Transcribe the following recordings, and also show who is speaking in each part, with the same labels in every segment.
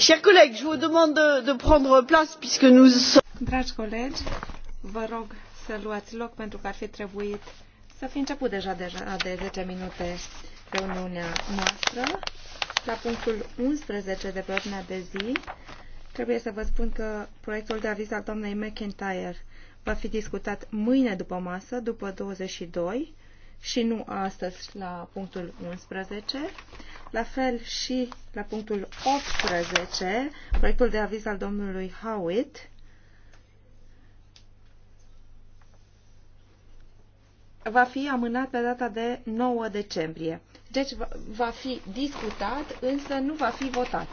Speaker 1: chers collègues je vous demande de prendre place puisque nous dragi colegi
Speaker 2: vă rog să luați loc pentru că ar fi să fi început deja, de 10 minute reuniunea noastră la punctul 11 de pe ordinea de zi trebuie să vă spun că proiectul de aviz al doamnei McIntyre va fi discutat mâine după masă, după 22 și nu astăzi la punctul 11. La fel și la punctul 18, proiectul de aviz al domnului Howitt. va fi amânat pe data de 9 decembrie. Deci va fi discutat, însă nu va fi votat.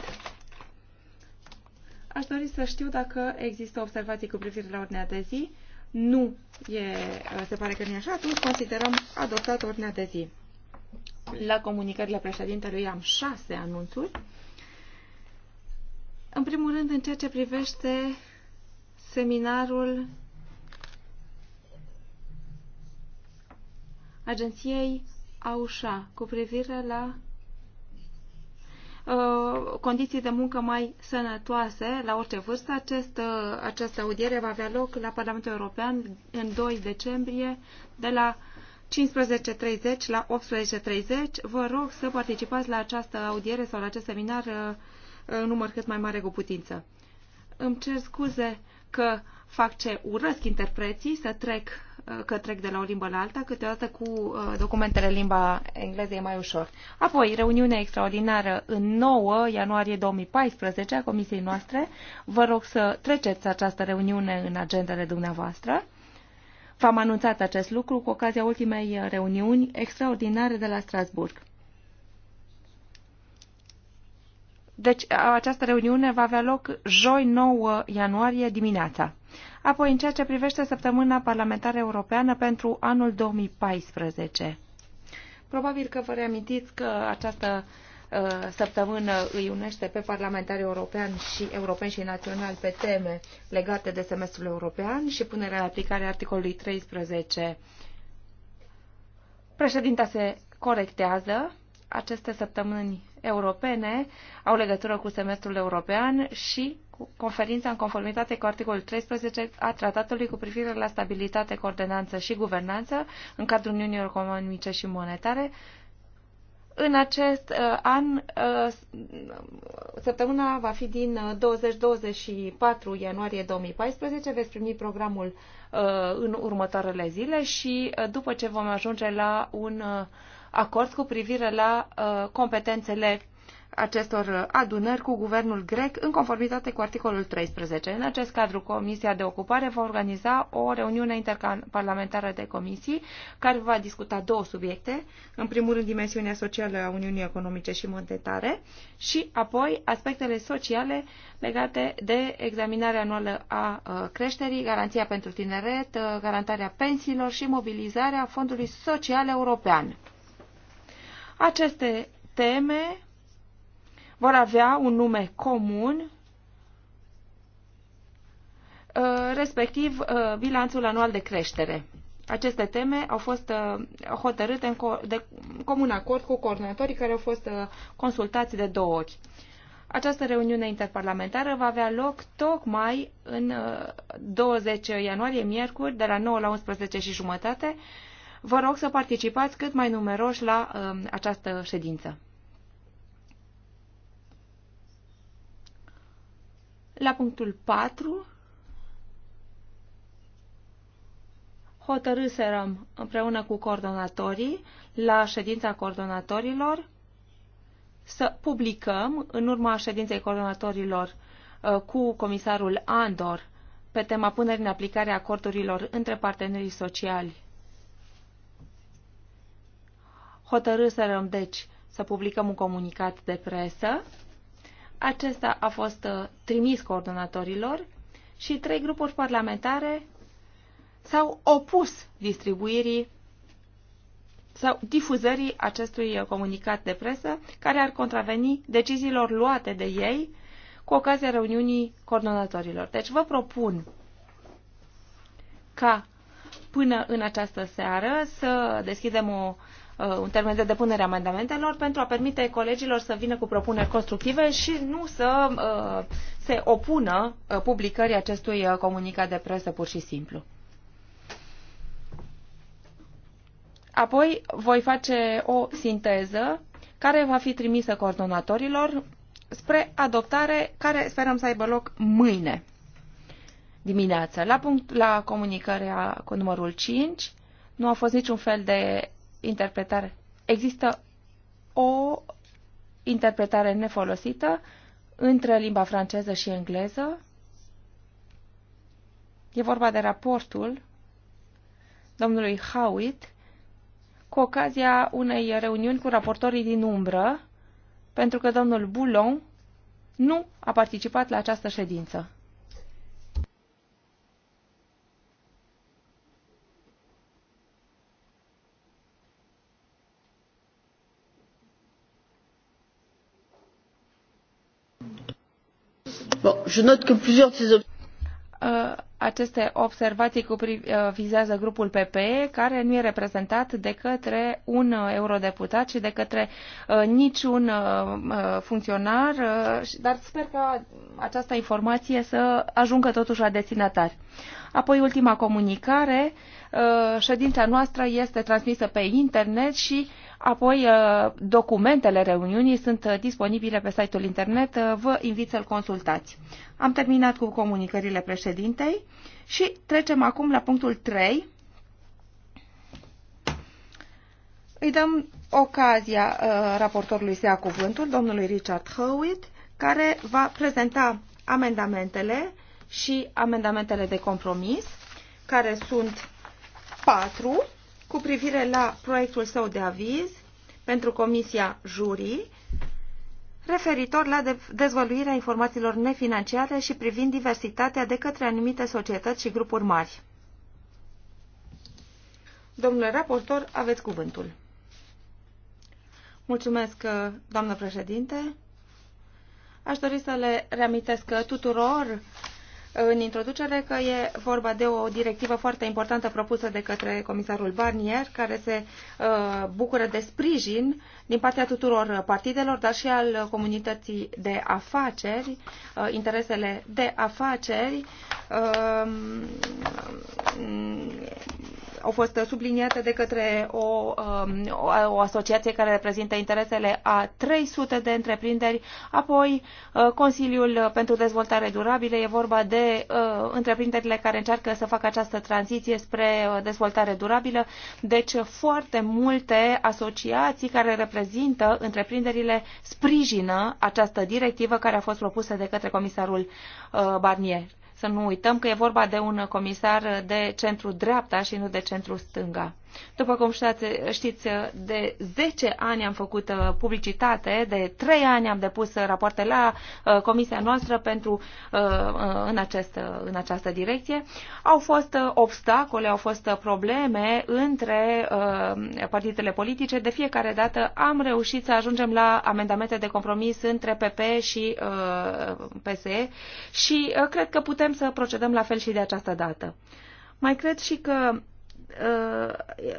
Speaker 2: Aș dori să știu dacă există observații cu privire la ordinea de zi. Nu e, se pare că nu e așa, atunci considerăm adoptat ordinea de zi. La comunicările președintelui am șase anunțuri. În primul rând, în ceea ce privește seminarul agenției AUSHA cu privire la uh, condiții de muncă mai sănătoase la orice vârstă. Acest, uh, această audiere va avea loc la Parlamentul European în 2 decembrie de la 15.30 la 18.30. Vă rog să participați la această audiere sau la acest seminar uh, în număr cât mai mare cu putință. Îmi cer scuze că fac ce urăsc interpreții, să trec, uh, că trec de la o limbă la alta, câteodată cu uh, documentele limba engleză e mai ușor. Apoi, reuniunea extraordinară în 9 ianuarie 2014 a comisiei noastre. Vă rog să treceți această reuniune în agendele dumneavoastră. V-am anunțat acest lucru cu ocazia ultimei uh, reuniuni extraordinare de la Strasburg. Deci această reuniune va avea loc joi 9 uh, ianuarie dimineața. Apoi, în ceea ce privește săptămâna parlamentară europeană pentru anul 2014. Probabil că vă reamintiți că această Uh, săptămână îi unește pe parlamentari european și europeni și naționali pe teme legate de semestrul european și punerea în aplicare articolului 13. Președinta se corectează. Aceste săptămâni europene au legătură cu semestrul european și cu conferința în conformitate cu articolul 13 a tratatului cu privire la stabilitate, coordonanță și guvernanță în cadrul Uniunii Economice și Monetare, în acest uh, an, uh, săptămâna va fi din 20-24 uh, ianuarie 2014, veți primi programul uh, în următoarele zile și uh, după ce vom ajunge la un uh, acord cu privire la uh, competențele acestor adunări cu guvernul grec în conformitate cu articolul 13. În acest cadru, Comisia de Ocupare va organiza o reuniune interparlamentară de comisii care va discuta două subiecte. În primul rând, dimensiunea socială a Uniunii Economice și Monetare și apoi aspectele sociale legate de examinarea anuală a uh, creșterii, garanția pentru tineret, uh, garantarea pensiilor și mobilizarea Fondului Social European. Aceste teme vor avea un nume comun, uh, respectiv uh, bilanțul anual de creștere. Aceste teme au fost uh, hotărâte de comun acord cu coordonatorii care au fost consultați de două ori. Această reuniune interparlamentară va avea loc tocmai în 20 ianuarie, miercuri, de la 9 la 11 și jumătate. Vă rog să participați cât mai numeroși la această ședință. La punctul 4 hotărâserăm împreună cu coordonatorii la ședința coordonatorilor să publicăm în urma ședinței coordonatorilor uh, cu comisarul Andor pe tema punerii în aplicare a acordurilor între partenerii sociali. Hotărâserăm, deci, să publicăm un comunicat de presă acesta a fost uh, trimis coordonatorilor și trei grupuri parlamentare s-au opus distribuirii sau difuzării acestui uh, comunicat de presă, care ar contraveni deciziilor luate de ei cu ocazia reuniunii coordonatorilor. Deci vă propun ca până în această seară să deschidem o Uh, un termen de depunere a amendamentelor pentru a permite colegilor să vină cu propuneri constructive și nu să uh, se opună uh, publicării acestui comunicat de presă pur și simplu. Apoi voi face o sinteză care va fi trimisă coordonatorilor spre adoptare care sperăm să aibă loc mâine dimineață. La, punct, la comunicarea cu numărul 5 nu a fost niciun fel de interpretare. Există o interpretare nefolosită între limba franceză și engleză. E vorba de raportul domnului Howitt cu ocazia unei reuniuni cu raportorii din umbră, pentru că domnul Boulon nu a participat la această ședință. Uh, aceste observații cu uh, vizează grupul PPE, care nu e reprezentat de către un uh, eurodeputat și de către uh, niciun uh, funcționar, uh, dar sper că această informație să ajungă totuși la destinatari. Apoi ultima comunicare, uh, ședința noastră este transmisă pe internet și uh, Apoi, uh, documentele reuniunii sunt uh, disponibile pe site-ul internet. Uh, vă invit să-l consultați. Am terminat cu comunicările președintei și trecem acum la punctul 3. Îi dăm ocazia raportorului să ia cuvântul, domnului Richard Howitt, care va prezenta amendamentele și amendamentele de compromis, care sunt patru cu privire la proiectul său de aviz pentru Comisia Jurii referitor la dezvăluirea informațiilor nefinanciare și privind diversitatea de către anumite societăți și grupuri mari. Domnule raportor, aveți cuvântul. Mulțumesc, doamnă președinte. Aș dori să le reamintesc tuturor în introducere că e vorba de o directivă foarte importantă propusă de către comisarul Barnier, care se uh, bucură de sprijin din partea tuturor partidelor, dar și al comunității de afaceri, uh, interesele de afaceri uh, au fost subliniate de către o, um, o, o asociație care reprezintă interesele a 300 de întreprinderi, apoi uh, Consiliul pentru Dezvoltare Durabilă, e vorba de uh, întreprinderile care încearcă să facă această tranziție spre uh, dezvoltare durabilă, deci foarte multe asociații care reprezintă întreprinderile sprijină această directivă care a fost propusă de către comisarul Barnier. Să nu uităm că e vorba de un comisar de centru dreapta și nu de centru stânga. După cum știți, de 10 ani am făcut uh, publicitate, de 3 ani am depus uh, rapoarte la uh, comisia noastră pentru, în, acest, în această direcție. Au fost obstacole, au fost probleme între partidele politice. De fiecare dată am reușit să ajungem la amendamente de compromis între PP și PSE și cred că putem să procedăm la fel și de această dată. Mai cred și că Uh,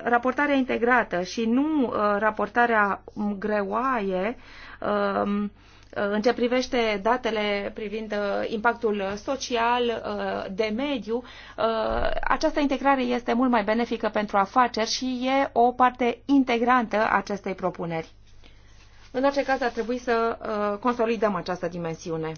Speaker 2: raportarea integrată și nu uh, raportarea greoaie um, uh, în ce privește datele privind impactul social, de mediu, această integrare este mult mai benefică pentru afaceri și e o parte integrantă a acestei propuneri. În orice caz, ar trebui să consolidăm această dimensiune.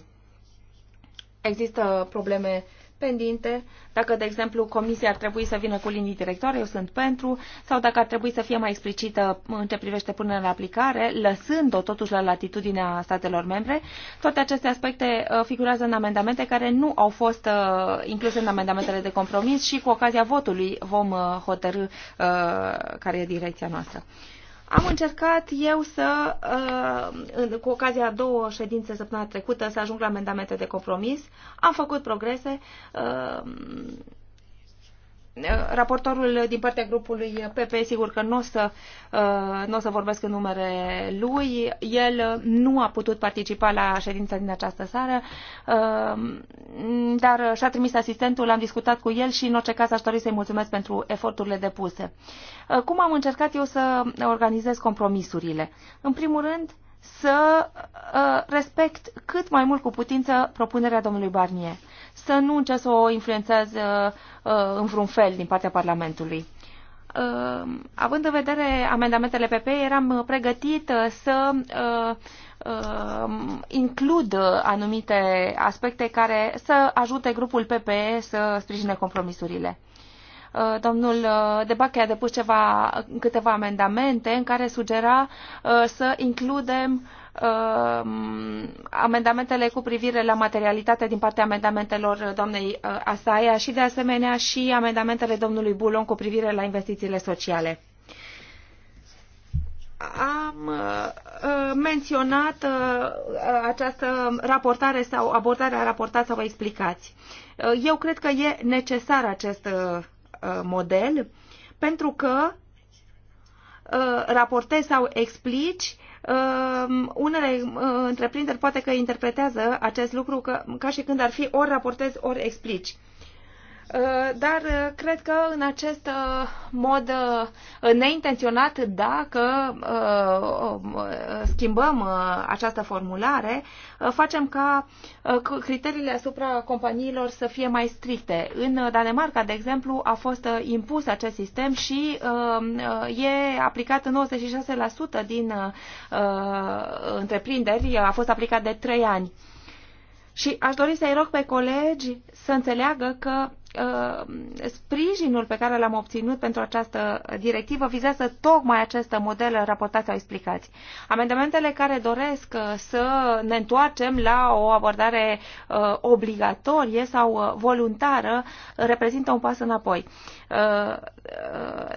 Speaker 2: Există probleme uh, pendinte, dacă, de exemplu, comisia ar trebui să vină cu linii directoare, eu sunt pentru, sau dacă ar trebui să fie mai explicită în ce privește punerea în aplicare, lăsând-o totuși la latitudinea statelor membre. Toate aceste aspecte uh, figurează în amendamente care nu au fost uh, incluse în amendamentele de compromis și cu ocazia votului vom uh, hotărâ care e direcția noastră. Am încercat eu să, uh, cu ocazia a două ședințe săptămâna trecută, să ajung la amendamente de compromis. Am făcut progrese. Uh, raportorul din partea grupului PP, sigur că nu o să, uh, nu o să vorbesc în numere lui, el nu a putut participa la ședința din această seară, uh, dar și-a trimis asistentul, am discutat cu el și în orice caz aș dori să-i mulțumesc pentru eforturile depuse. Uh, cum am încercat eu să organizez compromisurile? În primul rând, să respect cât mai mult cu putință propunerea domnului Barnier să nu încerce să o influențează uh, uh, în vreun fel din partea Parlamentului. Uh, având în vedere amendamentele PP, eram pregătit să includ anumite aspecte care să ajute grupul PP să sprijine compromisurile domnul Debache a depus ceva, câteva amendamente în care sugera să includem Um, amendamentele cu privire la materialitate din partea amendamentelor doamnei uh, Asaia și de asemenea și amendamentele domnului Bulon cu privire la investițiile sociale am uh, uh, menționat această raportare sau abordarea raportată sau explicați. Eu cred că e necesar acest model pentru că raportezi sau explici Um, unele uh, întreprinderi poate că interpretează acest lucru ca și când ar fi ori raportezi, ori explici. Uh, dar uh, cred că în acest uh, mod neintenționat, dacă um, schimbăm această formulare, facem ca criteriile asupra companiilor să fie mai stricte. În Danemarca, de exemplu, a fost impus acest sistem și um, e aplicat în 96% din întreprinderi, a fost aplicat de 3 ani. Și aș dori să-i rog pe colegi să înțeleagă că Uh, sprijinul pe care l-am obținut pentru această directivă vizează tocmai acest model raportat sau explicați. Amendamentele care doresc uh, să ne întoarcem la o abordare uh, obligatorie sau voluntară reprezintă un pas înapoi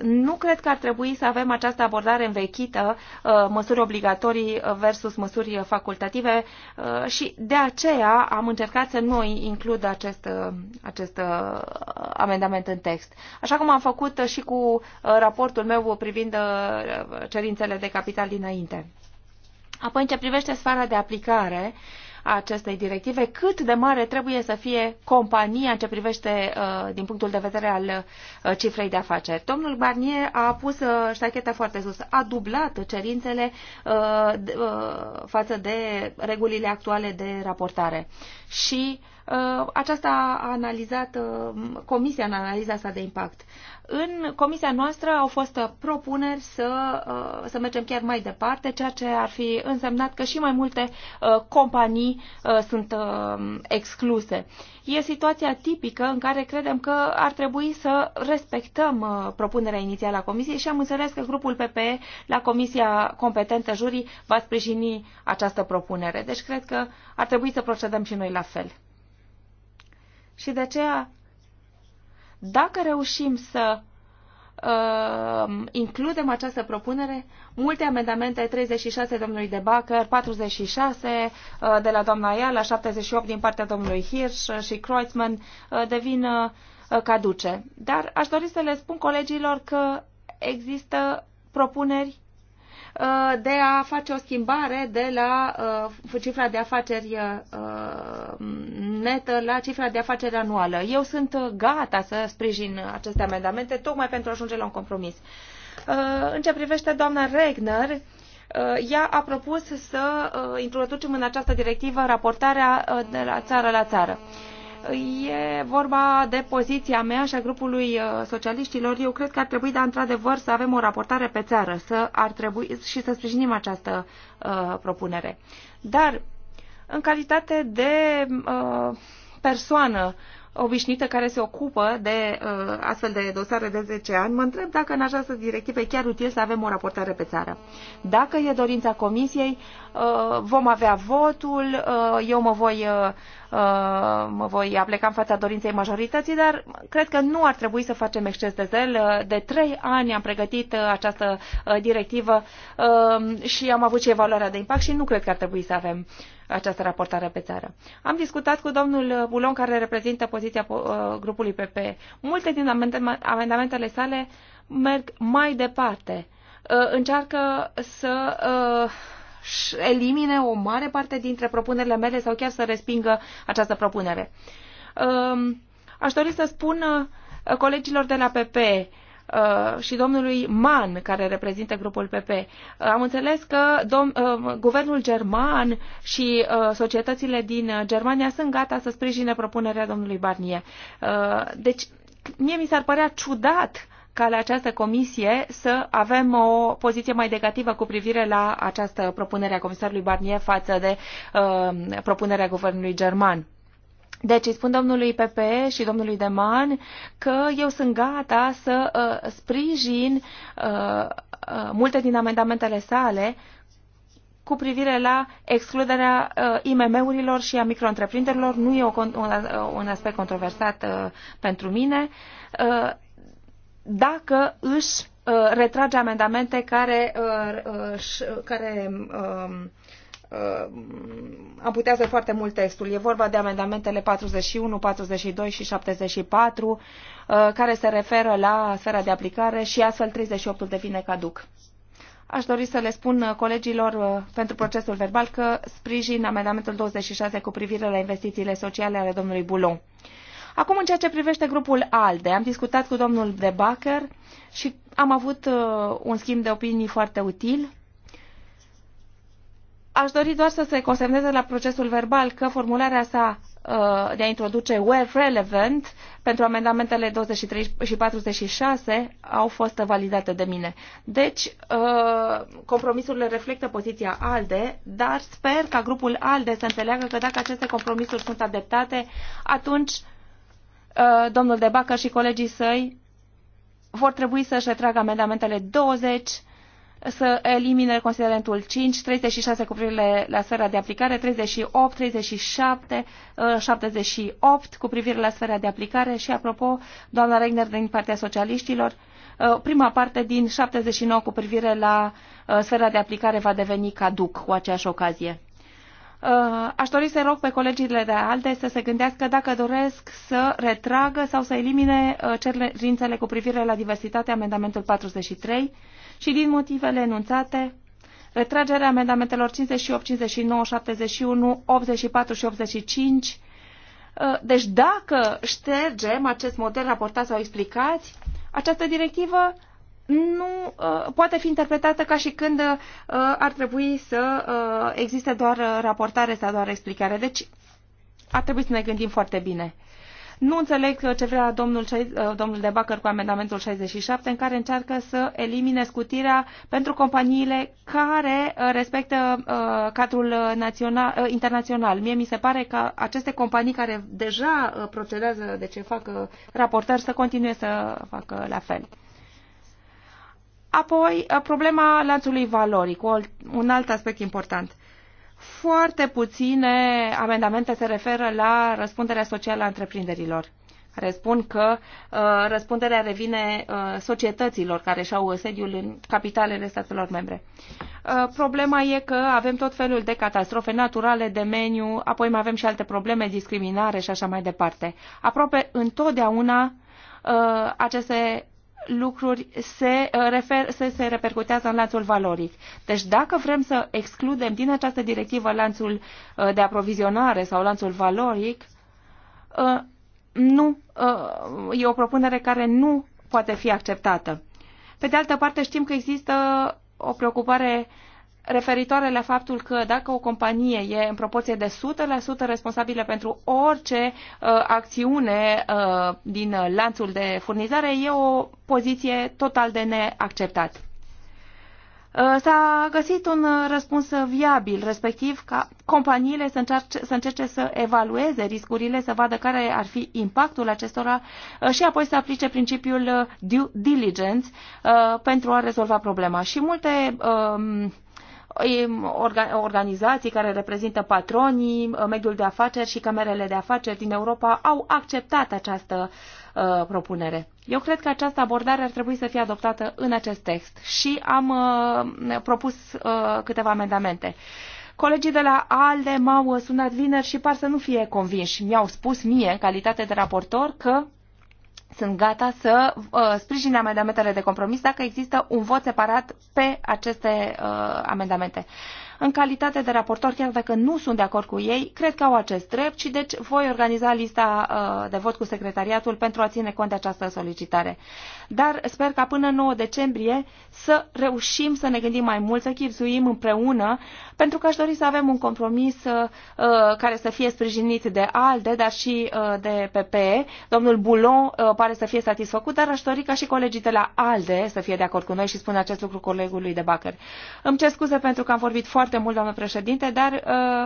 Speaker 2: nu cred că ar trebui să avem această abordare învechită, uh, măsuri obligatorii versus măsuri facultative uh, și de aceea am încercat să nu includ acest, uh, acest amendament în text. Așa cum am făcut și cu raportul meu privind cerințele de capital dinainte. Apoi, în ce privește sfera de aplicare, uh, acestei directive, cât de mare trebuie să fie compania în ce privește uh, din punctul de vedere al uh, cifrei de afaceri. Domnul Barnier a pus uh, ștacheta foarte sus, a dublat cerințele față de regulile actuale de raportare și uh, Uh, aceasta a analizat, uh, comisia în analiza sa de impact. În comisia noastră au fost propuneri să, uh, să mergem chiar mai departe, ceea ce ar fi însemnat că și mai multe companii sunt excluse. E situația tipică în care credem că ar trebui să respectăm propunerea inițială a comisiei și am înțeles că grupul PPE la comisia competentă jurii va sprijini această propunere. Deci cred că ar trebui să procedăm și noi la fel. Și de aceea, dacă reușim să uh, includem această propunere, multe amendamente 36 domnului De Bacăr, 46 uh, de la doamna Ayala, 78 din partea domnului Hirsch și Kreuzmann, uh, devin uh, caduce. Dar aș dori să le spun colegilor că există propuneri Uh, de a face o schimbare de la uh, cifra de afaceri uh, netă la cifra de afaceri anuală. Eu sunt gata să sprijin aceste amendamente tocmai pentru a ajunge la un compromis. În ce privește doamna Regner, ea a propus să introducem în această directivă raportarea de la țară la țară. E vorba de poziția mea și a grupului uh, socialiștilor. Eu cred că ar trebui, dar într-adevăr, să avem o raportare pe țară să ar trebui și să sprijinim această uh, propunere. Dar, în calitate de uh, persoană obișnuită care se ocupă de uh, astfel de dosare de 10 ani, mă întreb dacă în această directivă e chiar util să avem o raportare pe țară. Dacă e dorința comisiei, uh, vom avea votul, uh, eu mă voi uh, Uh, mă voi apleca în fața dorinței majorității, dar cred că nu ar trebui să facem exces de zel. Uh, de trei ani am pregătit uh, această directivă și am avut și evaluarea de impact și nu cred că ar trebui să avem această raportare pe țară. Am discutat cu domnul Bulon, care reprezintă poziția grupului PP. Multe din amendamentele sale merg mai departe. Încearcă să elimine o mare parte dintre propunerile mele sau chiar să respingă această propunere. Um, aș dori să spun uh, colegilor de la PP uh, și domnului Mann, care reprezintă grupul PP. Uh, am înțeles că dom- guvernul german și societățile din Germania sunt gata să sprijine propunerea domnului Barnier. Deci, mie mi s-ar părea ciudat ca la această comisie să avem o poziție mai negativă cu privire la această propunere a comisarului Barnier față de uh, propunerea guvernului german. Deci îi spun domnului PPE și domnului Deman că eu sunt gata să uh, sprijin uh, uh, multe din amendamentele sale cu privire la excluderea uh, IMM-urilor și a micro Nu e o, un, un aspect controversat uh, pentru mine. Uh, dacă își uh, retrage amendamente care, uh, uh, care um, amputează foarte mult textul. E vorba de amendamentele 41, 42 și 74, care se referă la sfera de aplicare și astfel 38-ul devine caduc. Aș dori să le spun colegilor pentru procesul verbal că sprijin amendamentul 26 cu privire la investițiile sociale ale domnului Boulon. Acum, în ceea ce privește grupul ALDE, am discutat cu domnul De Bacher și am avut uh, un schimb de opinii foarte util. Aș dori doar să se consemneze la procesul verbal că formularea sa uh, de a introduce where relevant pentru amendamentele 23 și 46 au fost validate de mine. Deci, uh, compromisurile reflectă poziția ALDE, dar sper ca grupul ALDE să înțeleagă că dacă aceste compromisuri sunt adeptate, atunci uh, Uh, domnul De Bacăr și colegii săi vor trebui să-și retragă amendamentele 20, să elimine considerentul 5, 36 cu privire la sfera de aplicare, 38, 37, 78 cu privire la sfera de aplicare și, apropo, doamna Regner din partea socialiștilor, uh, prima parte din 79 cu privire la uh, sfera de aplicare va deveni caduc cu aceeași ocazie. Uh, aș dori să rog pe colegii de ALDE să se gândească dacă doresc să retragă sau să elimine uh, cerințele cu privire la diversitate, amendamentul 43, și din motivele enunțate, retragerea amendamentelor 58, 59, 71, 84 și 85. Uh, deci dacă ștergem acest model raportat sau explicați, această directivă nu uh, poate fi interpretată ca și când uh, ar trebui să uh, existe doar uh, raportare sau doar explicare. Deci ar trebui să ne gândim foarte bine. Nu înțeleg uh, ce vrea domnul, uh, domnul de Bacăr cu amendamentul 67, în care încearcă să elimine scutirea pentru companiile care respectă uh, cadrul național, uh, internațional. Mie mi se pare că aceste companii care deja procedează, de ce fac uh, raportări, să continue să facă la fel. Apoi, uh, problema lanțului valoric, un alt aspect important. Foarte puține amendamente se referă la răspunderea socială a întreprinderilor Răspund că uh, răspunderea revine uh, societăților care și-au sediul în capitalele statelor membre. Uh, problema e că avem tot felul de catastrofe naturale, de meniu, apoi mai avem și alte probleme, discriminare și așa mai departe. Aproape întotdeauna uh, aceste lucruri se, uh, refer, se, se repercutează în lanțul valoric. Deci dacă vrem să excludem din această directivă lanțul uh, de aprovizionare sau lanțul valoric, uh, nu, e o propunere care nu poate fi acceptată. Pe de altă parte știm că există o preocupare uh, referitoare la faptul că dacă o companie e în proporție de 100% responsabilă pentru orice uh, acțiune uh, din lanțul de furnizare, e o poziție total de neacceptat. Uh, s-a găsit un răspuns viabil, respectiv ca companiile să, încerce, să încerce să evalueze riscurile, să vadă care ar fi impactul acestora uh, și apoi să aplice principiul uh, due diligence pentru a rezolva problema. Și multe um, organizații care reprezintă patronii, uh, mediul de afaceri și camerele de afaceri din Europa au acceptat această uh, propunere. Eu cred că această abordare ar trebui să fie adoptată în acest text și am uh, propus câteva amendamente. Colegii de la ALDE m-au sunat vineri și par să nu fie convinși. Mi-au spus mie, în calitate de raportor, că sunt gata să uh, sprijine amendamentele de compromis dacă există un vot separat pe aceste uh, amendamente. În calitate de raportor, chiar dacă nu sunt de acord cu ei, cred că au acest drept și deci voi organiza lista uh, de vot cu secretariatul pentru a ține cont de această solicitare. Dar sper ca până 9 decembrie să reușim să ne gândim mai mult, să chipzuim împreună pentru că aș dori să avem un compromis uh, uh, care să fie sprijinit de ALDE, dar și uh, de PPE. Domnul Boulon pare să fie satisfăcut, dar aș dori ca și colegii de la ALDE să fie de acord cu noi și spun acest lucru colegului de Bacăr. Îmi cer scuze pentru că am vorbit foarte mult, doamnă președinte, dar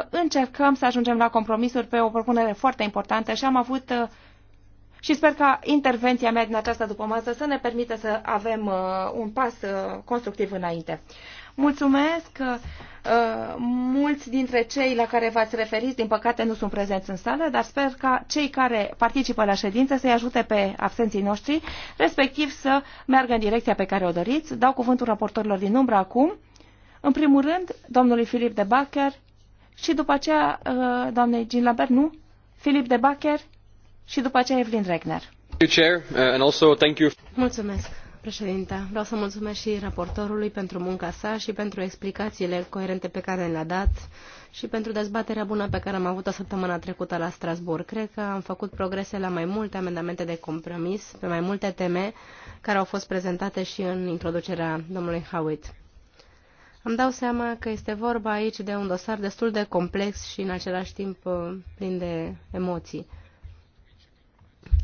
Speaker 2: încercăm să ajungem la compromisuri pe o propunere foarte importantă și am avut și sper ca intervenția mea din această dupămasă să ne permită să avem un pas constructiv înainte. Mulțumesc! Ă, mulți dintre cei la care v-ați referit, din păcate, nu sunt prezenți în sală, dar sper ca cei care participă la ședință să-i ajute pe absenții noștri, respectiv să meargă în direcția pe care o doriți. Dau cuvântul raportorilor din umbră acum. În primul rând, domnului Filip de Bacher și după aceea ă, doamnei Jean Lambert, nu? Filip de Bacher și după aceea Evelyn Regner.
Speaker 1: Uh,
Speaker 3: Mulțumesc președinte. Vreau să mulțumesc și raportorului pentru munca sa și pentru explicațiile coerente pe care le-a dat și pentru dezbaterea bună pe care am avut-o săptămâna trecută la Strasbourg. Cred că am făcut progrese la mai multe amendamente de compromis, pe mai multe teme care au fost prezentate și în introducerea domnului Howitt. Îmi dau seama că este vorba aici de un dosar destul de complex și în același timp uh, plin de emoții.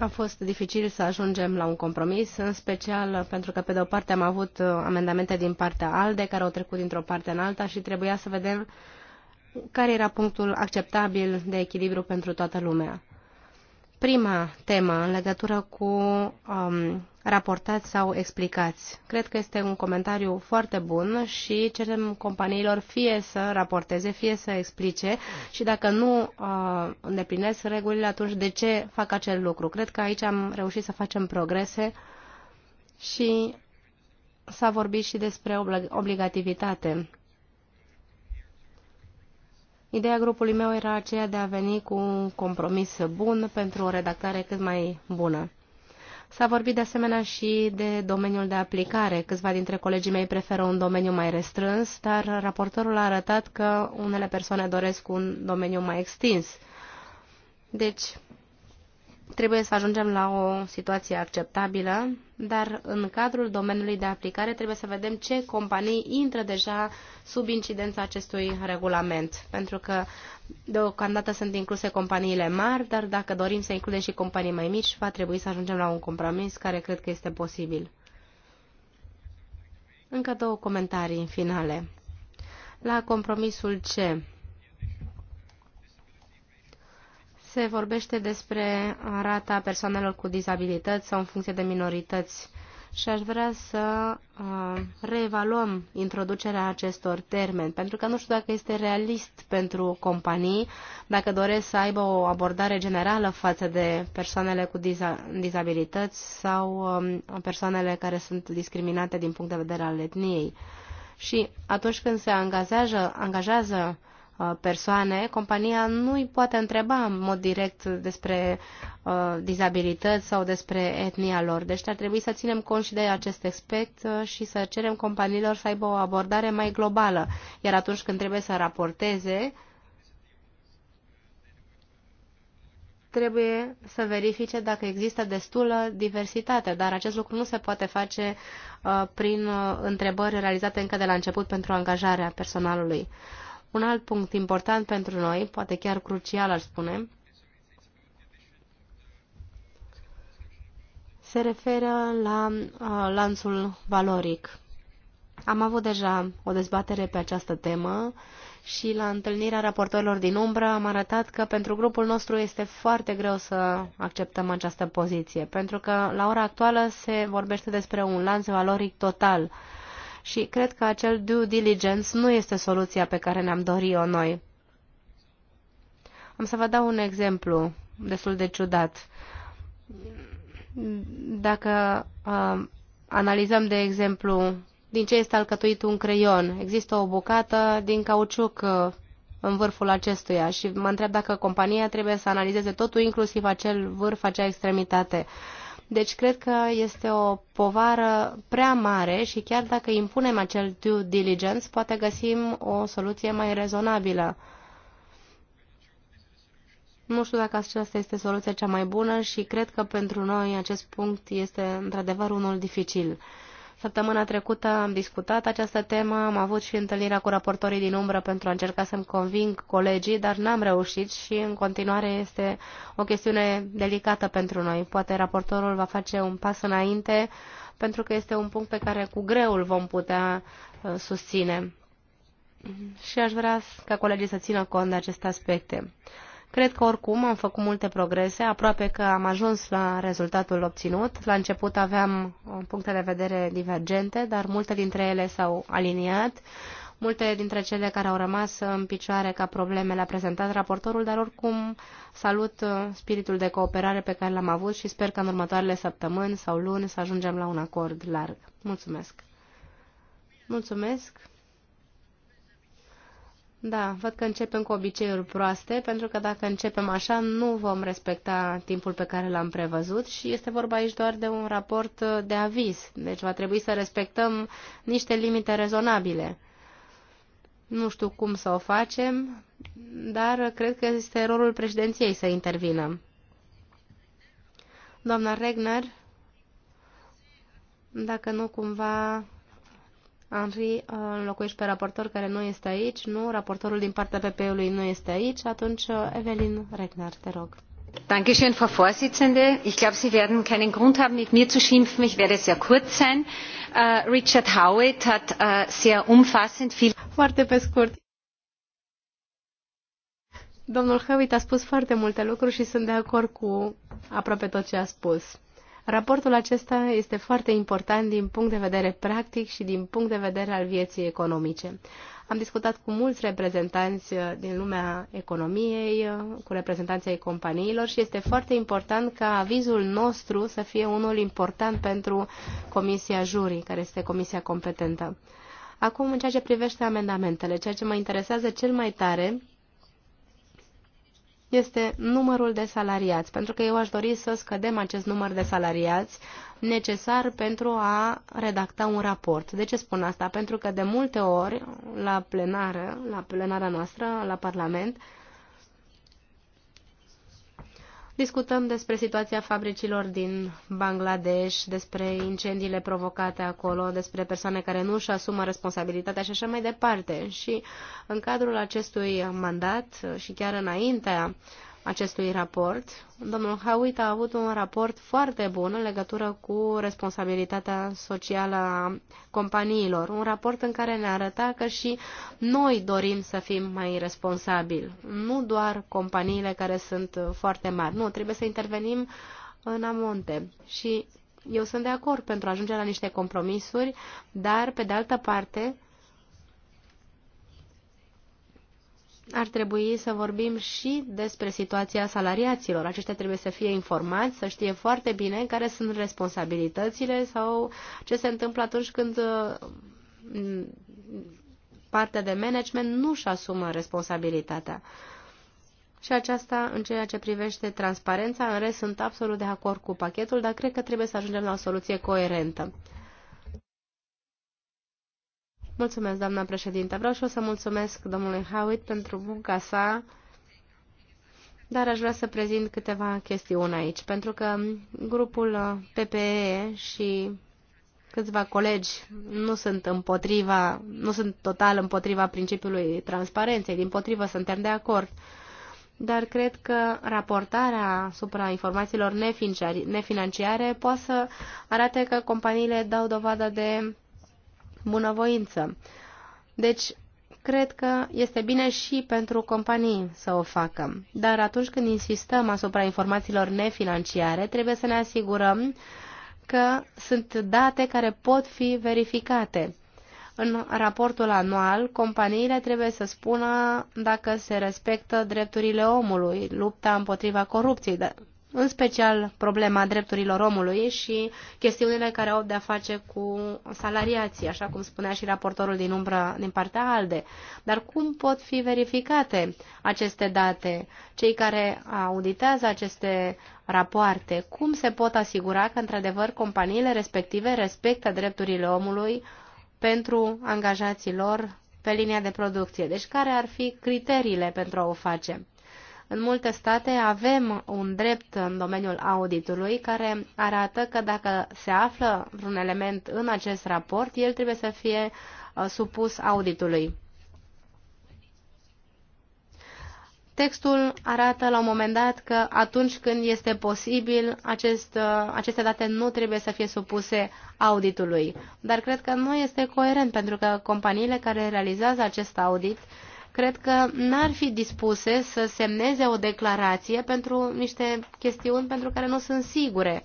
Speaker 3: A fost dificil să ajungem la un compromis, în special pentru că, pe de o parte, am avut uh, amendamente din partea ALDE, care au trecut dintr-o parte în alta și trebuia să vedem care era punctul acceptabil de echilibru pentru toată lumea. Prima temă, în legătură cu um, raportați sau explicați. Cred că este un comentariu foarte bun și cerem companiilor fie să raporteze, fie să explice și dacă nu uh, îndeplinesc regulile, atunci de ce fac acel lucru? Cred că aici am reușit să facem progrese și s-a vorbit și despre obligativitate. Ideea grupului meu era aceea de a veni cu un compromis bun pentru o redactare cât mai bună. S-a vorbit de asemenea și de domeniul de aplicare. Câțiva dintre colegii mei preferă un domeniu mai restrâns, dar raportorul a arătat că unele persoane doresc un domeniu mai extins. Deci, trebuie să ajungem la o situație acceptabilă, dar în cadrul domeniului de aplicare trebuie să vedem ce companii intră deja sub incidența acestui regulament, pentru că deocamdată sunt incluse companiile mari, dar dacă dorim să includem și companii mai mici, va trebui să ajungem la un compromis care cred că este posibil. Încă două comentarii în finale. La compromisul C, Se vorbește despre rata persoanelor cu dizabilități sau în funcție de minorități și aș vrea să uh, reevaluăm introducerea acestor termeni, pentru că nu știu dacă este realist pentru companii, dacă doresc să aibă o abordare generală față de persoanele cu dizabilități sau uh, persoanele care sunt discriminate din punct de vedere al etniei. Și atunci când se angajează, angajează uh, Uh, persoane, compania nu îi poate întreba în mod direct despre uh, dizabilități sau despre etnia lor. Deci ar trebui să ținem cont și de acest aspect uh, și să cerem companiilor să aibă o abordare mai globală. Iar atunci când trebuie să raporteze, trebuie să verifice dacă există destulă diversitate, dar acest lucru nu se poate face uh, prin uh, întrebări realizate încă de la început pentru angajarea personalului. Uh, un alt punct important pentru noi, poate chiar crucial aș spune, se referă la uh, lanțul valoric. Am avut deja o dezbatere pe această temă și la întâlnirea raportorilor din umbră am arătat că pentru grupul nostru este foarte greu să acceptăm această poziție, pentru că la ora actuală se vorbește despre un lanț valoric total. Uh, și cred că acel due diligence nu este soluția pe care ne-am dorit-o noi. Am să vă dau un exemplu destul de ciudat. Dacă uh, analizăm, de exemplu, din ce este alcătuit un creion, există o bucată din cauciuc uh, în vârful acestuia și mă întreb dacă compania trebuie să analizeze totul, inclusiv acel vârf, acea extremitate. Uh, deci cred că este o povară prea mare și chiar dacă impunem acel due diligence, poate găsim o soluție mai rezonabilă. Nu știu dacă aceasta este soluția cea mai bună și cred că pentru noi acest punct este într-adevăr unul dificil. Săptămâna trecută am discutat această temă, am avut și întâlnirea cu raportorii din umbră pentru a încerca să-mi conving colegii, dar n-am reușit și în continuare este o chestiune delicată pentru noi. Poate raportorul va face un pas înainte pentru că este un punct pe care cu greu îl vom putea uh, susține. Și aș vrea ca colegii să țină cont de aceste aspecte. Cred că oricum am făcut multe progrese, aproape că am ajuns la rezultatul obținut. La început aveam uh, puncte de vedere divergente, dar multe dintre ele s-au aliniat. Multe dintre cele care au rămas în picioare ca probleme le-a prezentat raportorul, dar oricum salut uh, spiritul de cooperare pe care l-am avut și sper că în următoarele săptămâni sau luni să ajungem la un acord larg. Mulțumesc! Mulțumesc! Da, văd că începem cu obiceiuri proaste, pentru că dacă începem așa, nu vom respecta timpul pe care l-am prevăzut și este vorba aici doar de un raport uh, de aviz. Deci va trebui să respectăm niște limite rezonabile. Nu știu cum să o facem, dar cred că este rolul președinției să intervină. Doamna Regner, dacă nu cumva am fi uh, înlocuiești pe raportor care nu este aici, nu, raportorul din partea PP-ului nu este aici, atunci uh, Evelin Regner, te rog. Dankeschön, Frau Vorsitzende. Ich glaube, Sie werden keinen Grund haben, mit mir zu schimpfen. Ich werde sehr kurz sein. Uh, Richard Howitt hat uh, sehr umfassend viel. Foarte pe scurt. Domnul Howitt a spus foarte multe lucruri și sunt de acord cu aproape tot ce a spus. Raportul acesta este foarte important din punct de vedere practic și din punct de vedere al vieții economice. Am discutat cu mulți reprezentanți uh, din lumea economiei, uh, cu reprezentanții ai companiilor și este foarte important ca avizul nostru să fie unul important pentru Comisia Jurii, care este comisia competentă. Acum, în ceea ce privește amendamentele, ceea ce mă interesează cel mai tare este numărul de salariați, pentru că eu aș dori să scădem acest număr de salariați necesar pentru a redacta un raport. De ce spun asta? Pentru că de multe ori la plenară, la plenara noastră, la Parlament, Discutăm despre situația fabricilor din Bangladesh, despre incendiile provocate acolo, despre persoane care nu își asumă responsabilitatea și așa mai departe. Și în cadrul acestui mandat și chiar înaintea acestui raport. Domnul Hawit a avut un raport foarte bun în legătură cu responsabilitatea socială a companiilor, un raport în care ne arăta că și noi dorim să fim mai responsabili, nu doar companiile care sunt foarte mari. Nu, trebuie să intervenim în amonte. Și eu sunt de acord pentru a ajunge la niște compromisuri, dar, pe de altă parte, ar trebui să vorbim și despre situația salariaților. Aceștia trebuie să fie informați, să știe foarte bine care sunt responsabilitățile sau ce se întâmplă atunci când mm, partea de management nu își asumă responsabilitatea. Și aceasta în ceea ce privește transparența, în rest sunt absolut de acord cu pachetul, dar cred că trebuie să ajungem la o soluție coerentă. Mulțumesc, doamna președinte. Vreau și o să mulțumesc domnului Howitt pentru munca sa, dar aș vrea să prezint câteva chestiuni aici, pentru că grupul PPE și câțiva colegi nu sunt împotriva, nu sunt total împotriva principiului transparenței, din potrivă suntem de acord. Dar cred că raportarea asupra informațiilor nefinanciare poate să arate că companiile dau dovadă de bunăvoință. Deci, cred că este bine și pentru companii să o facă. Dar atunci când insistăm asupra informațiilor nefinanciare, trebuie să ne asigurăm că sunt date care pot fi verificate. În raportul anual, companiile trebuie să spună dacă se respectă drepturile omului, lupta împotriva corupției, da, în special problema drepturilor omului și chestiunile care au de-a face cu salariații, așa cum spunea și raportorul din umbră din partea ALDE. Dar cum pot fi verificate aceste date? Cei care auditează aceste rapoarte, cum se pot asigura că, într-adevăr, companiile respective respectă drepturile omului pentru angajații lor pe linia de producție? Deci care ar fi criteriile pentru a o face? În multe state avem un drept în domeniul auditului care arată că dacă se află un element în acest raport, el trebuie să fie uh, supus auditului. Textul arată la un moment dat că atunci când este posibil, acest, uh, aceste date nu trebuie să fie supuse auditului. Dar cred că nu este coerent pentru că companiile care realizează acest audit uh, cred că n-ar fi dispuse să semneze o declarație pentru niște chestiuni pentru care nu sunt sigure.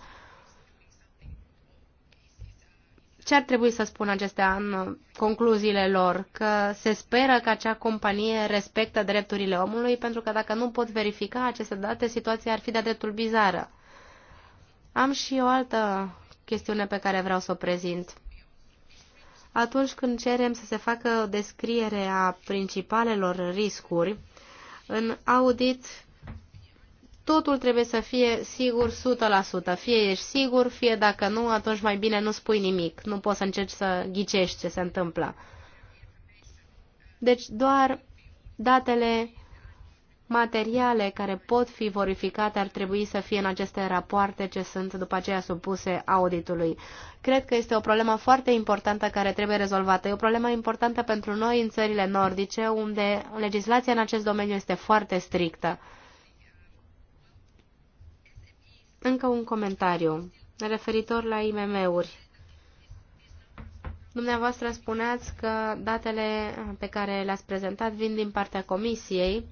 Speaker 3: Ce ar trebui să spun acestea în concluziile lor? Că se speră că acea companie respectă drepturile omului, pentru că dacă nu pot verifica aceste date, situația ar fi de-a dreptul bizară. Am și o altă chestiune pe care vreau să o prezint atunci când cerem să se facă o descriere a principalelor riscuri, în audit totul trebuie să fie sigur 100%. Fie ești sigur, fie dacă nu, atunci mai bine nu spui nimic. Nu poți să încerci să ghicești ce se întâmplă. Deci doar datele materiale care pot fi verificate ar trebui să fie în aceste rapoarte ce sunt după aceea supuse auditului. Cred că este o problemă foarte importantă care trebuie rezolvată. E o problemă importantă pentru noi în țările nordice, unde legislația în acest domeniu este foarte strictă. Încă un comentariu referitor la IMM-uri. Dumneavoastră spuneați că datele pe care le-ați prezentat vin din partea Comisiei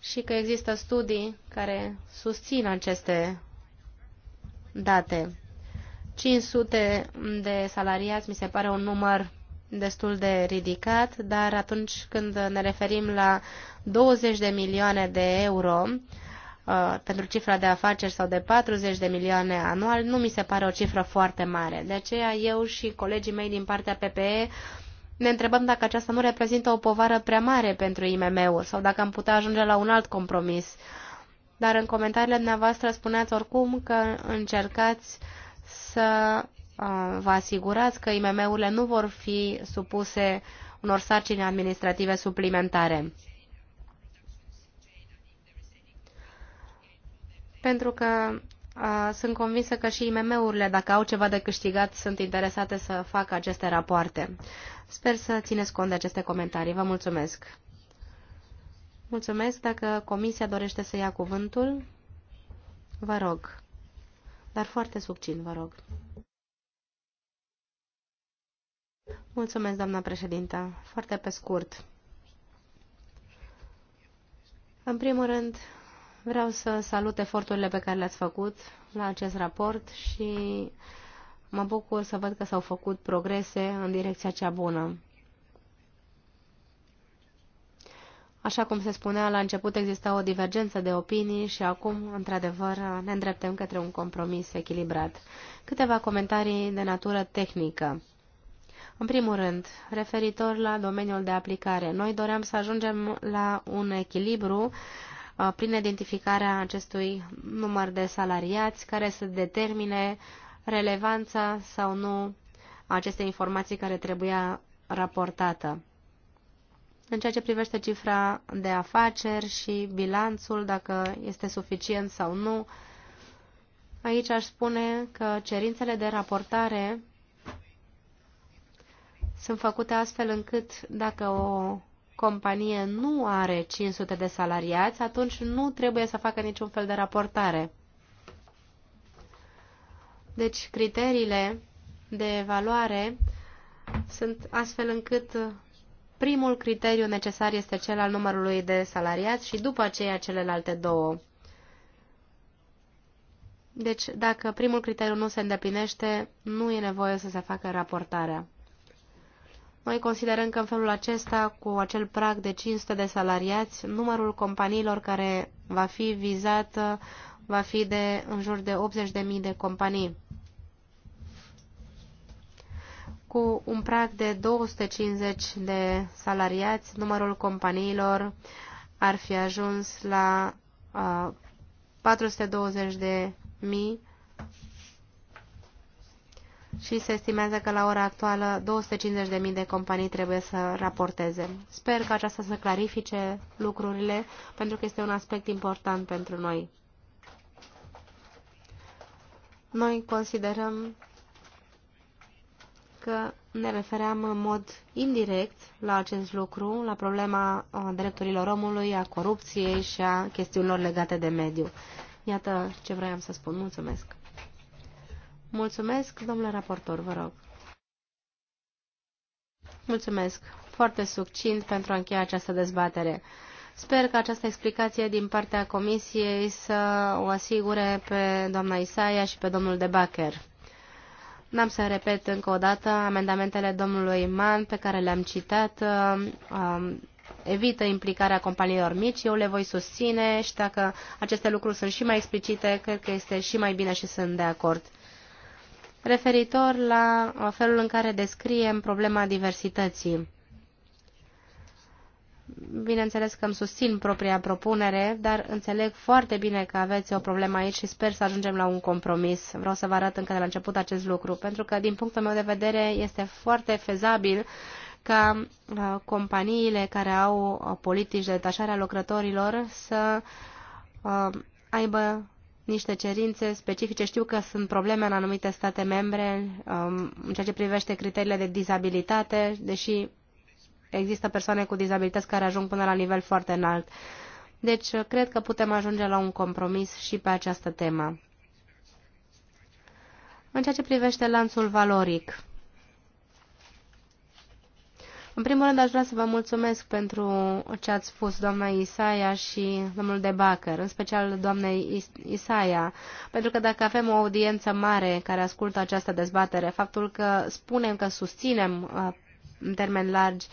Speaker 3: și că există studii care susțin aceste date. 500 de salariați mi se pare un număr destul de ridicat, dar atunci când ne referim la 20 de milioane de euro uh, pentru cifra de afaceri sau de 40 de milioane anual, nu mi se pare o cifră foarte mare. De aceea eu și colegii mei din partea PPE ne întrebăm dacă aceasta nu reprezintă o povară prea mare pentru imm ul sau dacă am putea ajunge la un alt compromis. Dar în comentariile dumneavoastră spuneați oricum că încercați să uh, vă asigurați că IMM-urile nu vor fi supuse unor sarcini administrative suplimentare. Pentru că sunt convinsă că și IMM-urile, dacă au ceva de câștigat, sunt interesate să facă aceste rapoarte. Sper să țineți cont de aceste comentarii. Vă mulțumesc. Mulțumesc. Dacă comisia dorește să ia cuvântul, vă rog. Dar foarte subțin, vă rog. Mulțumesc, doamna președintă. Foarte pe scurt. În primul rând, Vreau să salut eforturile pe care le-ați făcut la acest raport și mă bucur să văd că s-au făcut progrese în direcția cea bună. Așa cum se spunea, la început exista o divergență de opinii și acum, într-adevăr, ne îndreptăm către un compromis echilibrat. Câteva comentarii de natură tehnică. În primul rând, referitor la domeniul de aplicare, noi doream să ajungem la un echilibru uh, prin identificarea acestui număr de salariați care să determine relevanța sau nu acestei informații care trebuia raportată. În ceea ce privește cifra de afaceri și bilanțul, dacă este suficient sau nu, aici aș spune că cerințele de raportare sunt făcute astfel încât dacă o companie nu are 500 de salariați, atunci nu trebuie să facă niciun fel de raportare. Deci criteriile de evaluare sunt astfel încât primul criteriu necesar este cel al numărului de salariați și după aceea celelalte două. Deci, dacă primul criteriu nu se îndeplinește, nu e nevoie să se facă raportarea. Noi considerăm că în felul acesta, cu acel prag de 500 de salariați, numărul companiilor care va fi vizat va fi de în jur de 80.000 de companii. Cu un prag de 250 de salariați, numărul companiilor ar fi ajuns la uh, și se estimează că la ora actuală 250.000 de companii trebuie să raporteze. Sper că aceasta să clarifice lucrurile, pentru că este un aspect important pentru noi. Noi considerăm că ne refeream în mod indirect la acest lucru, la problema uh, drepturilor omului, a corupției și a chestiunilor legate de mediu. Iată ce vreau să spun. Mulțumesc! Mulțumesc, domnule raportor, vă rog. Mulțumesc. Foarte succint pentru a încheia această dezbatere. Sper că această explicație din partea Comisiei să o asigure pe doamna Isaia și pe domnul Debacher. N-am să repet încă o dată amendamentele domnului Mann pe care le-am citat. Uh, um, evită implicarea companiilor mici, eu le voi susține și dacă aceste lucruri sunt și mai explicite, cred că este și mai bine și sunt de acord referitor la felul în care descriem problema diversității. Bineînțeles că îmi susțin propria propunere, dar înțeleg foarte bine că aveți o problemă aici și sper să ajungem la un compromis. Vreau să vă arăt încă de la început acest lucru, pentru că, din punctul meu de vedere, este foarte fezabil ca uh, companiile care au uh, politici de detașare a lucrătorilor să uh, aibă niște cerințe specifice. Știu că sunt probleme în anumite state membre um, în ceea ce privește criteriile de dizabilitate, deși există persoane cu dizabilități care ajung până la nivel foarte înalt. Deci, cred că putem ajunge la un compromis și pe această temă. În ceea ce privește lanțul valoric, în primul rând, aș vrea să vă mulțumesc pentru ce ați spus, doamna Isaia și domnul Bacăr, în special doamnei Isaia, pentru că dacă avem o audiență mare care ascultă această dezbatere, faptul că spunem că susținem uh, în termen largi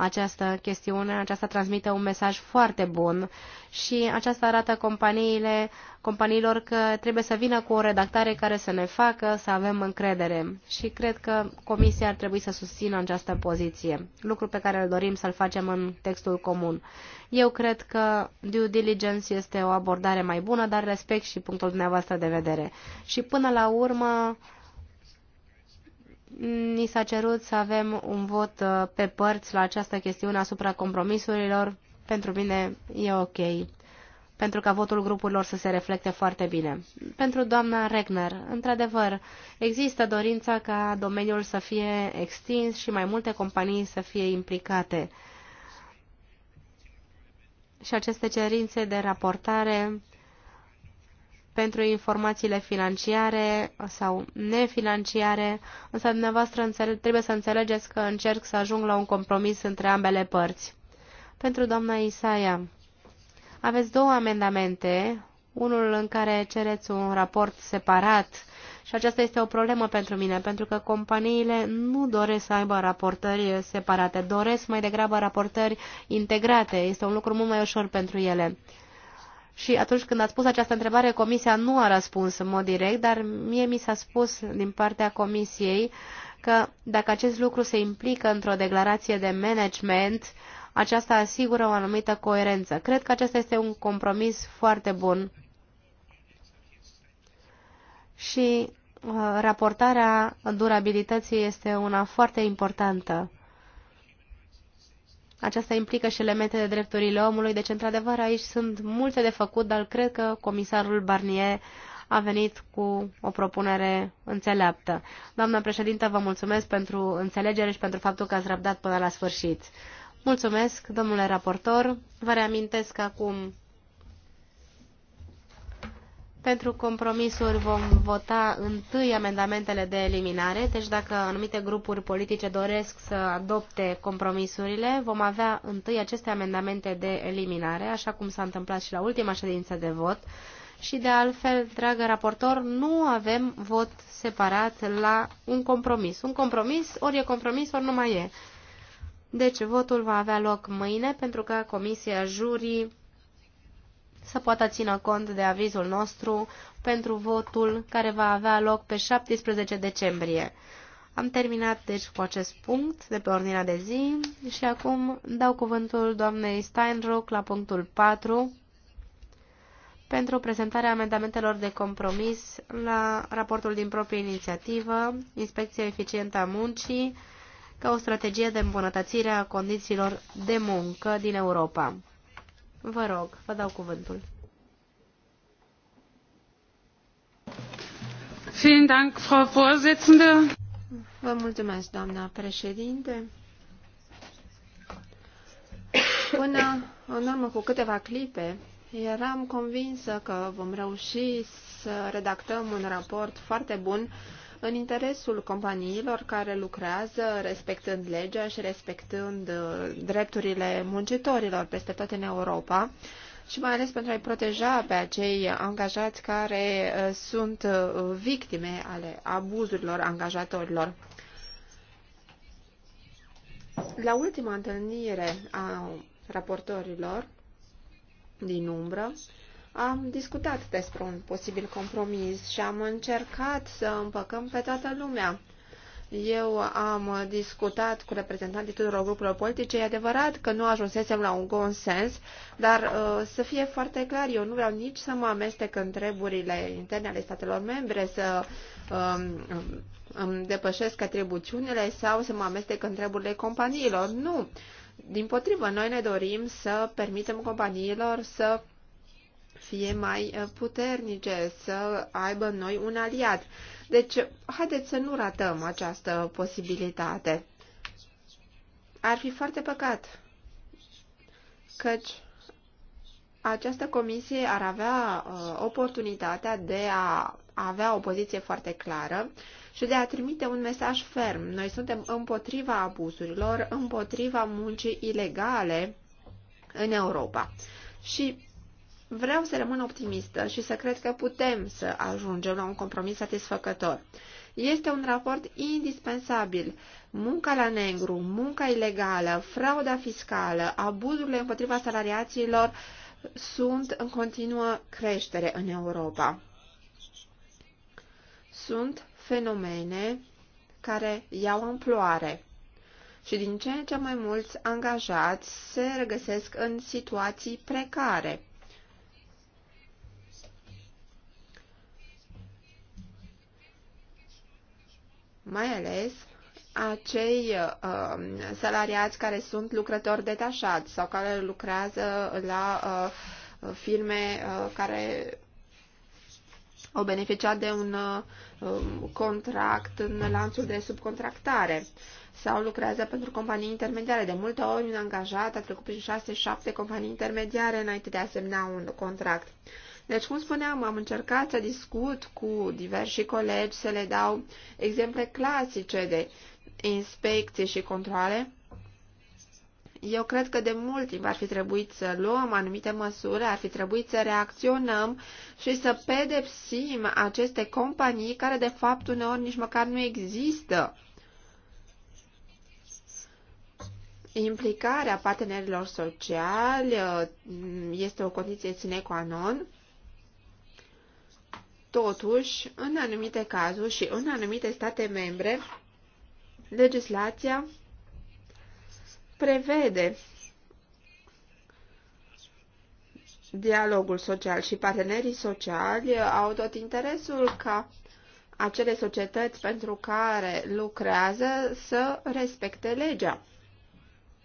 Speaker 3: această chestiune, aceasta transmite un mesaj foarte bun și aceasta arată companiile, companiilor că trebuie să vină cu o redactare care să ne facă să avem încredere și cred că Comisia ar trebui să susțină această poziție, lucru pe care îl dorim să-l facem în textul comun. Eu cred că due diligence este o abordare mai bună, dar respect și punctul dumneavoastră de vedere. Și până la urmă, ni s-a cerut să avem un vot uh, pe părți la această chestiune asupra compromisurilor. Pentru mine e ok, pentru ca votul grupurilor să se reflecte foarte bine. Pentru doamna Regner, într-adevăr, există dorința ca domeniul să fie extins și mai multe companii să fie implicate. Și aceste cerințe de raportare pentru informațiile financiare sau nefinanciare, însă dumneavoastră trebuie să înțelegeți că încerc să ajung la un compromis între ambele părți. Pentru doamna Isaia, aveți două amendamente, unul în care cereți un raport separat și aceasta este o problemă pentru mine, pentru că companiile nu doresc să aibă raportări separate, doresc mai degrabă raportări integrate. Este un lucru mult mai ușor pentru ele. Și atunci când ați pus această întrebare, Comisia nu a răspuns în mod direct, dar mie mi s-a spus din partea Comisiei că dacă acest lucru se implică într-o declarație de management, aceasta asigură o anumită coerență. Cred că acesta este un compromis foarte bun. Și uh, raportarea durabilității este una foarte importantă. Aceasta implică și elemente de drepturile omului, deci într-adevăr aici sunt multe de făcut, dar cred că comisarul Barnier a venit cu o propunere înțeleaptă. Doamna președintă, vă mulțumesc pentru înțelegere și pentru faptul că ați răbdat până la sfârșit. Mulțumesc, domnule raportor. Vă reamintesc acum pentru compromisuri vom vota întâi amendamentele de eliminare, deci dacă anumite grupuri politice doresc să adopte compromisurile, vom avea întâi aceste amendamente de eliminare, așa cum s-a întâmplat și la ultima ședință de vot. Și de altfel, dragă raportor, nu avem vot separat la un compromis. Un compromis, ori e compromis, ori nu mai e. Deci votul va avea loc mâine, pentru că Comisia Jurii să poată țină cont de avizul nostru pentru votul care va avea loc pe 17 decembrie. Am terminat deci cu acest punct de pe ordinea de zi și acum dau cuvântul doamnei Steinrock la punctul 4 pentru prezentarea amendamentelor de compromis la raportul din proprie inițiativă, Inspecția Eficientă a Muncii, ca o strategie de îmbunătățire a condițiilor de muncă din Europa. Vă rog, vă dau cuvântul.
Speaker 1: Vă mulțumesc, doamna președinte. Până în urmă cu câteva clipe, eram convinsă că vom reuși să redactăm un raport foarte bun în interesul companiilor care lucrează respectând legea și respectând uh, drepturile muncitorilor peste tot în Europa și mai ales pentru a-i proteja pe acei angajați care uh, sunt uh, victime ale abuzurilor angajatorilor. La ultima întâlnire a raportorilor din umbră, am discutat despre un posibil compromis și am încercat să împăcăm pe toată lumea. Eu am discutat cu reprezentanții tuturor grupurilor politice. E adevărat că nu ajunsesem la un consens, dar uh, să fie foarte clar, eu nu vreau nici să mă amestec în treburile interne ale statelor membre, să um, îmi depășesc atribuțiunile sau să mă amestec în treburile companiilor. Nu! Din potrivă, noi ne dorim să permitem companiilor să fie mai uh, puternice, să aibă noi un aliat. Deci, haideți să nu ratăm această posibilitate. Ar fi foarte păcat, căci această comisie ar avea uh, oportunitatea de a avea o poziție foarte clară și de a trimite un mesaj ferm. Noi suntem împotriva abuzurilor, împotriva muncii ilegale în Europa. Și vreau să rămân optimistă și să cred că putem să ajungem la un compromis satisfăcător. Este un raport indispensabil. Munca la negru, munca ilegală, frauda fiscală, abuzurile împotriva salariaților sunt în continuă creștere în Europa. Sunt fenomene care iau amploare și din ce în ce mai mulți angajați se regăsesc în situații precare mai ales acei uh, salariați care sunt lucrători detașați sau care lucrează la uh, firme uh, care au beneficiat de un uh, contract în lanțul de subcontractare sau lucrează pentru companii intermediare. De multe ori un angajat a trecut prin 6-7 companii intermediare înainte de a semna un contract. Uh, deci, cum spuneam, am încercat să discut cu diversi colegi, să le dau exemple clasice de inspecții și controle. Eu cred că de mult timp ar fi trebuit să luăm anumite măsuri, ar fi trebuit să reacționăm și să pedepsim aceste companii care de fapt uneori nici măcar nu există. Implicarea partenerilor sociali uh, este o condiție sine qua non Totuși, în anumite cazuri și în anumite state membre, legislația prevede dialogul social și partenerii sociali au tot interesul ca acele societăți pentru care lucrează să respecte legea.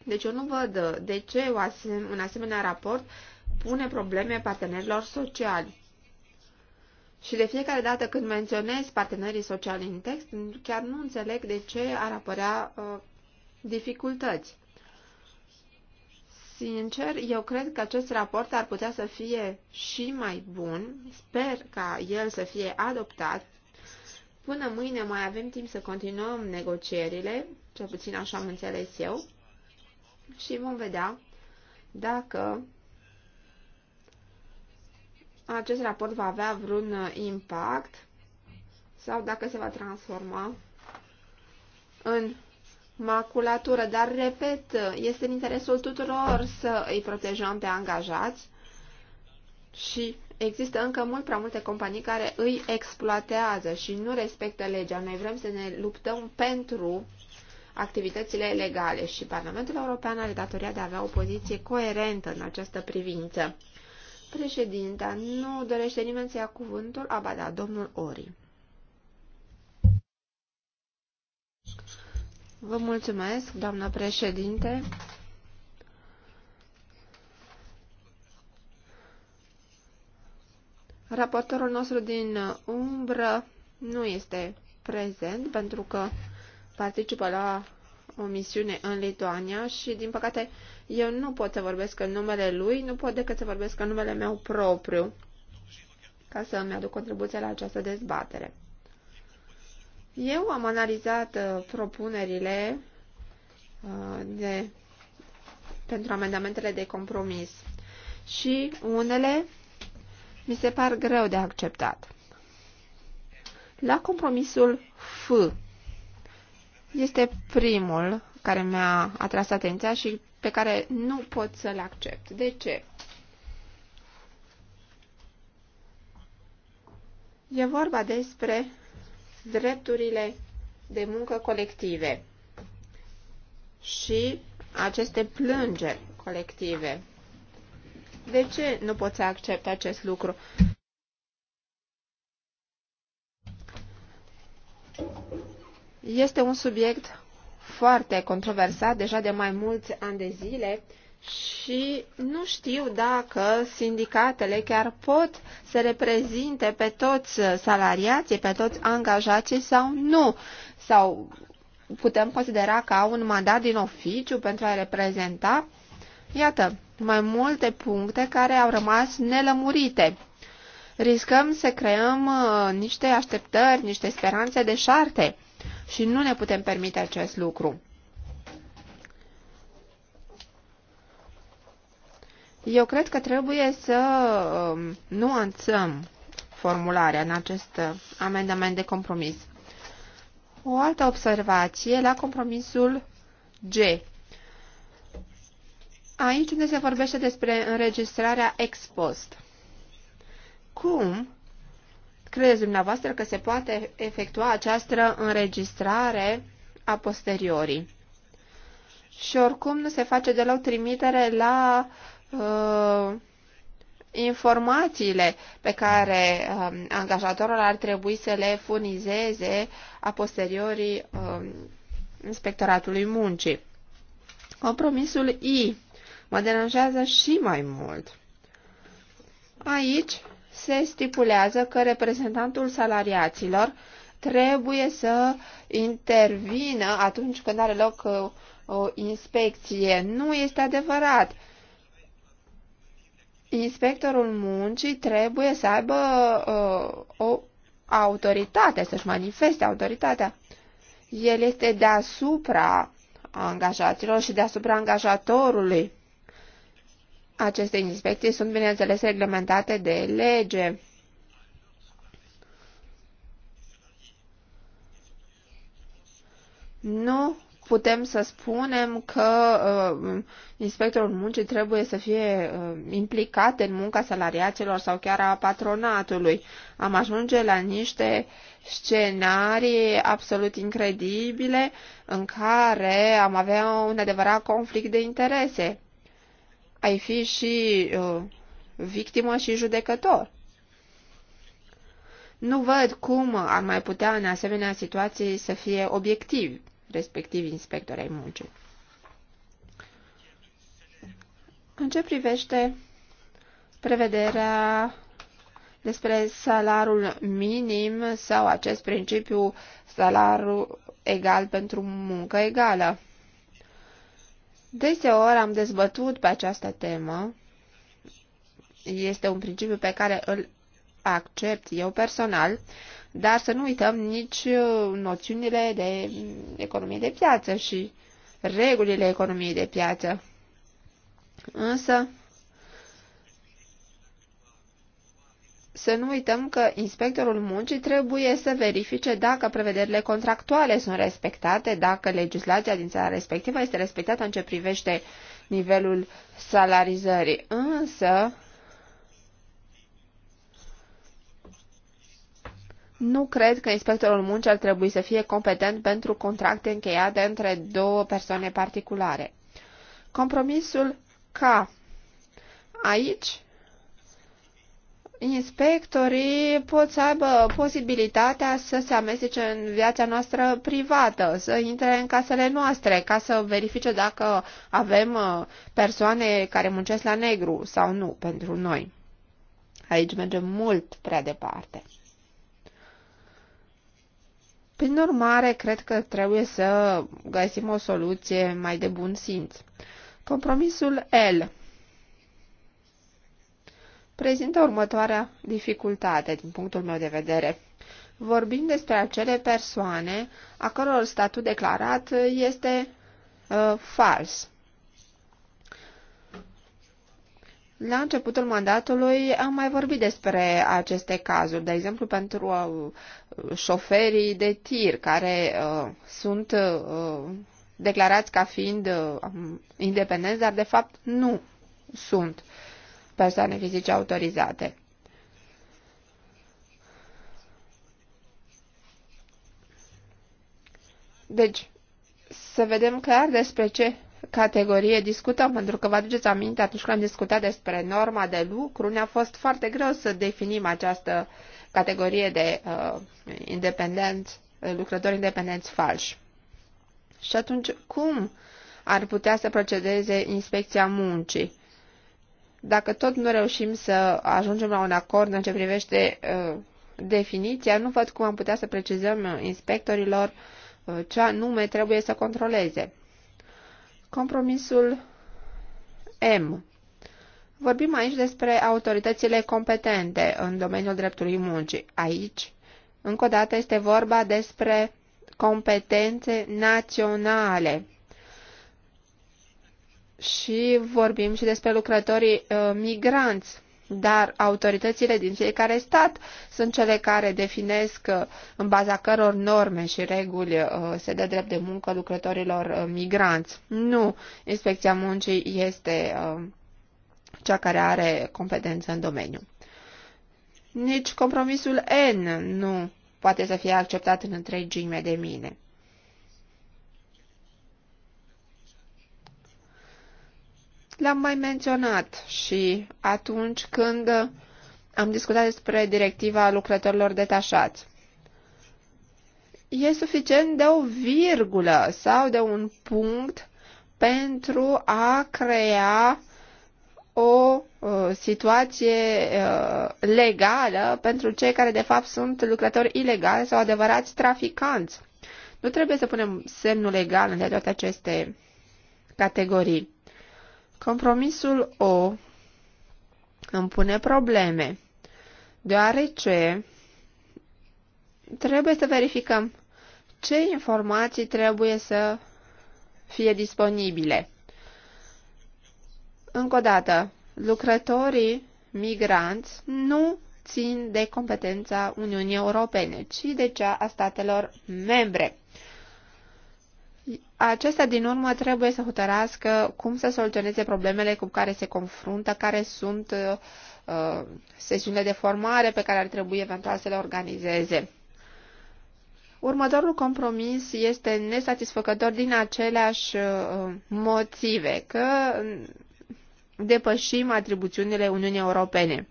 Speaker 1: Deci eu nu văd de ce un asemenea raport pune probleme partenerilor sociali. Și de fiecare dată când menționez partenerii sociali în text, chiar nu înțeleg de ce ar apărea uh, dificultăți. Sincer, eu cred că acest raport ar putea să fie și mai bun. Sper ca el să fie adoptat. Până mâine mai avem timp să continuăm negocierile, cel puțin așa am înțeles eu, și vom vedea dacă acest raport va avea vreun uh, impact sau dacă se va transforma în maculatură. Dar, repet, este în interesul tuturor să îi protejăm pe angajați și există încă mult prea multe companii care îi exploatează și nu respectă legea. Noi vrem să ne luptăm pentru activitățile legale și Parlamentul European are datoria de a avea o poziție coerentă în această privință. Președinta, nu dorește nimeni să ia cuvântul? Aba da, domnul Ori. Vă mulțumesc, doamnă președinte. Raportorul nostru din umbră nu este prezent pentru că participă la o misiune în Lituania și, din păcate, eu nu pot să vorbesc în numele lui, nu pot decât să vorbesc în numele meu propriu, ca să îmi aduc contribuția la această dezbatere. Eu am analizat uh, propunerile uh, de, pentru amendamentele de compromis și unele mi se par greu de acceptat. La compromisul F este primul care mi-a atras atenția și pe care nu pot să-l accept. De ce? E vorba despre drepturile de muncă colective și aceste plângeri colective. De ce nu pot să accept acest lucru? Este un subiect foarte controversat deja de mai mulți ani de zile și nu știu dacă sindicatele chiar pot să reprezinte pe toți salariații, pe toți angajații sau nu. Sau putem considera că au un mandat din oficiu pentru a reprezenta? Iată, mai multe puncte care au rămas nelămurite. Riscăm să creăm uh, niște așteptări, niște speranțe de șarte și nu ne putem permite acest lucru. Eu cred că trebuie să um, nuanțăm formularea în acest uh, amendament de compromis. O altă observație la compromisul G. Aici unde se vorbește despre înregistrarea ex post. Cum credeți dumneavoastră că se poate efectua această înregistrare a posteriorii? Și oricum nu se face deloc trimitere la uh, informațiile pe care uh, angajatorul ar trebui să le furnizeze a posteriorii uh, um, inspectoratului muncii. Compromisul I mă deranjează și mai mult. Aici se stipulează că reprezentantul salariaților trebuie să intervină atunci când are loc uh, o inspecție. Nu este adevărat. Inspectorul muncii trebuie să aibă uh, o autoritate, să-și manifeste autoritatea. El este deasupra angajaților și deasupra angajatorului. Aceste inspecții sunt, bineînțeles, reglementate de lege. Nu putem să spunem că uh, inspectorul muncii trebuie să fie uh, implicat în munca salariaților sau chiar a patronatului. Am ajunge la niște scenarii absolut incredibile în care am avea un adevărat conflict de interese ai fi și uh, victimă și judecător. Nu văd cum ar mai putea în asemenea situații să fie obiectiv, respectiv inspector ai muncii. În ce privește prevederea despre salarul minim sau acest principiu salarul egal pentru muncă egală. Deseori am dezbătut pe această temă. Este un principiu pe care îl accept eu personal, dar să nu uităm nici uh, noțiunile de economie de piață și regulile economiei de piață. Însă, să nu uităm că inspectorul muncii trebuie să verifice dacă prevederile contractuale sunt respectate, dacă legislația din țara respectivă este respectată în ce privește nivelul salarizării. Însă, nu cred că inspectorul muncii ar trebui să fie competent pentru contracte încheiate între două persoane particulare. Compromisul K. Aici inspectorii pot să aibă posibilitatea să se amestece în viața noastră privată, să intre în casele noastre ca să verifice dacă avem uh, persoane care muncesc la negru sau nu pentru noi. Aici mergem mult prea departe. Prin urmare, cred că trebuie să găsim o soluție mai de bun simț. Compromisul L prezintă următoarea dificultate din punctul meu de vedere. Vorbim despre acele persoane a căror statut declarat este uh, fals. La începutul mandatului am mai vorbit despre aceste cazuri, de exemplu pentru uh, șoferii de tir care uh, sunt uh, declarați ca fiind uh, independenți, dar de fapt nu sunt persoane fizice autorizate. Deci, să vedem clar despre ce categorie discutăm, pentru că vă aduceți aminte, atunci când am discutat despre norma de lucru, ne-a fost foarte greu să definim această categorie de uh, independenți, lucrători independenți falși. Și atunci, cum ar putea să procedeze inspecția muncii? Dacă tot nu reușim să ajungem la un acord în ce privește uh, definiția, nu văd cum am putea să precizăm inspectorilor uh, ce anume trebuie să controleze. Compromisul M. Vorbim aici despre autoritățile competente în domeniul dreptului muncii. Aici, încă o dată, este vorba despre competențe naționale și vorbim și despre lucrătorii uh, migranți, dar autoritățile din fiecare stat sunt cele care definesc uh, în baza căror norme și reguli uh, se dă drept de muncă lucrătorilor uh, migranți. Nu, inspecția muncii este uh, cea care are competență în domeniu. Nici compromisul N nu poate să fie acceptat în întregime de mine. L-am mai menționat și atunci când am discutat despre directiva lucrătorilor detașați. E suficient de o virgulă sau de un punct pentru a crea o uh, situație uh, legală pentru cei care de fapt sunt lucrători ilegali sau adevărați traficanți. Nu trebuie să punem semnul legal în toate aceste categorii. Compromisul O îmi pune probleme, deoarece trebuie să verificăm ce informații trebuie să fie disponibile. Încă o dată, lucrătorii migranți nu țin de competența Uniunii Europene, ci de cea a statelor membre. Acestea, din urmă, trebuie să hotărască cum să soluționeze problemele cu care se confruntă, care sunt uh, sesiunile de formare pe care ar trebui eventual să le organizeze. Următorul compromis este nesatisfăcător din aceleași uh, motive, că depășim atribuțiunile Uniunii Europene.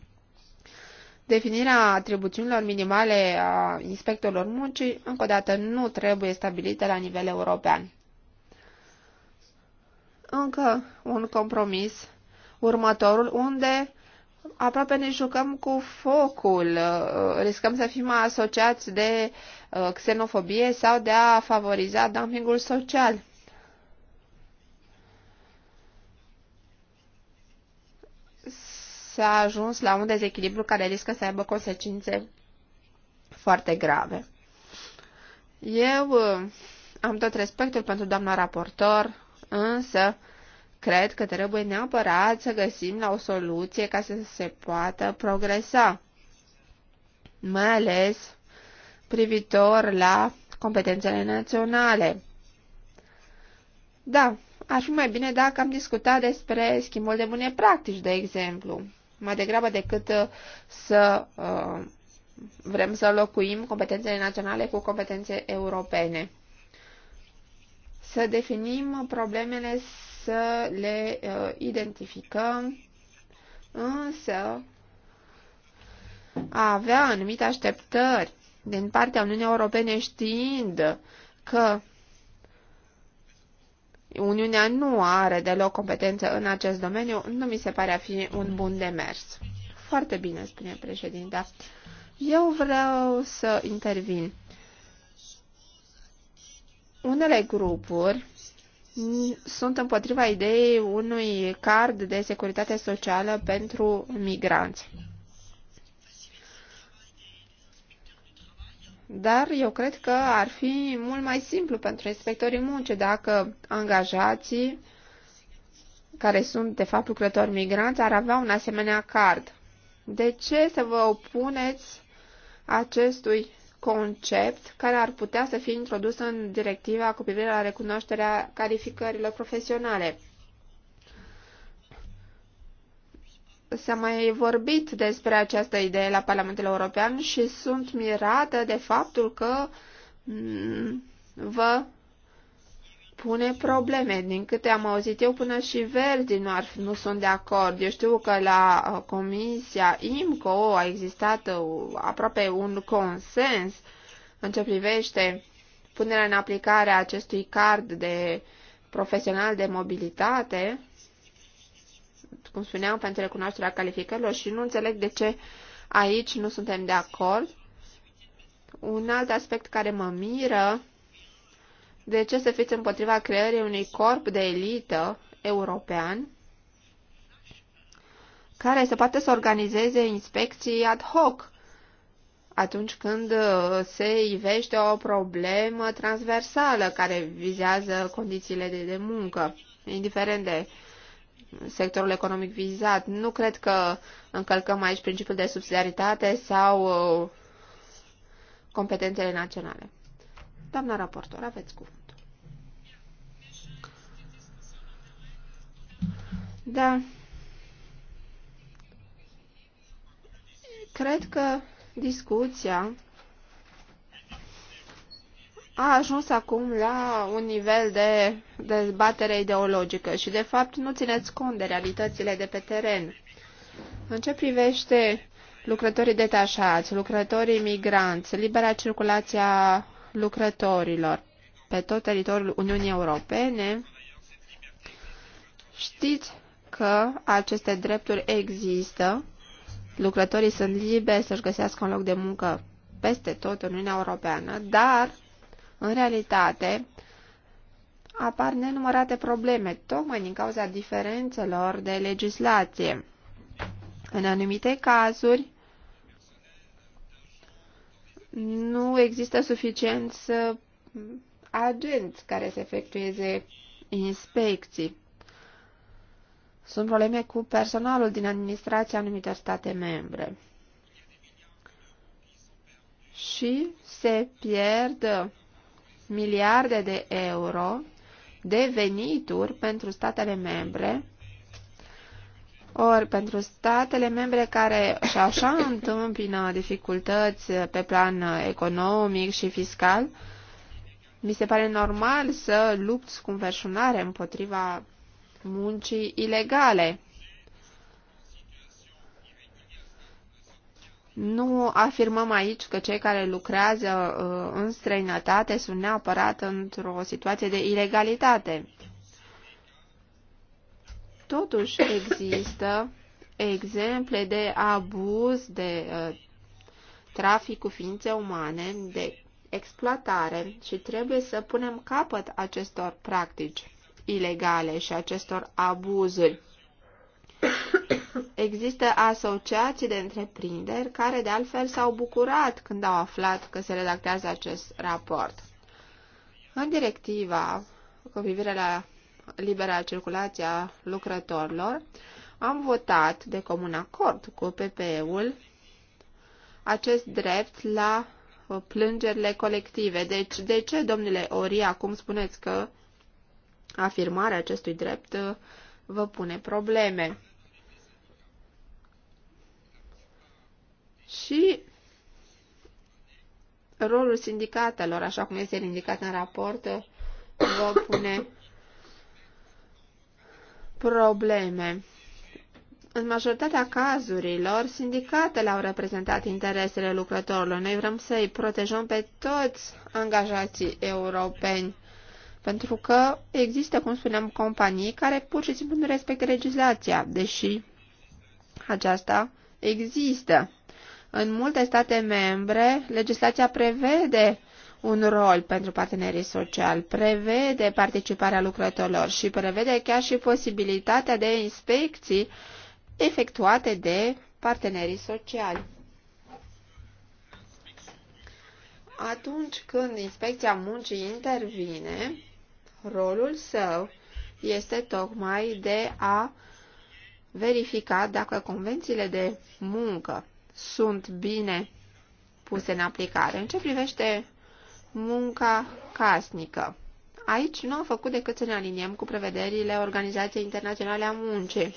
Speaker 1: Definirea atribuțiunilor minimale a inspectorilor muncii, încă o dată, nu trebuie stabilită la nivel european. Încă un compromis, următorul, unde aproape ne jucăm cu focul, uh, riscăm să fim asociați de uh, xenofobie sau de a favoriza dumpingul social. s-a ajuns la un dezechilibru care riscă să aibă consecințe foarte grave. Eu uh, am tot respectul pentru doamna raportor, însă cred că trebuie neapărat să găsim la o soluție ca să se poată progresa, mai ales privitor la competențele naționale. Da, ar fi mai bine dacă am discutat despre schimbul de bune practici, de exemplu mai degrabă decât uh, să uh, vrem să locuim competențele naționale cu competențe europene. Să definim problemele, să le uh, identificăm, însă a avea anumite așteptări din partea Uniunii Europene știind că Uniunea nu are deloc competență în acest domeniu, nu mi se pare a fi un bun demers. Foarte bine, spune președinta. Eu vreau să intervin. Unele grupuri sunt împotriva ideii unui card de securitate socială pentru migranți. dar eu cred că ar fi mult mai simplu pentru inspectorii muncii dacă angajații care sunt de fapt lucrători migranți ar avea un asemenea card. De ce să vă opuneți acestui concept care ar putea să fie introdus în directiva cu privire la recunoașterea calificărilor profesionale? s-a mai vorbit despre această idee la Parlamentul European și sunt mirată de faptul că mm, vă pune probleme. Din câte am auzit eu, până și verzi nu, ar, nu sunt de acord. Eu știu că la uh, Comisia IMCO a existat uh, aproape un consens în ce privește punerea în aplicare a acestui card de profesional de mobilitate cum spuneam, pentru recunoașterea calificărilor și nu înțeleg de ce aici nu suntem de acord. Un alt aspect care mă miră, de ce să fiți împotriva creării unui corp de elită european care să poată să organizeze inspecții ad hoc atunci când uh, se ivește o problemă transversală care vizează condițiile de, de muncă, indiferent de sectorul economic vizat. Nu cred că încălcăm aici principiul de subsidiaritate sau uh, competențele naționale. Doamna raportor, aveți cuvânt. Da. Cred că discuția a ajuns acum la un nivel de dezbatere ideologică și, de fapt, nu țineți cont de realitățile de pe teren. În ce privește lucrătorii detașați, lucrătorii migranți, libera circulație a lucrătorilor pe tot teritoriul Uniunii Europene, știți că aceste drepturi există, lucrătorii sunt liberi să-și găsească un loc de muncă peste tot în Uniunea Europeană, dar în realitate, apar nenumărate probleme, tocmai din cauza diferențelor de legislație. În anumite cazuri, nu există suficienți agenți care să efectueze inspecții. Sunt probleme cu personalul din administrația anumitor state membre. Și se pierd miliarde de euro de venituri pentru statele membre, ori pentru statele membre care și așa întâmpină dificultăți pe plan economic și fiscal, mi se pare normal să lupți cu înverșunare împotriva muncii ilegale. Nu afirmăm aici că cei care lucrează uh, în străinătate sunt neapărat într-o situație de ilegalitate. Totuși există exemple de abuz, de uh, trafic cu ființe umane, de exploatare și trebuie să punem capăt acestor practici ilegale și acestor abuzuri. Există asociații de întreprinderi care de altfel s-au bucurat când au aflat că se redactează acest raport. În directiva cu privire la libera circulație a lucrătorilor, am votat de comun acord cu PPE-ul acest drept la uh, plângerile colective. Deci, de ce, domnule Ori, acum spuneți că afirmarea acestui drept uh, vă pune probleme? și rolul sindicatelor, așa cum este indicat în raport, vă pune probleme. În majoritatea cazurilor, sindicatele au reprezentat interesele lucrătorilor. Noi vrem să îi protejăm pe toți angajații europeni, pentru că există, cum spuneam, companii care pur și simplu nu respectă legislația, deși aceasta există. În multe state membre, legislația prevede un rol pentru partenerii sociali, prevede participarea lucrătorilor și prevede chiar și posibilitatea de inspecții efectuate de partenerii sociali. Atunci când inspecția muncii intervine, rolul său este tocmai de a verifica dacă convențiile de muncă sunt bine puse în aplicare. În ce privește munca casnică? Aici nu am făcut decât să ne aliniem cu prevederile Organizației Internaționale a Muncii.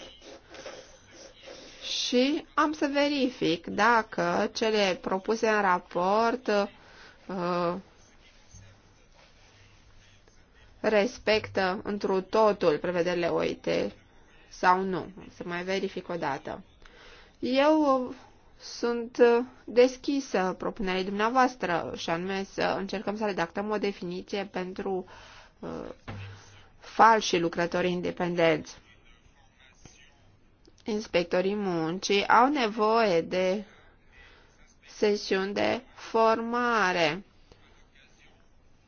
Speaker 1: Și am să verific dacă cele propuse în raport uh, respectă întru totul prevederile OIT sau nu. Să mai verific o dată. Eu sunt uh, deschisă propunerii dumneavoastră și anume să încercăm să redactăm o definiție pentru uh, falși lucrători independenți. Inspectorii muncii au nevoie de sesiuni de formare.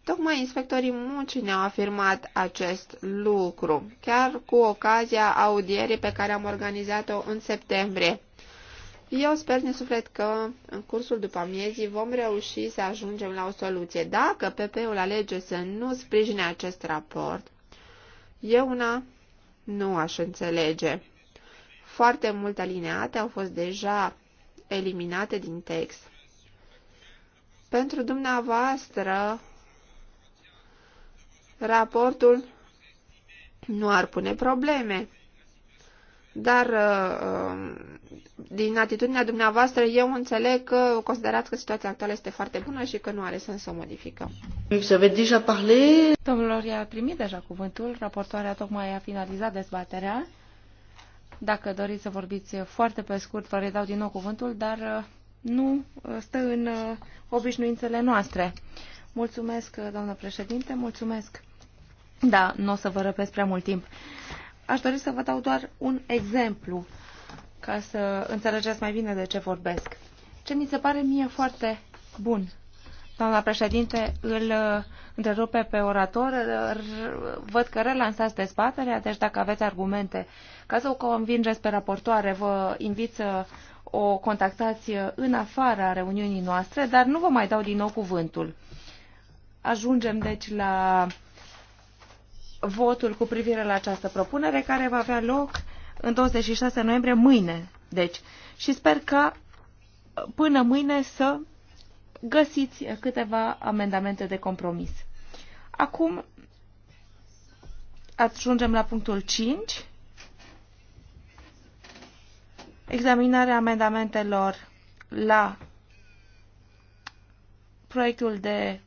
Speaker 1: Tocmai inspectorii muncii ne-au afirmat acest lucru, chiar cu ocazia audierii pe care am organizat-o în septembrie. Eu sper din suflet că în cursul după amiezii vom reuși să ajungem la o soluție. Dacă PP-ul alege să nu sprijine acest raport, eu una nu aș înțelege. Foarte multe alineate au fost deja eliminate din text. Pentru dumneavoastră, raportul nu ar pune probleme dar uh, din atitudinea dumneavoastră eu înțeleg că considerați că situația actuală este foarte bună și că nu are sens să o modificăm.
Speaker 2: Domnilor, i-a primit deja cuvântul, raportoarea tocmai a finalizat dezbaterea. Dacă doriți să vorbiți foarte pe scurt, vă redau din nou cuvântul, dar uh, nu uh, stă în obișnuințele noastre. Mulțumesc, doamnă președinte, mulțumesc. Da, nu o să vă răpesc prea mult timp. Aș dori să vă dau doar un exemplu ca să înțelegeți mai bine de ce vorbesc. Ce mi se pare mie foarte bun. Doamna președinte, îl uh, întrerupe pe orator. Uh, văd că relansați spatele, deci dacă aveți argumente ca să o convingeți pe raportoare, vă invit să o contactați uh, în afara reuniunii noastre, dar nu vă mai dau din nou cuvântul. Ajungem deci la votul cu privire la această propunere care va avea loc în 26 noiembrie mâine. Deci, și sper că până mâine să găsiți câteva amendamente de compromis. Acum ajungem la punctul 5. Examinarea amendamentelor la proiectul de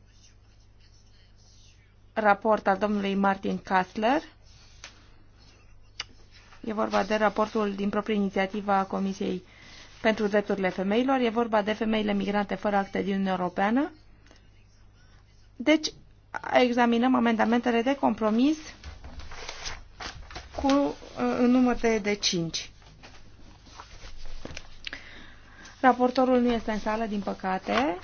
Speaker 2: raport al domnului Martin Kassler. E vorba de raportul din proprie inițiativă a Comisiei pentru Drepturile Femeilor. E vorba de femeile migrante fără acte din Uniunea Europeană. Deci, examinăm amendamentele de compromis cu în număr de, de 5. Raportorul nu este în sală, din păcate.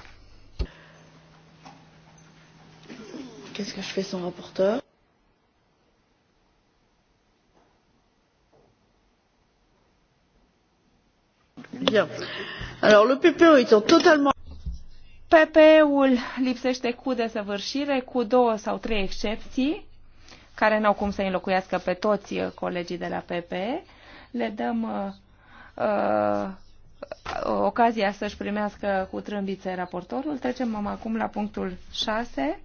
Speaker 1: Qu'est-ce que je fais sans rapporteur Bien. Alors, le PPE étant totalement...
Speaker 2: PPE-ul lipsește cu desăvârșire, cu două sau trei excepții, care n-au cum să înlocuiască pe toți uh, colegii de la PPE. Le dăm uh, uh, ocazia să-și primească cu trâmbițe raportorul. Trecem acum la punctul 6.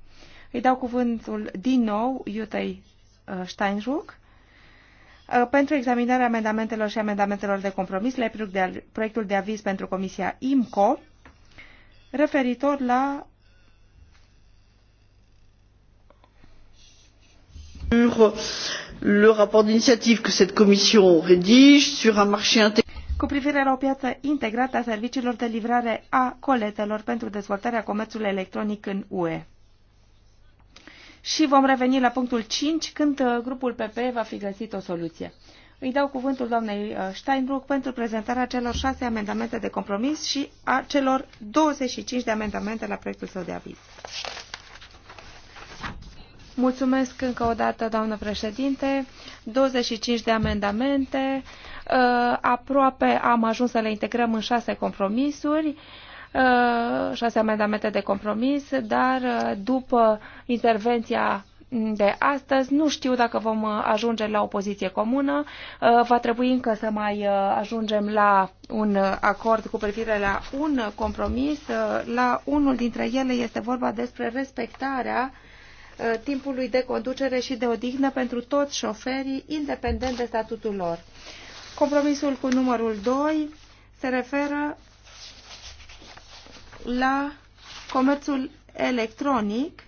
Speaker 2: Îi dau cuvântul din nou Iutei uh, Steinjuc uh, pentru examinarea amendamentelor și amendamentelor de compromis la proiectul de aviz pentru Comisia IMCO referitor la
Speaker 1: sur le rapport d'initiative que cette commission rédige sur un marché intégré cu privire la o piață integrată a
Speaker 2: serviciilor de livrare a coletelor pentru dezvoltarea comerțului electronic în UE și vom reveni la punctul 5 când uh, grupul PP va fi găsit o soluție. Îi dau cuvântul doamnei uh, Steinbruck pentru prezentarea celor șase amendamente de compromis și a celor 25 de amendamente la proiectul său de aviz. Mulțumesc încă o dată, doamnă președinte. 25 de amendamente. Uh, aproape am ajuns să le integrăm în șase compromisuri. Uh, șase amendamente de compromis, dar uh, după intervenția de astăzi. Nu știu dacă vom uh, ajunge la o poziție comună. Va trebui încă să mai ajungem la un acord cu privire la un compromis. La unul dintre ele este vorba despre respectarea timpului de conducere și de odihnă pentru toți șoferii, independent de statutul lor. Compromisul cu numărul 2 se referă la comerțul electronic,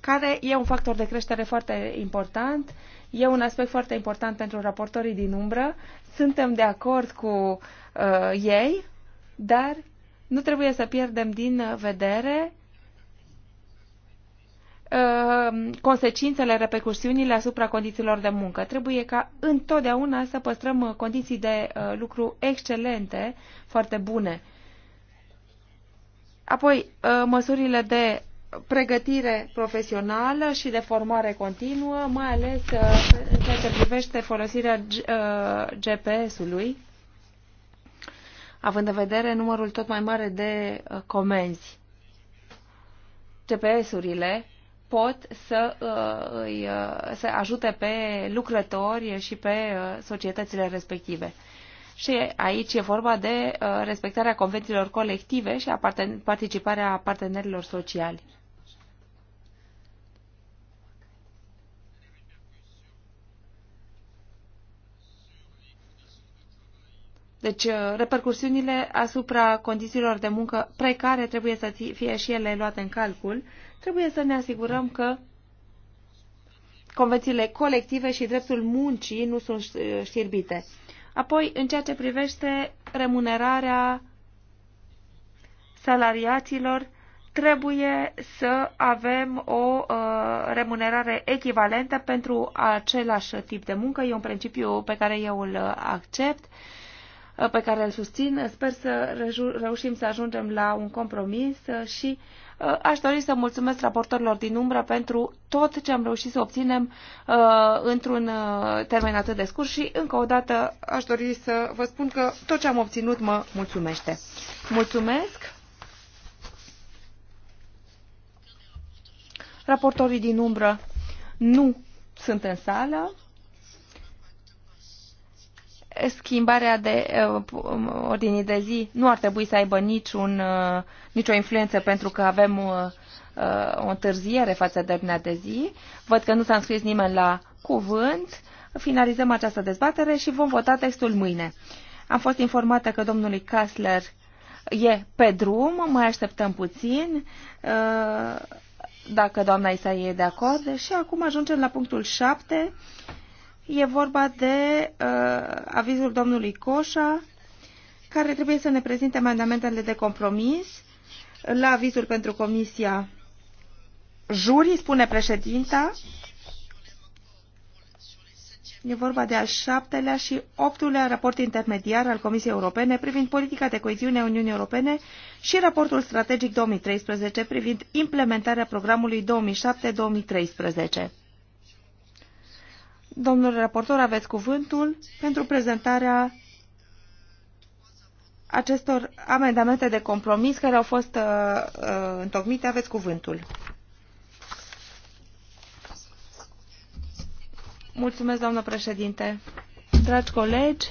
Speaker 2: care e un factor de creștere foarte important, e un aspect foarte important pentru raportorii din umbră, suntem de acord cu uh, ei, dar nu trebuie să pierdem din vedere uh, consecințele, repercusiunile asupra condițiilor de muncă. Trebuie ca întotdeauna să păstrăm condiții de uh, lucru excelente, foarte bune Apoi, ă, măsurile de pregătire profesională și de formare continuă, mai ales ă, în ceea ce privește folosirea GPS-ului, ă, având în vedere numărul tot mai mare de comenzi. GPS-urile pot să îi să ajute pe lucrători și pe societățile respective. Și aici e vorba de uh, respectarea convențiilor colective și a participarea partenerilor sociali. Deci, uh, repercursiunile asupra condițiilor de muncă precare trebuie să fie și ele luate în calcul. Trebuie să ne asigurăm că convențiile colective și dreptul muncii nu sunt uh, știrbite. Apoi, în ceea ce privește remunerarea salariaților, trebuie să avem o uh, remunerare echivalentă pentru același tip de muncă. E un principiu pe care eu îl accept, uh, pe care îl susțin. Sper să reușim să ajungem la un compromis uh, și uh, Uh, aș dori să mulțumesc raportorilor din umbră pentru tot ce am reușit să obținem uh, într-un uh, termen atât de scurt și încă o dată aș dori să vă spun că tot ce am obținut mă mulțumește. Mulțumesc! Raportorii din umbră nu sunt în sală schimbarea de uh, ordinii de zi nu ar trebui să aibă niciun, uh, nicio influență pentru că avem uh, uh, o întârziere față de ordinea de zi. Văd că nu s-a înscris nimeni la cuvânt. Finalizăm această dezbatere și vom vota textul mâine. Am fost informată că domnului Kassler e pe drum, mai așteptăm puțin, uh, dacă doamna Isaie e de acord. Și acum ajungem la punctul 7 E vorba de uh, avizul domnului Coșa, care trebuie să ne prezinte amendamentele de compromis la avizul pentru Comisia Jurii, spune președinta. E vorba de al șaptelea și optulea raport intermediar al Comisiei Europene privind politica de coeziune a Uniunii Europene și raportul strategic 2013 privind implementarea programului 2007-2013. Domnule raportor, aveți cuvântul pentru prezentarea acestor amendamente de compromis care au fost uh, uh, întocmite. Aveți cuvântul. Mulțumesc, doamnă președinte. Dragi colegi,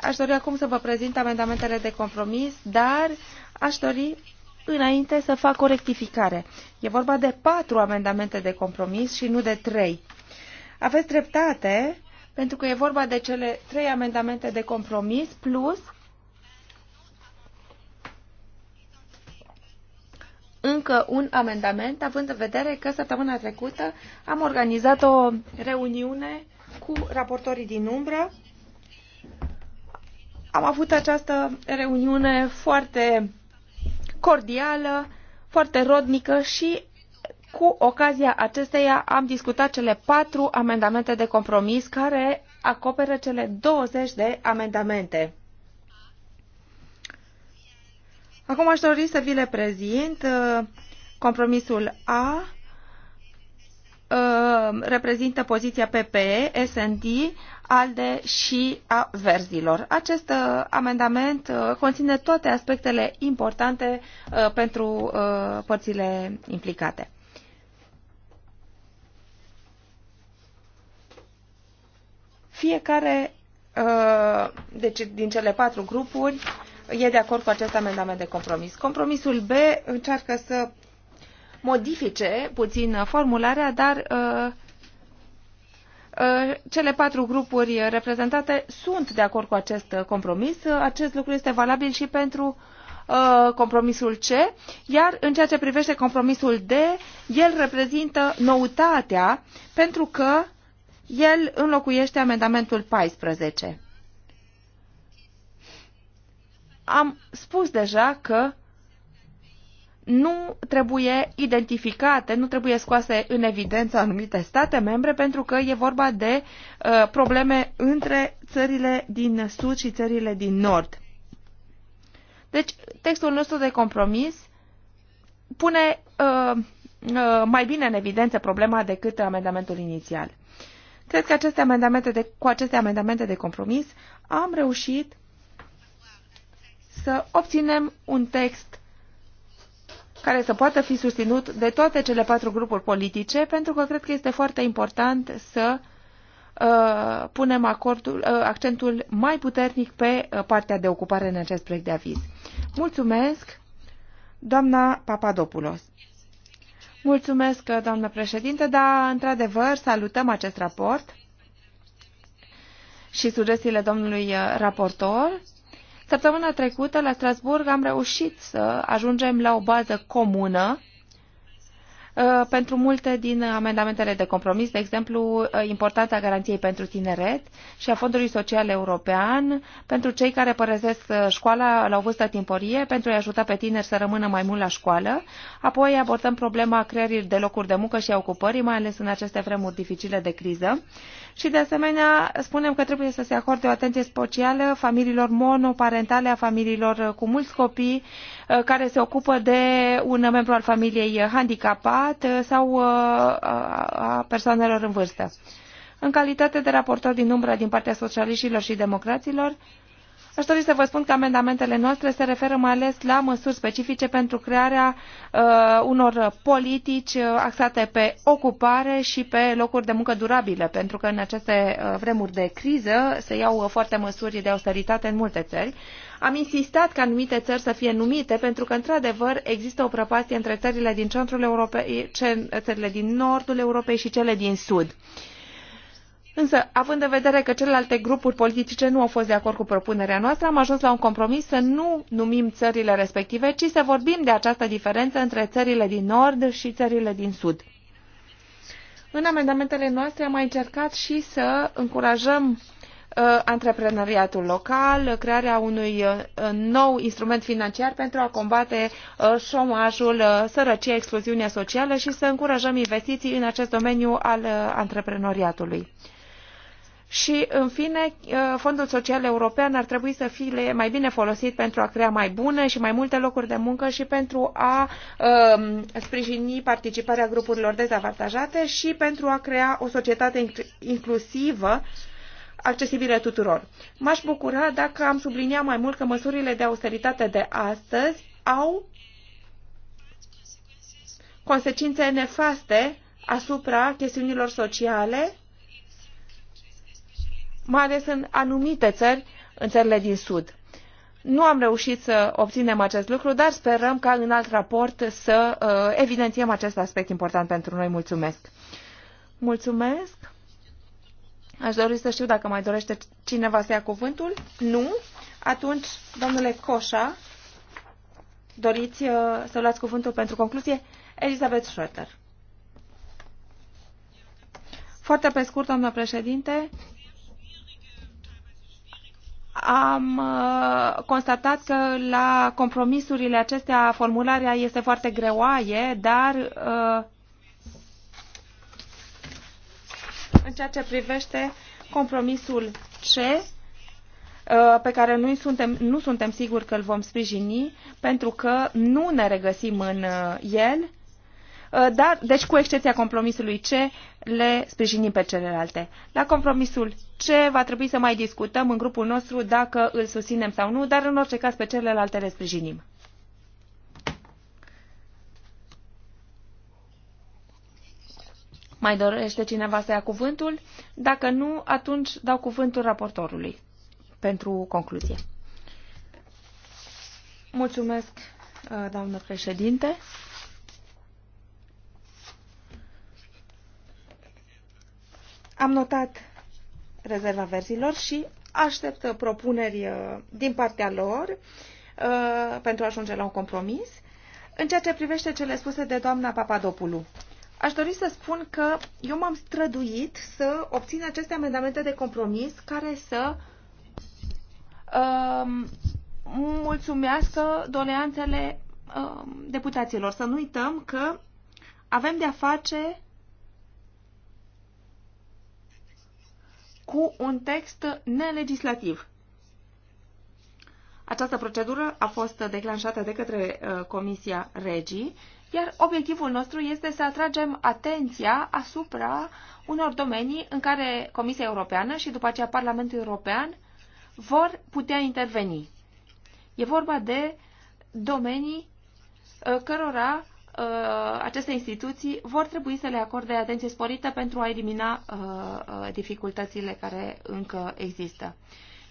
Speaker 2: aș dori acum să vă prezint amendamentele de compromis, dar aș dori înainte să fac o rectificare. E vorba de patru amendamente de compromis și nu de trei. Aveți dreptate, pentru că e vorba de cele trei amendamente de compromis plus încă un amendament, având în vedere că săptămâna trecută am organizat o reuniune cu raportorii din umbră. Am avut această reuniune foarte cordială, foarte rodnică și cu ocazia acesteia am discutat cele patru amendamente de compromis care acoperă cele 20 de amendamente. Acum aș dori să vi le prezint uh, compromisul A, Uh, reprezintă poziția PPE, SND, ALDE și a verzilor. Acest uh, amendament uh, conține toate aspectele importante pentru părțile implicate. Fiecare deci din cele patru grupuri e de acord cu acest amendament de compromis. Compromisul B încearcă să modifice puțin uh, formularea, dar uh, uh, cele patru grupuri reprezentate sunt de acord cu acest compromis. Acest lucru este valabil și pentru compromisul C, iar în ceea ce privește compromisul D, el reprezintă noutatea pentru că el înlocuiește amendamentul 14. Am spus deja că uh, nu trebuie identificate, nu trebuie scoase în evidență anumite state membre, pentru că e vorba de uh, probleme între țările din sud și țările din nord. Deci, textul nostru de compromis pune uh, uh, mai bine în evidență problema decât amendamentul inițial. Cred că aceste amendamente de, cu aceste amendamente de compromis am reușit să obținem un text care să poată fi susținut de toate cele patru grupuri politice, pentru că cred că este foarte important să uh, punem acordul, uh, accentul mai puternic pe uh, partea de ocupare în acest proiect de aviz. Mulțumesc, doamna Papadopoulos. Mulțumesc, uh, doamnă președinte, dar, într-adevăr, salutăm acest raport și sugestiile domnului uh, raportor Săptămâna trecută, la Strasburg, am reușit să ajungem la o bază comună uh, pentru multe din amendamentele de compromis, de exemplu, uh, importanța garanției pentru tineret și a Fondului Social European pentru cei care părăsesc uh, școala la o vârstă timporie pentru a-i ajuta pe tineri să rămână mai mult la școală. Apoi abordăm problema creării de locuri de muncă și a ocupării, mai ales în aceste vremuri dificile de criză și, de asemenea, spunem că trebuie să se acorde o atenție specială familiilor monoparentale, a familiilor uh, cu mulți copii, uh, care se ocupă de un membru al familiei handicapat uh, sau a persoanelor în vârstă. În calitate de raportor din umbră din partea socialiștilor și democraților, Aș dori să vă spun că amendamentele noastre se referă mai ales la măsuri specifice pentru crearea uh, unor politici uh, axate pe ocupare și pe locuri de muncă durabile, pentru că în aceste uh, vremuri de criză se iau uh, foarte măsuri de austeritate în multe țări. Am insistat ca anumite țări să fie numite pentru că, într-adevăr, există o prăpastie între țările din centrul Europei, țările din nordul Europei și cele din sud. Uh, Însă, având în vedere că celelalte grupuri politice nu au fost de acord cu propunerea noastră, am ajuns la un compromis să nu numim țările respective, ci să vorbim de această diferență între țările din nord și țările din sud. În amendamentele noastre am mai încercat și să încurajăm uh, antreprenoriatul local, crearea unui uh, nou instrument financiar pentru a combate uh, șomajul, uh, sărăcia, excluziunea socială și să încurajăm investiții în acest domeniu al uh, antreprenoriatului. Și, în fine, ă, Fondul Social European ar trebui să fie mai bine folosit pentru a crea mai bune și mai multe locuri de muncă și pentru a um, sprijini participarea grupurilor dezavantajate și pentru a crea o societate inclusivă accesibile tuturor. M-aș bucura dacă am sublinia mai mult că măsurile de austeritate de astăzi au consecințe nefaste asupra chestiunilor sociale mai ales în anumite țări, în țările din Sud. Nu am reușit să obținem acest lucru, dar sperăm ca în alt raport să uh, evidențiem acest aspect important pentru noi. Mulțumesc! Mulțumesc! Aș dori să știu dacă mai dorește cineva să ia cuvântul. Nu? Atunci, domnule Coșa, doriți uh, să luați cuvântul pentru concluzie? Elizabeth Schroeter. Foarte pe scurt, domnule președinte, am uh, constatat că la compromisurile acestea formularea este foarte greoaie, dar uh, în ceea ce privește compromisul C, uh, pe care noi suntem, nu suntem siguri că îl vom sprijini, pentru că nu ne regăsim în el Uh, dar, deci cu excepția compromisului C, le sprijinim pe celelalte. La compromisul C va trebui să mai discutăm în grupul nostru dacă îl susținem sau nu, dar în orice caz pe celelalte le sprijinim. Mai dorește cineva să ia cuvântul? Dacă nu, atunci dau cuvântul raportorului pentru concluzie. Mulțumesc, uh, doamnă președinte. Am notat rezerva verzilor și aștept propuneri uh, din partea lor uh, pentru a ajunge la un compromis. În ceea ce privește cele spuse de doamna Papadopoulou, aș dori să spun că eu m-am străduit să obțin aceste amendamente de compromis care să um, mulțumească doleanțele um, deputaților. Să nu uităm că avem de-a face cu un text nelegislativ. Această procedură a fost declanșată de către uh, Comisia Regii, iar obiectivul nostru este să atragem atenția asupra unor domenii în care Comisia Europeană și după aceea Parlamentul European vor putea interveni. E vorba de domenii uh, cărora uh, aceste instituții vor trebui să le acorde atenție sporită pentru a elimina uh, uh, dificultățile care încă există.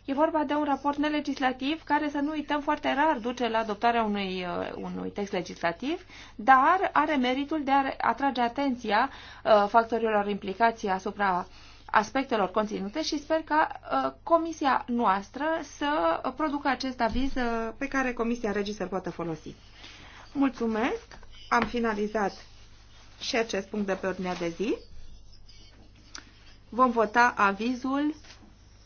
Speaker 2: E vorba de un raport nelegislativ care, să nu uităm, foarte rar duce la adoptarea unui, uh, unui text legislativ, dar are meritul de a atrage atenția uh, factorilor implicați asupra aspectelor conținute și sper ca uh, comisia noastră să producă acest aviz uh, pe care comisia regii să-l poată folosi. Mulțumesc! Am finalizat și acest punct de pe ordinea de zi. Vom vota avizul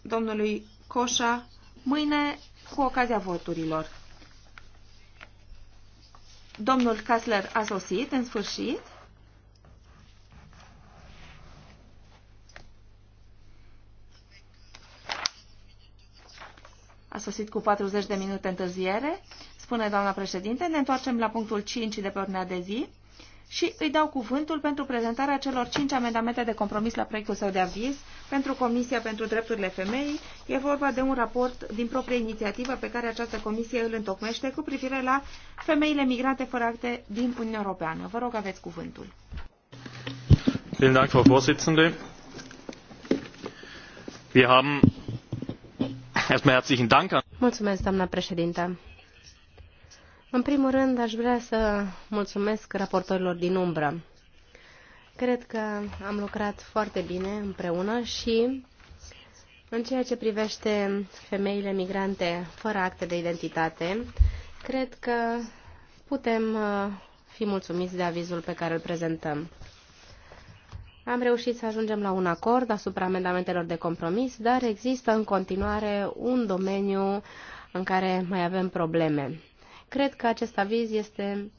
Speaker 2: domnului Coșa mâine cu ocazia voturilor. Domnul Kassler a sosit în sfârșit. A sosit cu 40 de minute întârziere spune doamna președinte, ne întoarcem la punctul 5 de pe ordinea de zi și îi dau cuvântul pentru prezentarea celor 5 amendamente de compromis la proiectul său de aviz pentru Comisia pentru Drepturile Femeii. E vorba de un raport din proprie inițiativă pe care această comisie îl întocmește cu privire la femeile migrante fără acte din Uniunea Europeană. Vă rog, aveți cuvântul. Vielen Dank, Frau Vorsitzende. Wir haben erstmal
Speaker 3: herzlichen Dank an Mulțumesc, doamna președintă. În primul rând, aș vrea să mulțumesc raportorilor din umbră. Cred că am lucrat foarte bine împreună și în ceea ce privește femeile migrante fără acte de identitate, cred că putem uh, fi mulțumiți de avizul pe care îl prezentăm. Am reușit să ajungem la un acord asupra amendamentelor de compromis, dar există în continuare un domeniu în care mai avem probleme. Cred că acest aviz este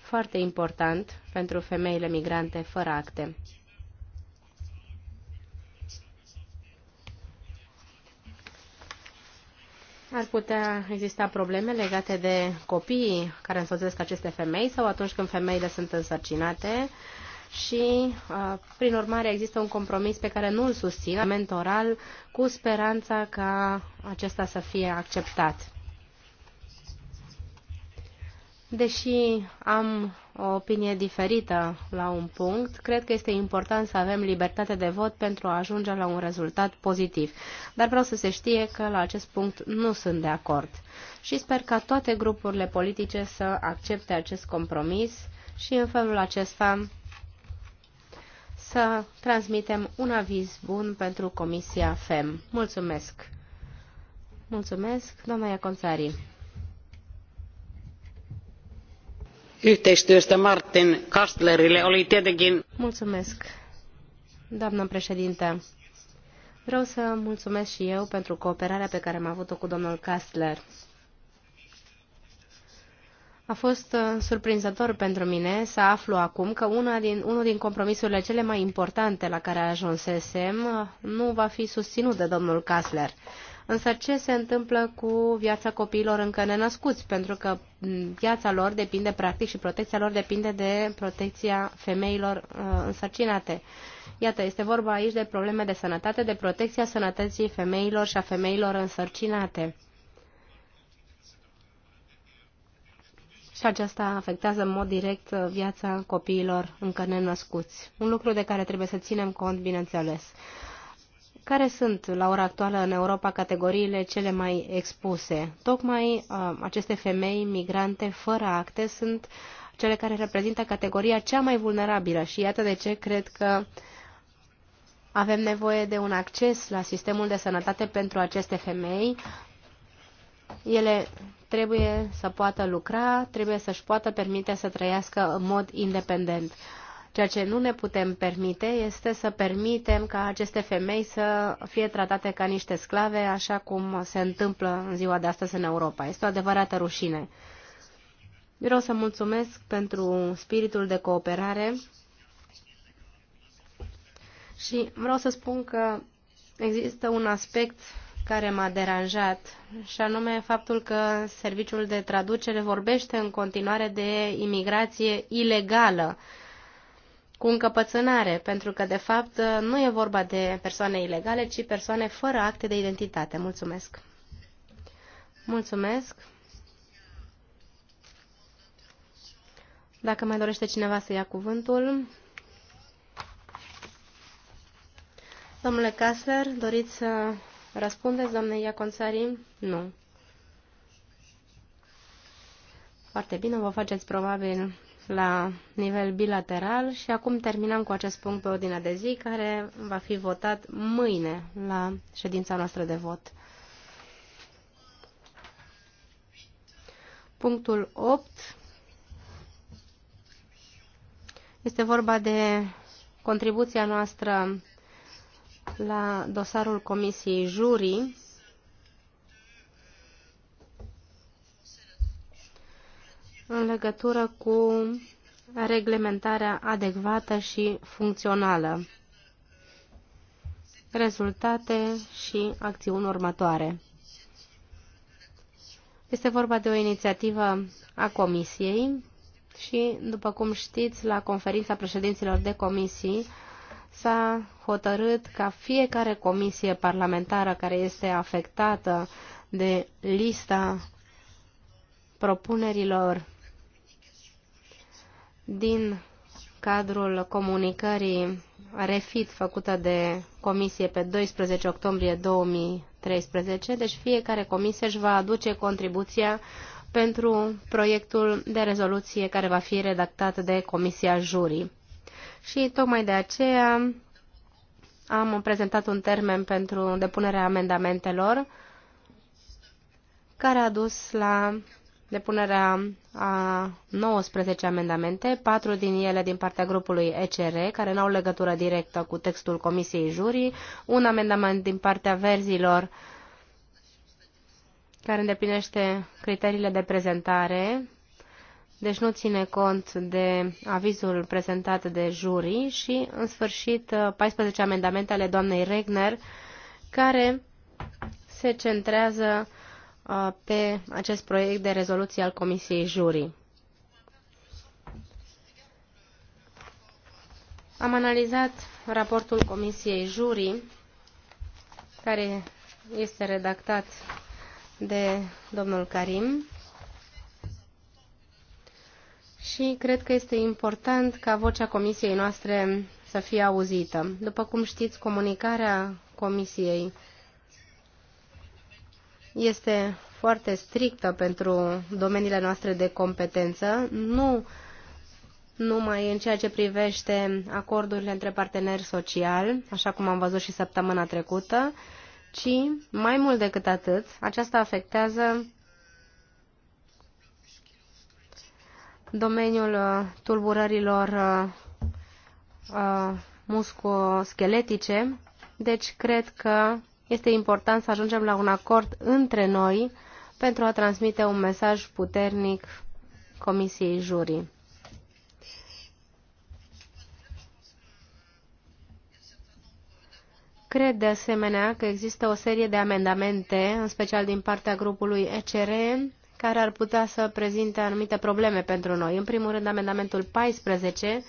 Speaker 3: foarte important pentru femeile migrante fără acte. Ar putea exista probleme legate de copiii care însoțesc aceste femei sau atunci când femeile sunt însărcinate și, uh, prin urmare, există un compromis pe care nu îl susțin, mentoral, cu speranța ca acesta să fie acceptat. Deși am o opinie diferită la un punct, cred că este important să avem libertate de vot pentru a ajunge la un rezultat pozitiv. Dar vreau să se știe că la acest punct nu sunt de acord. Și sper ca toate grupurile politice să accepte acest compromis și în felul acesta să transmitem un aviz bun pentru Comisia FEM. Mulțumesc! Mulțumesc, doamna Iaconțarii!
Speaker 2: yhteistyöstä Martin Kastlerille oli tietenkin...
Speaker 3: Mulțumesc, doamnă președinte. Vreau să mulțumesc și eu pentru cooperarea pe care am avut-o cu domnul Kastler. A fost uh, surprinzător pentru mine să aflu acum că una din, unul din compromisurile cele mai importante la care ajunsesem uh, nu va fi susținut de domnul Kastler. Însă ce se întâmplă cu viața copiilor încă nenăscuți? Pentru că viața lor depinde practic și protecția lor depinde de protecția femeilor uh, însărcinate. Iată, este vorba aici de probleme de sănătate, de protecția sănătății femeilor și a femeilor însărcinate. și aceasta afectează în mod direct uh, viața copiilor încă nenăscuți. Un lucru de care trebuie să ținem cont, bineînțeles. Care sunt, la ora actuală, în Europa, categoriile cele mai expuse? Tocmai uh, aceste femei migrante fără acte sunt cele care reprezintă categoria cea mai vulnerabilă și iată de ce cred că avem nevoie de un acces la sistemul de sănătate pentru aceste femei. Ele trebuie să poată lucra, trebuie să-și poată permite să trăiască în mod independent. Ceea ce nu ne putem permite este să permitem ca aceste femei să fie tratate ca niște sclave, așa cum se întâmplă în ziua de astăzi în Europa. Este o adevărată rușine. Vreau să mulțumesc pentru spiritul de cooperare și vreau să spun că există un aspect care m-a deranjat, și anume faptul că serviciul de traducere vorbește în continuare de imigrație ilegală cu încăpățânare, pentru că, de fapt, nu e vorba de persoane ilegale, ci persoane fără acte de identitate. Mulțumesc! Mulțumesc! Dacă mai dorește cineva să ia cuvântul... Domnule Kassler doriți să răspundeți, doamne Iaconțari? Nu. Foarte bine, vă faceți probabil la nivel bilateral și acum terminăm cu acest punct pe ordinea de zi care va fi votat mâine la ședința noastră de vot. Punctul 8 este vorba de contribuția noastră la dosarul Comisiei Jurii în legătură cu reglementarea adecvată și funcțională, rezultate și acțiuni următoare. Este vorba de o inițiativă a Comisiei și, după cum știți, la conferința președinților de comisii s-a hotărât ca fiecare comisie parlamentară care este afectată de lista propunerilor din cadrul comunicării refit făcută de comisie pe 12 octombrie 2013, deci fiecare comisie își va aduce contribuția pentru proiectul de rezoluție care va fi redactat de Comisia Jurii. Și tocmai de aceea am prezentat un termen pentru depunerea amendamentelor care a dus la depunerea a 19 amendamente, patru din ele din partea grupului ECR, care nu au legătură directă cu textul Comisiei Jurii, un amendament din partea verzilor care îndeplinește criteriile de prezentare, deci nu ține cont de avizul prezentat de juri și, în sfârșit, 14 amendamente ale doamnei Regner, care se centrează pe acest proiect de rezoluție al Comisiei Jurii. Am analizat raportul Comisiei Jurii, care este redactat de domnul Karim și cred că este important ca vocea Comisiei noastre să fie auzită. După cum știți, comunicarea Comisiei este foarte strictă pentru domeniile noastre de competență, nu numai în ceea ce privește acordurile între parteneri sociali, așa cum am văzut și săptămâna trecută, ci mai mult decât atât, aceasta afectează domeniul uh, tulburărilor uh, uh, musculoscheletice, deci cred că este important să ajungem la un acord între noi pentru a transmite un mesaj puternic Comisiei Jurii. Cred de asemenea că există o serie de amendamente, în special din partea grupului ECR, care ar putea să prezinte anumite probleme pentru noi. În primul rând, amendamentul 14,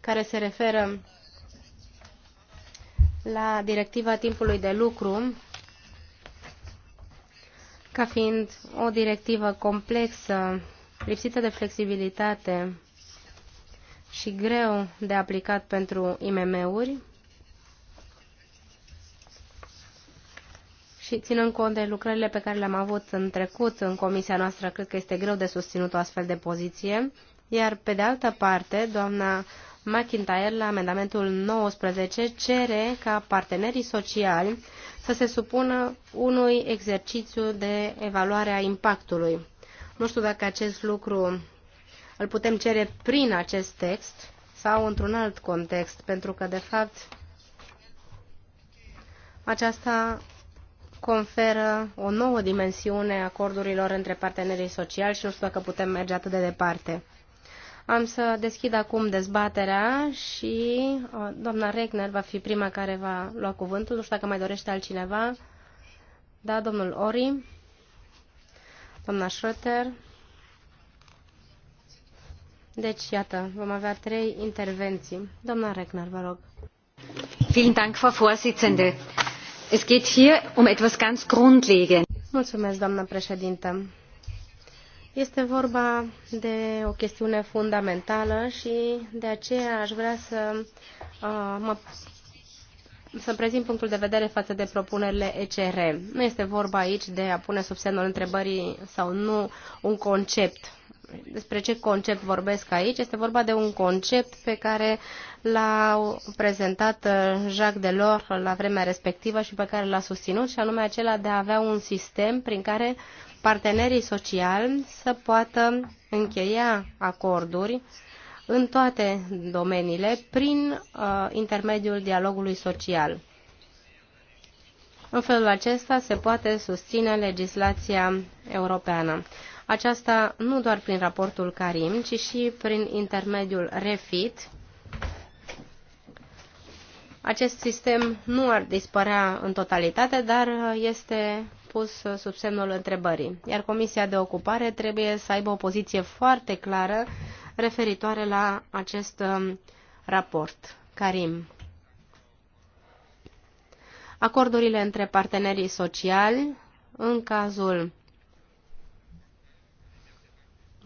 Speaker 3: care se referă la directiva timpului de lucru ca fiind o directivă complexă, lipsită de flexibilitate și greu de aplicat pentru IMM-uri și ținând cont de lucrările pe care le-am avut în trecut în comisia noastră, cred că este greu de susținut o astfel de poziție, iar pe de altă parte, doamna McIntyre la amendamentul 19 cere ca partenerii sociali să se supună unui exercițiu de evaluare a impactului. Nu știu dacă acest lucru îl putem cere prin acest text sau într-un alt context, pentru că, de fapt, aceasta conferă o nouă dimensiune acordurilor între partenerii sociali și nu știu dacă putem merge atât de departe. Am să deschid acum dezbaterea și uh, doamna Regner va fi prima care va lua cuvântul. Nu știu dacă mai dorește altcineva. Da, domnul Ori, doamna Schröter. Deci, iată, vom avea trei intervenții. Doamna Regner, vă rog. Vielen Dank, Frau Vorsitzende. Es geht hier um etwas ganz Grundlegendes. Mulțumesc, doamna președintă. Este vorba de o chestiune fundamentală și de aceea aș vrea să uh, mă să prezint punctul de vedere față de propunerile ECR. Nu este vorba aici de a pune sub semnul întrebării sau nu un concept. Despre ce concept vorbesc aici? Este vorba de un concept pe care l-a prezentat uh, Jacques Delors la vremea respectivă și pe care l-a susținut, și anume acela de a avea un sistem prin care uh, partenerii sociali să poată încheia acorduri în toate domeniile prin uh, intermediul dialogului social. În felul acesta se poate susține legislația europeană. Aceasta nu doar prin raportul Karim, ci și prin intermediul REFIT. Acest sistem nu ar dispărea în totalitate, dar este pus sub semnul întrebării, iar Comisia de Ocupare trebuie să aibă o poziție foarte clară referitoare la acest um, raport. Karim. Acordurile între partenerii sociali, în cazul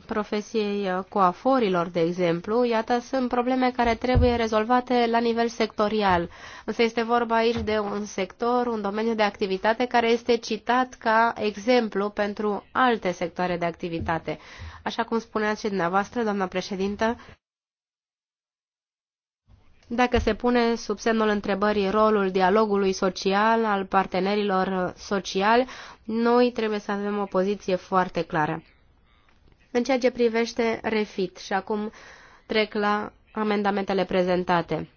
Speaker 3: profesiei uh, coaforilor, de exemplu, iată, sunt probleme care trebuie rezolvate la nivel sectorial. Însă este vorba aici de un sector, un domeniu de activitate care este citat ca exemplu pentru alte sectoare de activitate. Așa cum spuneați și dumneavoastră, doamna președintă, dacă se pune sub semnul întrebării rolul dialogului social al partenerilor sociali, noi trebuie să avem o poziție foarte clară în ceea ce privește refit. Și acum trec la amendamentele prezentate.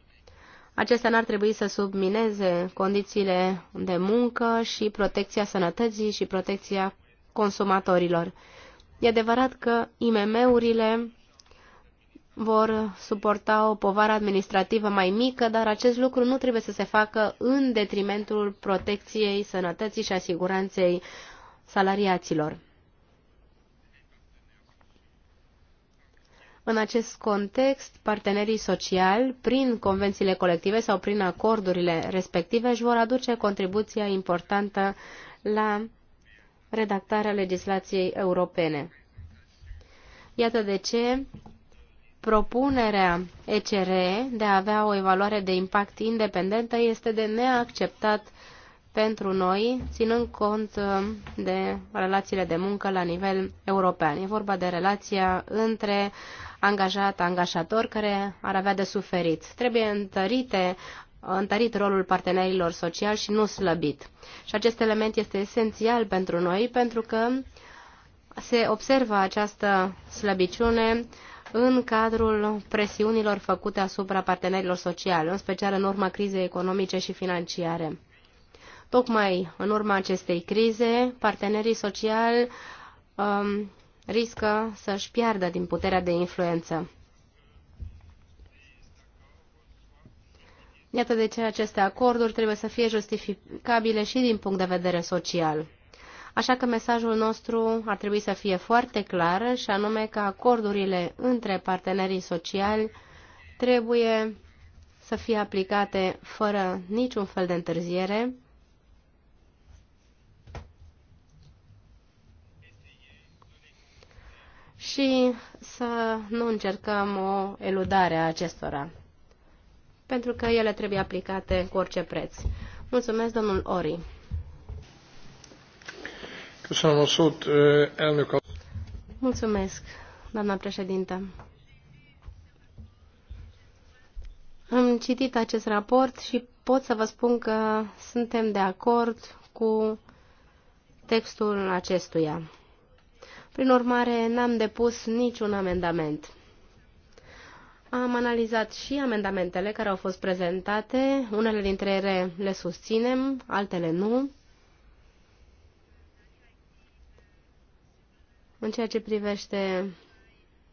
Speaker 3: Acestea n-ar trebui să submineze condițiile de muncă și protecția sănătății și protecția consumatorilor. E adevărat că IMM-urile vor suporta o povară administrativă mai mică, dar acest lucru nu trebuie să se facă în detrimentul protecției sănătății și asiguranței salariaților. În acest context, partenerii sociali, prin convențiile colective sau prin acordurile respective, își vor aduce contribuția importantă la redactarea legislației europene. Iată de ce propunerea ECR de a avea o evaluare de impact independentă este de neacceptat pentru noi, ținând cont de relațiile de muncă la nivel european. E vorba de relația între angajat-angajator care ar avea de suferit. Trebuie întărite întărit rolul partenerilor sociali și nu slăbit. Și acest element este esențial pentru noi pentru că se observă această slăbiciune în cadrul presiunilor făcute asupra partenerilor sociali, în special în urma crizei economice și financiare. Tocmai în urma acestei crize, partenerii sociali um, riscă să-și piardă din puterea de influență. Iată de ce aceste acorduri trebuie să fie justificabile și din punct de vedere social. Așa că mesajul nostru ar trebui să fie foarte clar și anume că acordurile între partenerii sociali trebuie să fie aplicate fără niciun fel de întârziere și să nu încercăm o eludare a acestora, pentru că ele trebuie aplicate cu orice preț. Mulțumesc, domnul Ori. Mulțumesc, doamna președintă. Am citit acest raport și pot să vă spun că suntem de acord cu textul acestuia. Prin urmare, n-am depus niciun amendament. Am analizat și amendamentele care au fost prezentate, unele dintre ele le susținem, altele nu. În ceea ce privește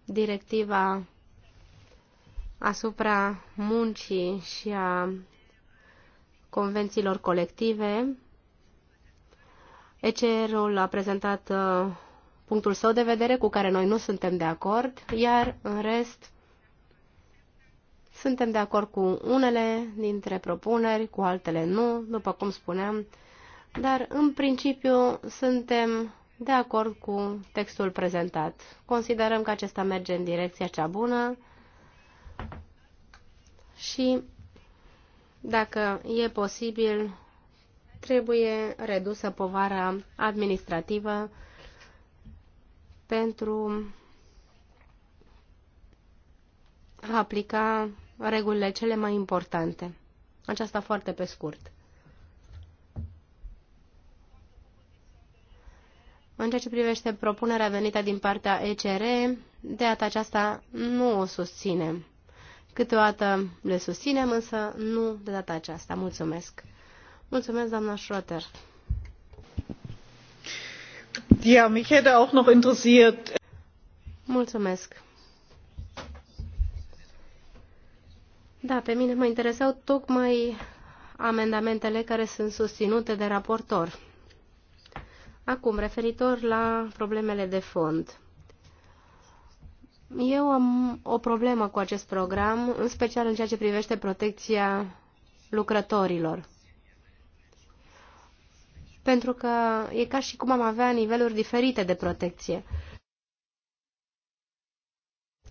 Speaker 3: directiva asupra muncii și a convențiilor colective, ECR-ul a prezentat uh, punctul său de vedere cu care noi nu suntem de acord, iar în rest suntem de acord cu unele dintre propuneri, cu altele nu, după cum spuneam, dar în principiu suntem de acord cu textul prezentat. Considerăm că acesta merge în direcția cea bună și, dacă e posibil, trebuie redusă povara administrativă pentru a aplica regulile cele mai importante. Aceasta foarte pe scurt. În ceea ce privește propunerea venită din partea ECR, de data aceasta nu o susținem. Câteodată le susținem, însă nu de data aceasta. Mulțumesc. Mulțumesc, doamna Schroeter mich hätte auch noch interessiert. Mulțumesc. Da, pe mine mă interesau tocmai amendamentele care sunt susținute de raportor. Acum, referitor la problemele de fond. Eu am o problemă cu acest program, în special în ceea ce privește protecția lucrătorilor pentru că e ca și cum am avea niveluri diferite de protecție.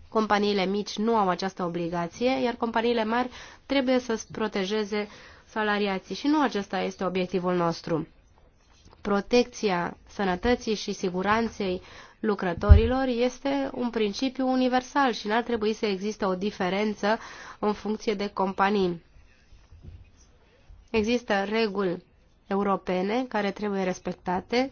Speaker 3: Companiile mici nu au această obligație, iar companiile mari trebuie să-ți protejeze salariații și nu acesta este obiectivul nostru. Protecția sănătății și siguranței lucrătorilor este un principiu universal și n-ar trebui să existe o diferență în funcție de companii. Există reguli europene care trebuie respectate,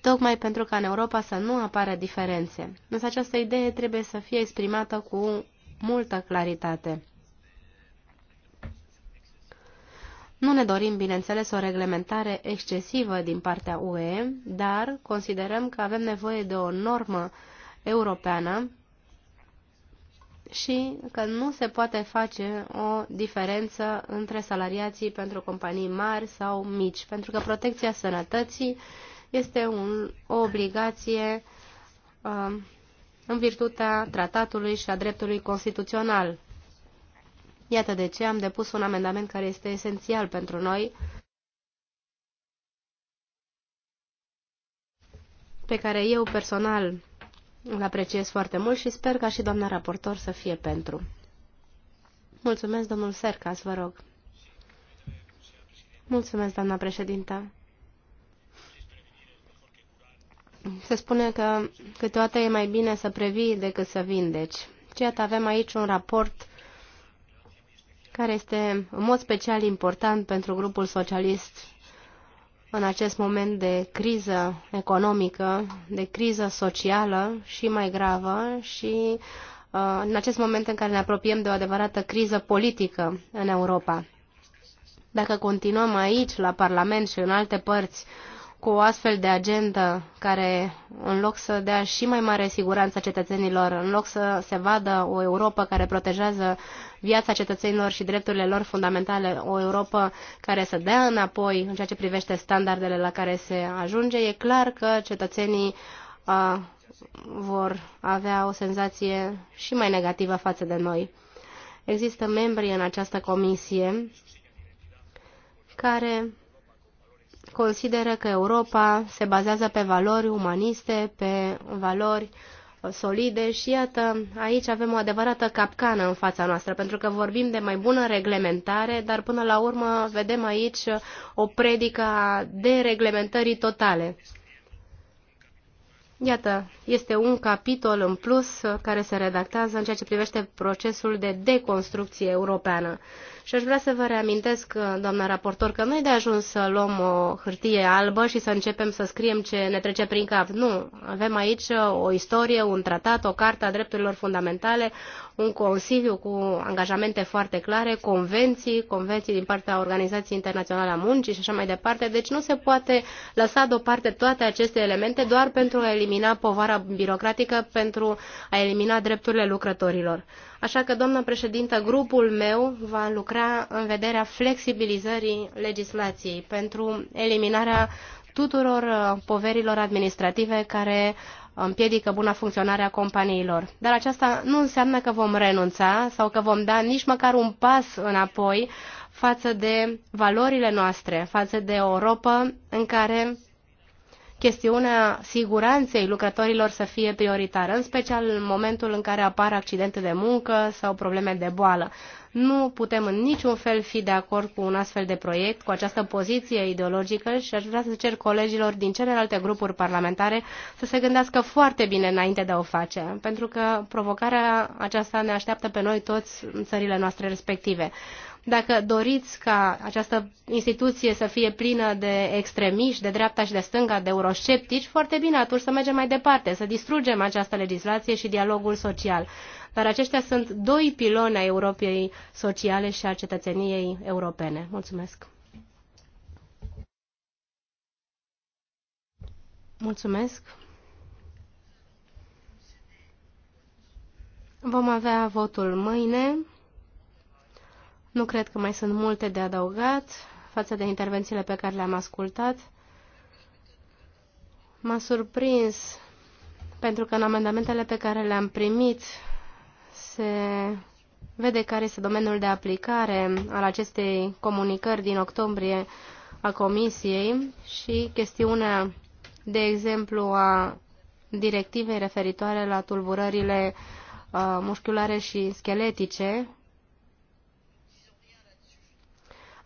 Speaker 3: tocmai pentru ca în Europa să nu apară diferențe. Însă această idee trebuie să fie exprimată cu multă claritate. Nu ne dorim, bineînțeles, o reglementare excesivă din partea UE, dar considerăm că avem nevoie de o normă europeană și că nu se poate face o diferență între salariații pentru companii mari sau mici, pentru că protecția sănătății este un, o obligație uh, în virtutea tratatului și a dreptului constituțional. Iată de ce am depus un amendament care este esențial pentru noi, pe care eu personal îl apreciez foarte mult și sper ca și doamna raportor să fie pentru. Mulțumesc, domnul Sercas, vă rog. Mulțumesc, doamna președintă. Se spune că câteodată e mai bine să previi decât să vindeci. Ceea ce avem aici un raport care este în mod special important pentru grupul socialist în acest moment de criză economică, de criză socială și mai gravă și uh, în acest moment în care ne apropiem de o adevărată criză politică în Europa. Dacă continuăm aici, la Parlament și în alte părți, uh, cu o astfel de agendă care, în loc să dea și mai mare siguranță cetățenilor, în loc să se vadă o Europa care protejează viața cetățenilor și drepturile lor fundamentale, o Europa care să dea înapoi în ceea ce privește standardele la care se ajunge, e clar că cetățenii a, vor avea o senzație și mai negativă față de noi. Există membri în această comisie care consideră că Europa se bazează pe valori umaniste, pe valori uh, solide și iată, aici avem o adevărată capcană în fața noastră, pentru că vorbim de mai bună reglementare, dar până la urmă vedem aici uh, o predică a dereglementării totale. Iată, este un capitol în plus uh, care se redactează în ceea ce privește procesul de deconstrucție europeană. Și aș vrea să vă reamintesc, uh, doamna raportor, că nu e de ajuns să luăm o hârtie albă și să începem să scriem ce ne trece prin cap. Nu. Avem aici uh, o istorie, un tratat, o carte a drepturilor fundamentale, un consiliu cu angajamente foarte clare, convenții, convenții din partea Organizației Internaționale a Muncii și așa mai departe. Deci nu se poate lăsa deoparte toate aceste elemente doar pentru a elimina povara birocratică, pentru a elimina drepturile lucrătorilor. Așa că, doamnă președintă, grupul meu va lucra în vederea flexibilizării legislației pentru eliminarea tuturor uh, poverilor administrative care împiedică buna funcționare a companiilor. Dar aceasta nu înseamnă că vom renunța sau că vom da nici măcar un pas înapoi față de valorile noastre, față de Europa în care chestiunea siguranței lucrătorilor să fie prioritară, în special în momentul în care apar accidente de muncă sau probleme de boală. Nu putem în niciun fel fi de acord cu un astfel de proiect, cu această poziție ideologică și aș vrea să cer colegilor din celelalte grupuri parlamentare să se gândească foarte bine înainte de a o face, pentru că provocarea aceasta ne așteaptă pe noi toți în țările noastre respective. Dacă doriți ca această instituție să fie plină de extremiști, de dreapta și de stânga, de eurosceptici, foarte bine, atunci să mergem mai departe, să distrugem această legislație și dialogul social. Dar aceștia sunt doi piloni ai Europei sociale și a cetățeniei europene. Mulțumesc! Mulțumesc! Vom avea votul mâine. Nu cred că mai sunt multe de adăugat față de intervențiile pe care le-am ascultat. M-a surprins pentru că în amendamentele pe care le-am primit se vede care este domeniul de aplicare al acestei comunicări din octombrie a Comisiei și chestiunea, de exemplu, a directivei referitoare la tulburările uh, musculare și scheletice,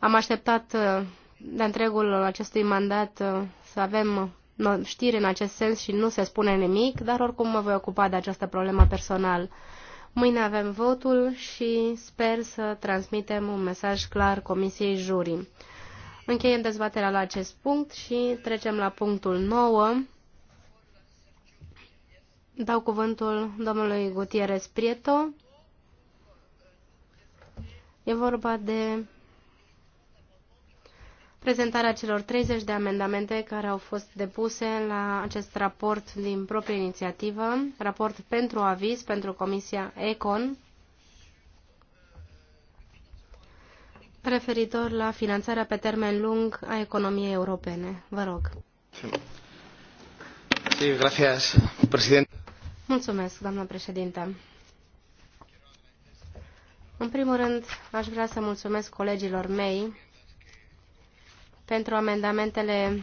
Speaker 3: am așteptat uh, de întregul acestui mandat uh, să avem uh, știri în acest sens și nu se spune nimic, dar oricum mă voi ocupa de această problemă personal. Mâine avem votul și sper să transmitem un mesaj clar Comisiei Jurii. Încheiem dezbaterea la acest punct și trecem la punctul 9. Dau cuvântul domnului Gutierrez Prieto. E vorba de prezentarea celor 30 de amendamente care au fost depuse la acest raport din proprie inițiativă, raport pentru aviz pentru Comisia ECON, referitor la finanțarea pe termen lung a economiei europene. Vă rog. Sí, gracias, Mulțumesc, doamnă președinte. În primul rând, aș vrea să mulțumesc colegilor mei pentru amendamentele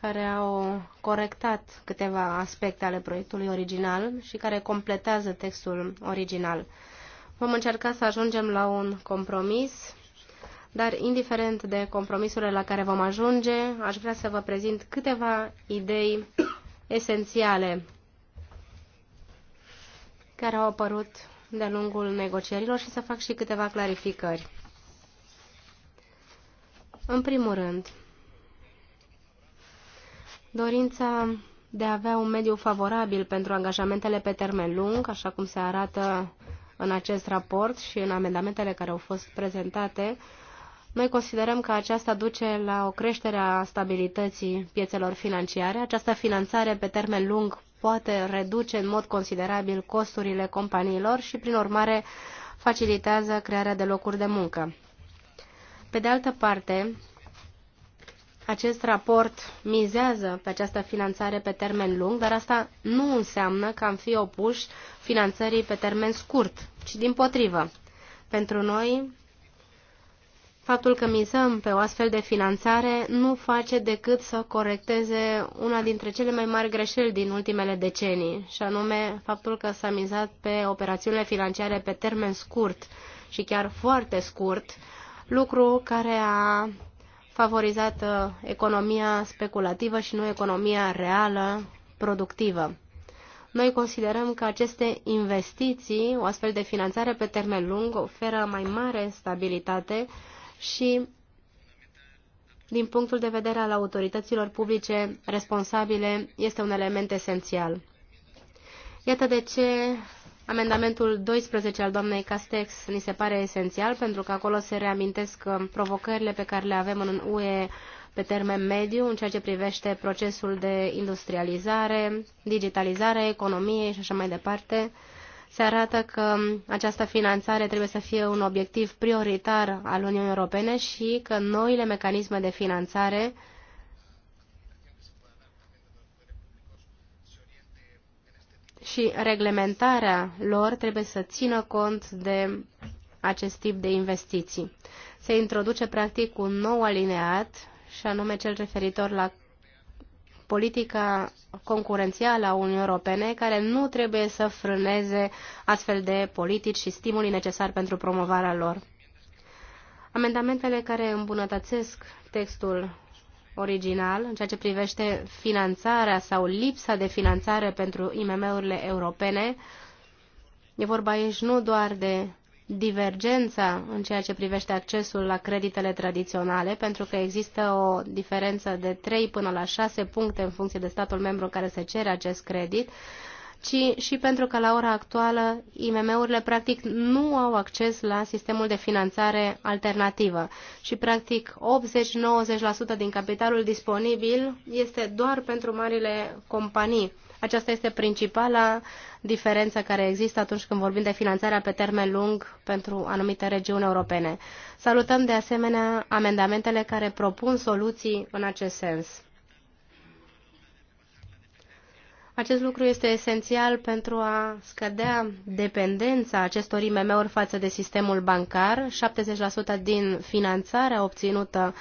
Speaker 3: care au corectat câteva aspecte ale proiectului original și care completează textul original. Vom încerca să ajungem la un compromis, dar indiferent de compromisurile la care vom ajunge, aș vrea să vă prezint câteva idei esențiale care au apărut de-a lungul negocierilor și să fac și câteva clarificări. În primul rând, Dorința de a avea un mediu favorabil pentru angajamentele pe termen lung, așa cum se arată în acest raport și în amendamentele care au fost prezentate, noi considerăm că aceasta duce la o creștere a stabilității piețelor financiare. Această finanțare pe termen lung poate reduce în mod considerabil costurile companiilor și, prin urmare, facilitează crearea de locuri de muncă. Pe de altă parte, acest raport mizează pe această finanțare pe termen lung, dar asta nu înseamnă că am fi opuși finanțării pe termen scurt, ci din potrivă. Pentru noi, faptul că mizăm pe o astfel de finanțare nu face decât să corecteze una dintre cele mai mari greșeli din ultimele decenii, și anume faptul că s-a mizat pe operațiunile financiare pe termen scurt și chiar foarte scurt, lucru care a favorizată economia speculativă și nu economia reală, productivă. Noi considerăm că aceste investiții, o astfel de finanțare pe termen lung, oferă mai mare stabilitate și din punctul de vedere al autorităților publice responsabile, este un element esențial. Iată de ce Amendamentul 12 al doamnei Castex ni se pare esențial pentru că acolo se reamintesc uh, provocările pe care le avem în UE pe termen mediu în ceea ce privește procesul de industrializare, digitalizare, economie și așa mai departe. Se arată că um, această finanțare trebuie să fie un obiectiv prioritar al Uniunii Europene și că noile mecanisme de finanțare și reglementarea lor trebuie să țină cont de acest tip de investiții. Se introduce practic un nou alineat și anume cel referitor la politica concurențială a Uniunii Europene, care nu trebuie să frâneze astfel de politici și stimulii necesari pentru promovarea lor. Amendamentele care îmbunătățesc textul original în ceea ce privește finanțarea sau lipsa de finanțare pentru IMM-urile europene. E vorba aici nu doar de divergența în ceea ce privește accesul la creditele tradiționale, pentru că există o diferență de 3 până la 6 puncte în funcție de statul membru în care se cere acest credit, ci și pentru că la ora actuală IMM-urile practic nu au acces la sistemul de finanțare alternativă și practic 80-90% din capitalul disponibil este doar pentru marile companii. Aceasta este principala diferență care există atunci când vorbim de finanțarea pe termen lung pentru anumite regiuni europene. Salutăm de asemenea amendamentele care propun soluții în acest sens. Acest lucru este esențial pentru a scădea dependența acestor IMM-uri față de sistemul bancar. 70% din finanțarea obținută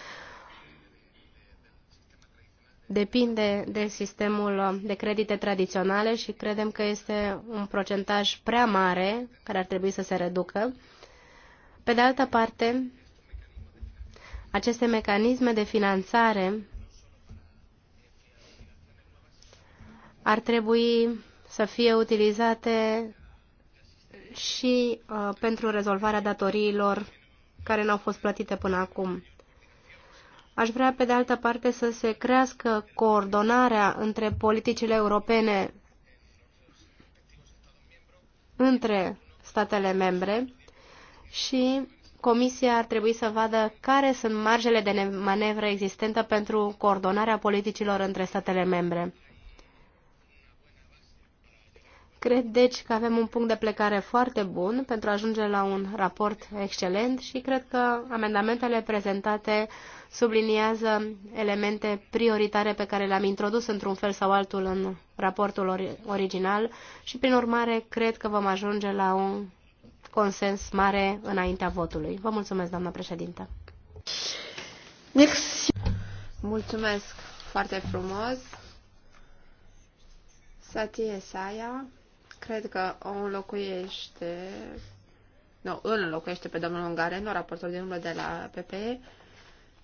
Speaker 3: depinde de sistemul de credite tradiționale și credem că este un procentaj prea mare care ar trebui să se reducă. Pe de altă parte, aceste mecanisme de finanțare ar trebui să fie utilizate și uh, pentru rezolvarea datoriilor care nu au fost plătite până acum. Aș vrea, pe de altă parte, să se crească coordonarea între politicile europene între statele membre și Comisia ar trebui să vadă care sunt marjele de manevră existentă pentru coordonarea politicilor între statele membre. Cred deci că avem un punct de plecare foarte bun pentru a ajunge la un raport excelent și cred că amendamentele prezentate subliniază elemente prioritare pe care le-am introdus într-un fel sau altul în raportul original și, prin urmare, cred că vom ajunge la un consens mare înaintea votului. Vă mulțumesc, doamna președintă.
Speaker 1: Mulțumesc foarte frumos. Satie Saia. Cred că o înlocuiește, nu, îl înlocuiește pe domnul Ungareno, raportor din umbră de la PPE,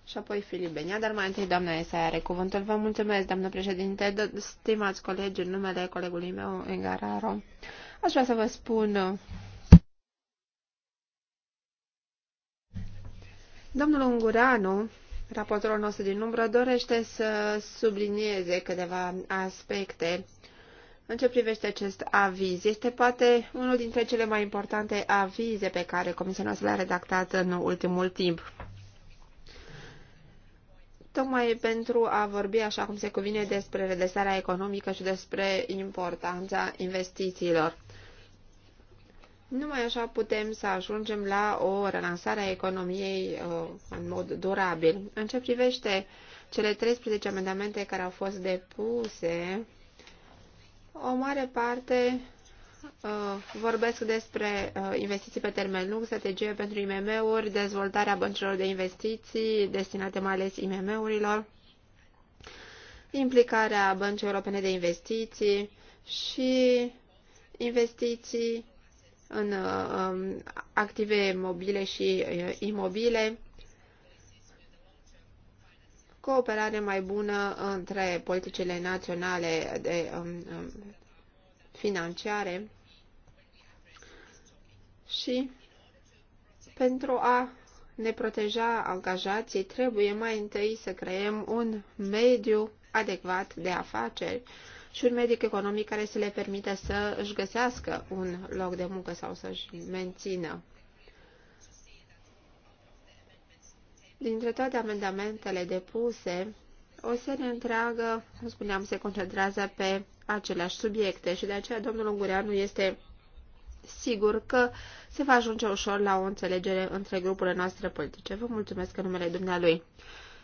Speaker 1: și apoi Filip Benia, dar mai întâi doamna Esa are cuvântul. Vă mulțumesc, doamnă președinte, stimați colegi, în numele colegului meu, Engararo. Aș vrea să vă spun Domnul Ungureanu, raportorul nostru din umbră, dorește să sublinieze câteva aspecte în ce privește acest aviz. Este poate unul dintre cele mai importante avize pe care Comisia noastră le-a redactat în ultimul timp. Tocmai pentru a vorbi așa cum se cuvine despre redresarea economică și despre importanța investițiilor. Numai așa putem să ajungem la o relansare a economiei uh, în mod durabil. În ce privește cele 13 amendamente care au fost depuse o mare parte uh, vorbesc despre uh, investiții pe termen lung, strategie pentru IMM-uri, dezvoltarea băncilor de investiții destinate mai ales IMM-urilor, implicarea Băncii Europene de Investiții și investiții în uh, um, active mobile și imobile, cooperare mai bună între politicile naționale de, um, um, financiare și pentru a ne proteja angajații, trebuie mai întâi să creăm un mediu adecvat de afaceri și un mediu economic care să le permită să își găsească un loc de muncă sau să-și mențină Dintre toate amendamentele depuse, o serie întreagă, cum spuneam, se concentrează pe aceleași subiecte și de aceea domnul Ungureanu este sigur că se va ajunge ușor la o înțelegere între grupurile noastre politice. Vă mulțumesc în numele dumnealui.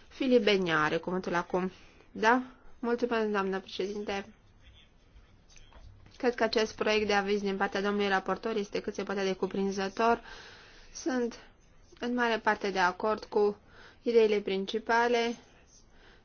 Speaker 1: Filip Benia are cuvântul acum. Da? Mulțumesc, doamnă președinte. Cred că acest proiect de aviz din partea domnului raportor este cât se poate de cuprinzător. Sunt în mare parte de acord cu ideile principale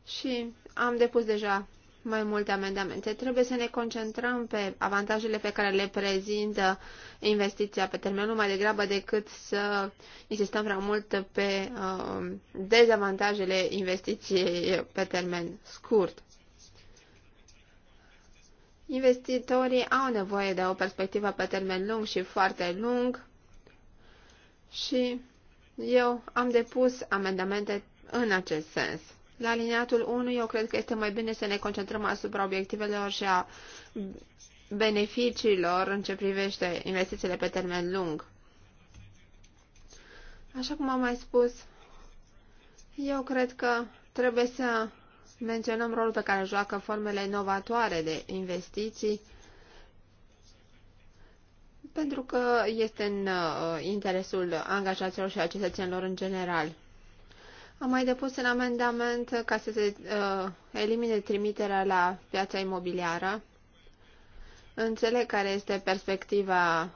Speaker 1: și am depus deja mai multe amendamente. Trebuie să ne concentrăm pe avantajele pe care le prezintă investiția pe termen mai degrabă decât să insistăm prea mult pe uh, dezavantajele investiției pe termen scurt. Investitorii au nevoie de o perspectivă pe termen lung și foarte lung și eu am depus amendamente în acest sens. La liniatul 1, eu cred că este mai bine să ne concentrăm asupra obiectivelor și a beneficiilor în ce privește investițiile pe termen lung. Așa cum am mai spus, eu cred că trebuie să menționăm rolul pe care joacă formele inovatoare de investiții pentru că este în uh, interesul angajaților și a cetățenilor în general. Am mai depus un amendament ca să se uh, elimine trimiterea la piața imobiliară. Înțeleg care este perspectiva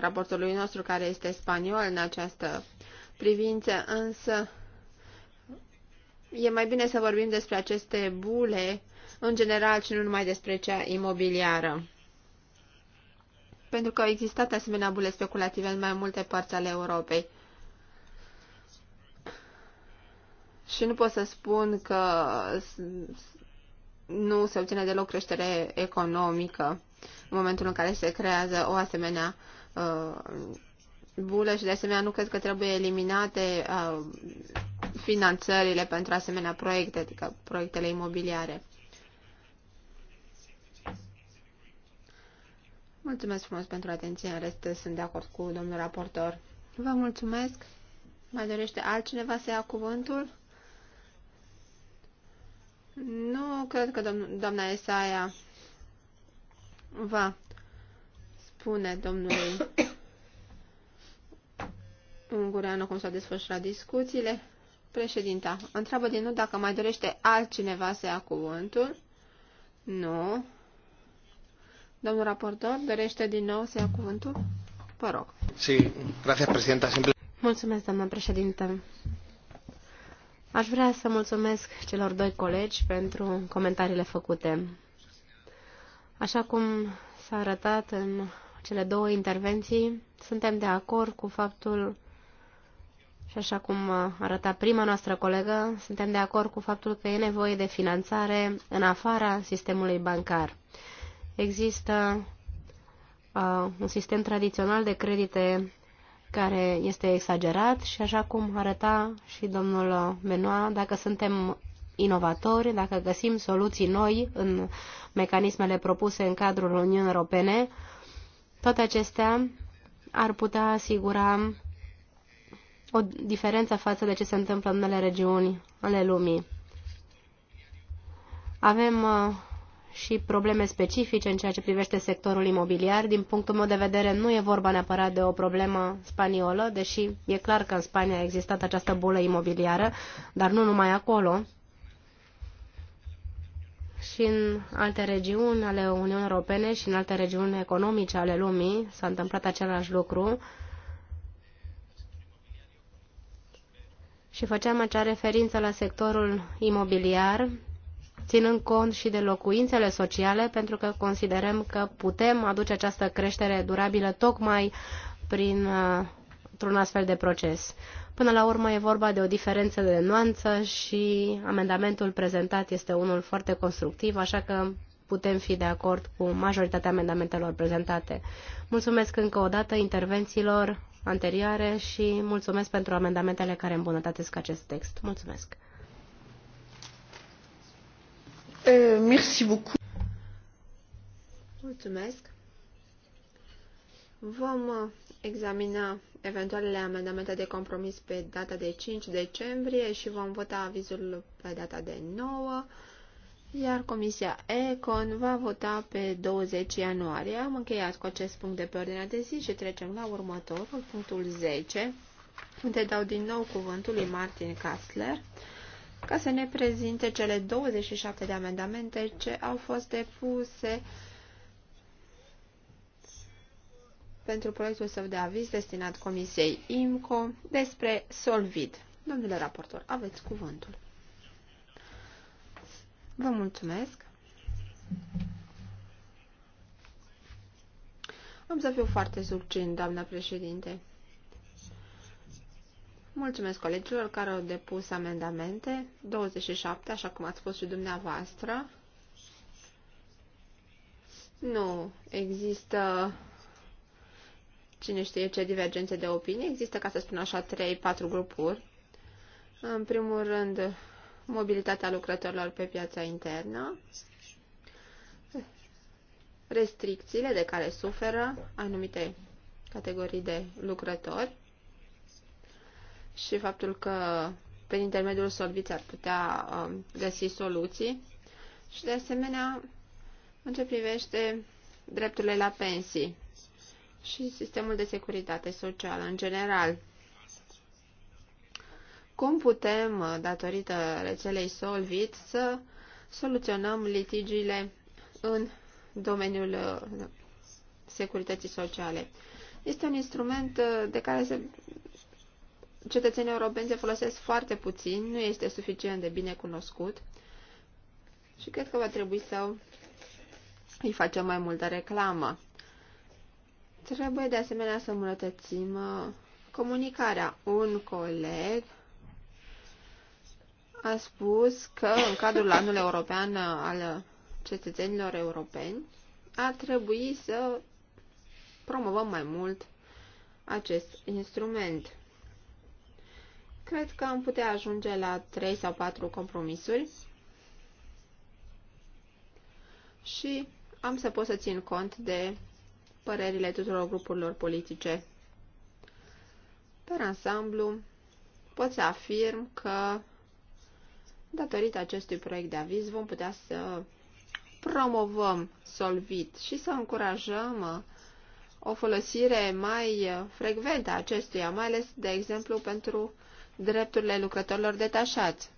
Speaker 1: raportului nostru, care este spaniol în această privință, însă e mai bine să vorbim despre aceste bule în general și nu numai despre cea imobiliară pentru că au existat asemenea bule speculative în mai multe părți ale Europei. Și nu pot să spun că nu se obține deloc creștere economică în momentul în care se creează o asemenea uh, bulă și de asemenea nu cred că trebuie eliminate uh, finanțările pentru asemenea proiecte, adică proiectele imobiliare. Mulțumesc frumos pentru atenție, în rest sunt de acord cu domnul raportor. Vă mulțumesc. Mai dorește altcineva să ia cuvântul? Nu, cred că domn doamna Esaia va spune domnului Ungureanu cum s-au desfășurat discuțiile. Președinta, întreabă din nou dacă mai dorește altcineva să ia cuvântul. Nu. Domnul raportor
Speaker 3: dorește din nou să ia cuvântul? Vă rog. Sí, gracias, presidenta. Simple... Mulțumesc, doamnă președinte. Aș vrea să mulțumesc celor doi colegi pentru comentariile făcute. Așa cum s-a arătat în cele două intervenții, suntem de acord cu faptul și așa cum arăta prima noastră colegă, suntem de acord cu faptul că e nevoie de finanțare în afara sistemului bancar. Există uh, un sistem tradițional de credite care este exagerat și așa cum arăta și domnul Menoa dacă suntem inovatori, dacă găsim soluții noi în mecanismele propuse în cadrul Uniunii Europene, toate acestea ar putea asigura o diferență față de ce se întâmplă în unele regiuni ale lumii. Avem uh, și probleme specifice în ceea ce privește sectorul imobiliar. Din punctul meu de vedere, nu e vorba neapărat de o problemă spaniolă, deși e clar că în Spania a existat această bulă imobiliară, dar nu numai acolo. Și în alte regiuni ale Uniunii Europene și în alte regiuni economice ale lumii s-a întâmplat același lucru. Și făceam acea referință la sectorul imobiliar ținând cont și de locuințele sociale, pentru că considerăm că putem aduce această creștere durabilă tocmai prin uh, un astfel de proces. Până la urmă e vorba de o diferență de nuanță și amendamentul prezentat este unul foarte constructiv, așa că putem fi de acord cu majoritatea amendamentelor prezentate. Mulțumesc încă o dată intervențiilor anterioare și mulțumesc pentru amendamentele care îmbunătățesc acest text. Mulțumesc! Euh,
Speaker 1: Mulțumesc. Vom examina eventualele amendamente de compromis pe data de 5 decembrie și vom vota avizul pe data de 9, iar Comisia ECON va vota pe 20 ianuarie. Am încheiat cu acest punct de pe ordinea de zi și trecem la următorul, punctul 10, unde dau din nou cuvântul lui Martin Kastler ca să ne prezinte cele 27 de amendamente ce au fost depuse pentru proiectul său de aviz destinat Comisiei IMCO despre Solvid. Domnule raportor, aveți cuvântul. Vă mulțumesc. Am să fiu foarte succint, doamna președinte. Mulțumesc colegilor care au depus amendamente. 27, așa cum ați spus și dumneavoastră. Nu există cine știe ce divergențe de opinie. Există, ca să spun așa, 3-4 grupuri. În primul rând, mobilitatea lucrătorilor pe piața internă, restricțiile de care suferă anumite categorii de lucrători, și faptul că prin intermediul sorbiți ar putea um, găsi soluții și de asemenea în ce privește drepturile la pensii și sistemul de securitate socială în general. Cum putem, uh, datorită rețelei Solvit, să soluționăm litigiile în domeniul uh, securității sociale? Este un instrument uh, de care se cetățenii europeni se folosesc foarte puțin, nu este suficient de bine cunoscut și cred că va trebui să îi facem mai multă reclamă. Trebuie de asemenea să îmbunătățim uh, comunicarea. Un coleg a spus că în cadrul anului european al cetățenilor europeni ar trebui să promovăm mai mult acest instrument. Cred că am putea ajunge la 3 sau 4 compromisuri și am să pot să țin cont de părerile tuturor grupurilor politice. Per ansamblu, pot să afirm că, datorită acestui proiect de aviz, vom putea să promovăm Solvit și să încurajăm o folosire mai frecventă a acestuia, mai ales, de exemplu, pentru drepturile lucrătorilor detașați.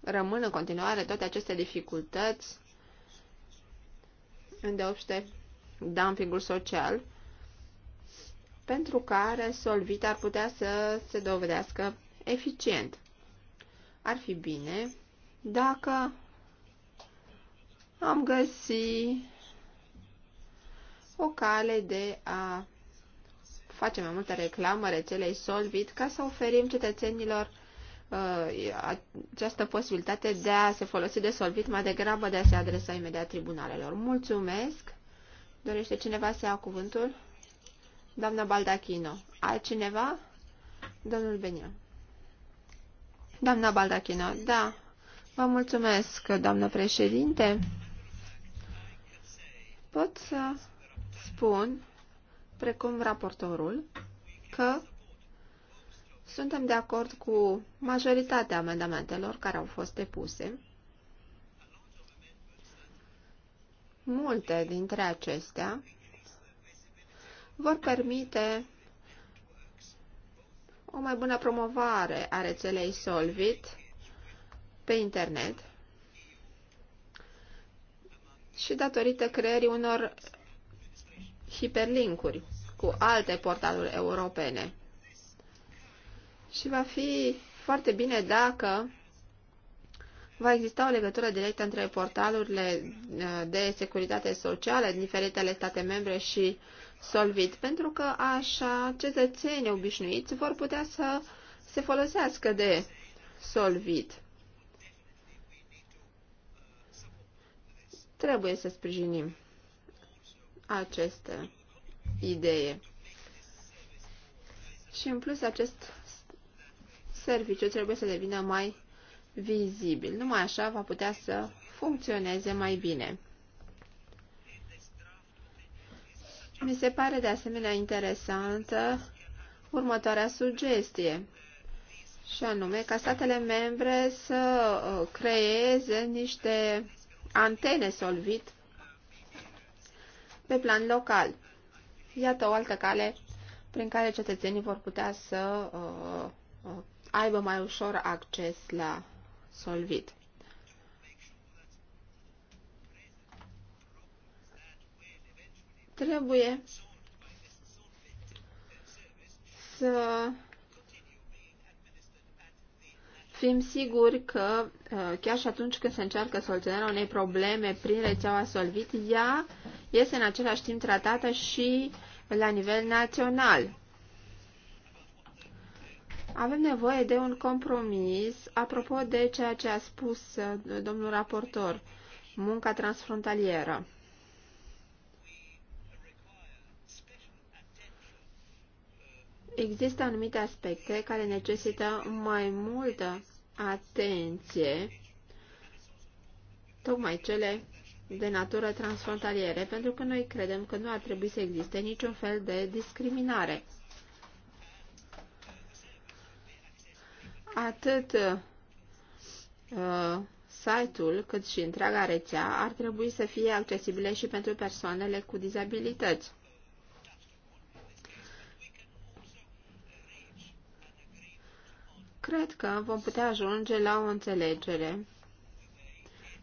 Speaker 1: Rămân în continuare toate aceste dificultăți, deopște dumpingul social, pentru care Solvit ar putea să se dovedească eficient. Ar fi bine dacă am găsit o cale de a facem mai multă reclamă rețelei Solvit ca să oferim cetățenilor uh, această posibilitate de a se folosi de Solvit mai degrabă de a se adresa imediat tribunalelor. Mulțumesc! Dorește cineva să ia cuvântul? Doamna Baldachino. Altcineva? Domnul Benian. Doamna Baldachino, da. Vă mulțumesc, doamnă președinte. Pot să spun precum raportorul, că suntem de acord cu majoritatea amendamentelor care au fost depuse. Multe dintre acestea vor permite o mai bună promovare a rețelei Solvit pe internet și datorită creării unor hiperlinkuri cu alte portaluri europene. Și va fi foarte bine dacă va exista o legătură directă între portalurile uh, de securitate socială din diferitele state membre și Solvit, pentru că așa cetățenii obișnuiți vor putea să se folosească de Solvit. Trebuie să sprijinim această idee. Și în plus acest serviciu trebuie să devină mai vizibil. Numai așa va putea să funcționeze mai bine. Mi se pare de asemenea interesantă următoarea sugestie, și anume ca statele membre să uh, creeze niște antene solvit pe plan local. Iată o altă cale prin care cetățenii vor putea să uh, uh, aibă mai ușor acces la solvit. Trebuie să fim siguri că uh, chiar și atunci când se încearcă soluționarea unei probleme prin rețeaua Solvit, ea este în același timp tratată și la nivel național. Avem nevoie de un compromis apropo de ceea ce a spus uh, domnul raportor, munca transfrontalieră. Există anumite aspecte care necesită mai multă atenție tocmai cele de natură transfrontaliere, pentru că noi credem că nu ar trebui să existe niciun fel de discriminare. Atât uh, site-ul cât și întreaga rețea ar trebui să fie accesibile și pentru persoanele cu dizabilități. Cred că vom putea ajunge la o înțelegere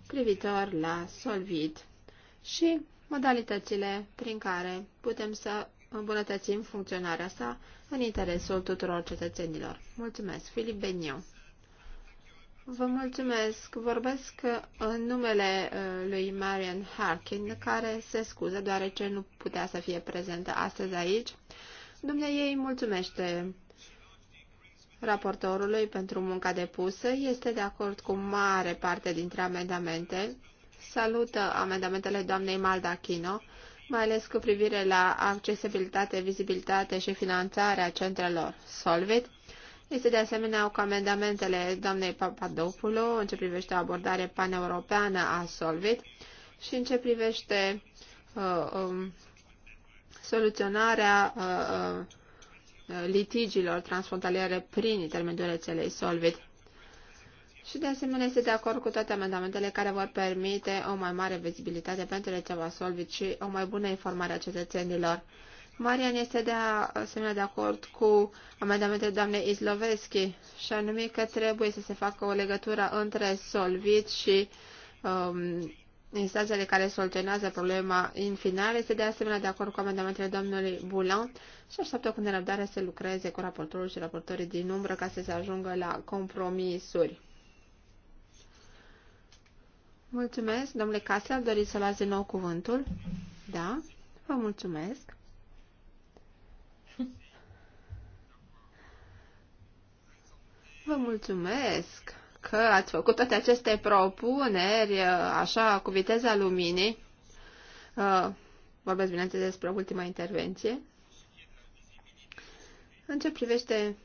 Speaker 1: privitor la solvit și modalitățile prin care putem să îmbunătățim funcționarea sa în interesul tuturor cetățenilor. Mulțumesc, Filip Beniu. Vă mulțumesc. Vorbesc în numele uh, lui Marian Harkin, care se scuză deoarece nu putea să fie prezentă astăzi aici. Dumnezeu ei mulțumește raportorului pentru munca depusă, este de acord cu mare parte dintre amendamente, salută amendamentele doamnei Maldachino, mai ales cu privire la accesibilitate, vizibilitate și finanțarea centrelor Solvit. Este de asemenea cu amendamentele doamnei Papadopoulou în ce privește o abordare paneuropeană a Solvit și în ce privește uh, um, soluționarea uh, uh, litigiilor transfrontaliere prin intermediul rețelei Solvit. Și de asemenea este de acord cu toate amendamentele care vor permite o mai mare vizibilitate pentru rețeaua Solvit și o mai bună informare a cetățenilor. Marian este de asemenea de acord cu amendamentele doamnei Isloveschi și anume că trebuie să se facă o legătură între Solvit și um, instanțele care soluționează problema în final este de asemenea de acord cu amendamentele domnului Boulan și așteaptă cu nerăbdare să lucreze cu raportorul și raportorii din umbră ca să se ajungă la compromisuri. Mulțumesc. Domnule Casel, doriți să luați din nou cuvântul? Da? Vă mulțumesc. Vă mulțumesc că ați făcut toate aceste propuneri uh, așa cu viteza luminii. Uh, vorbesc, bineînțeles, despre ultima intervenție. În ce privește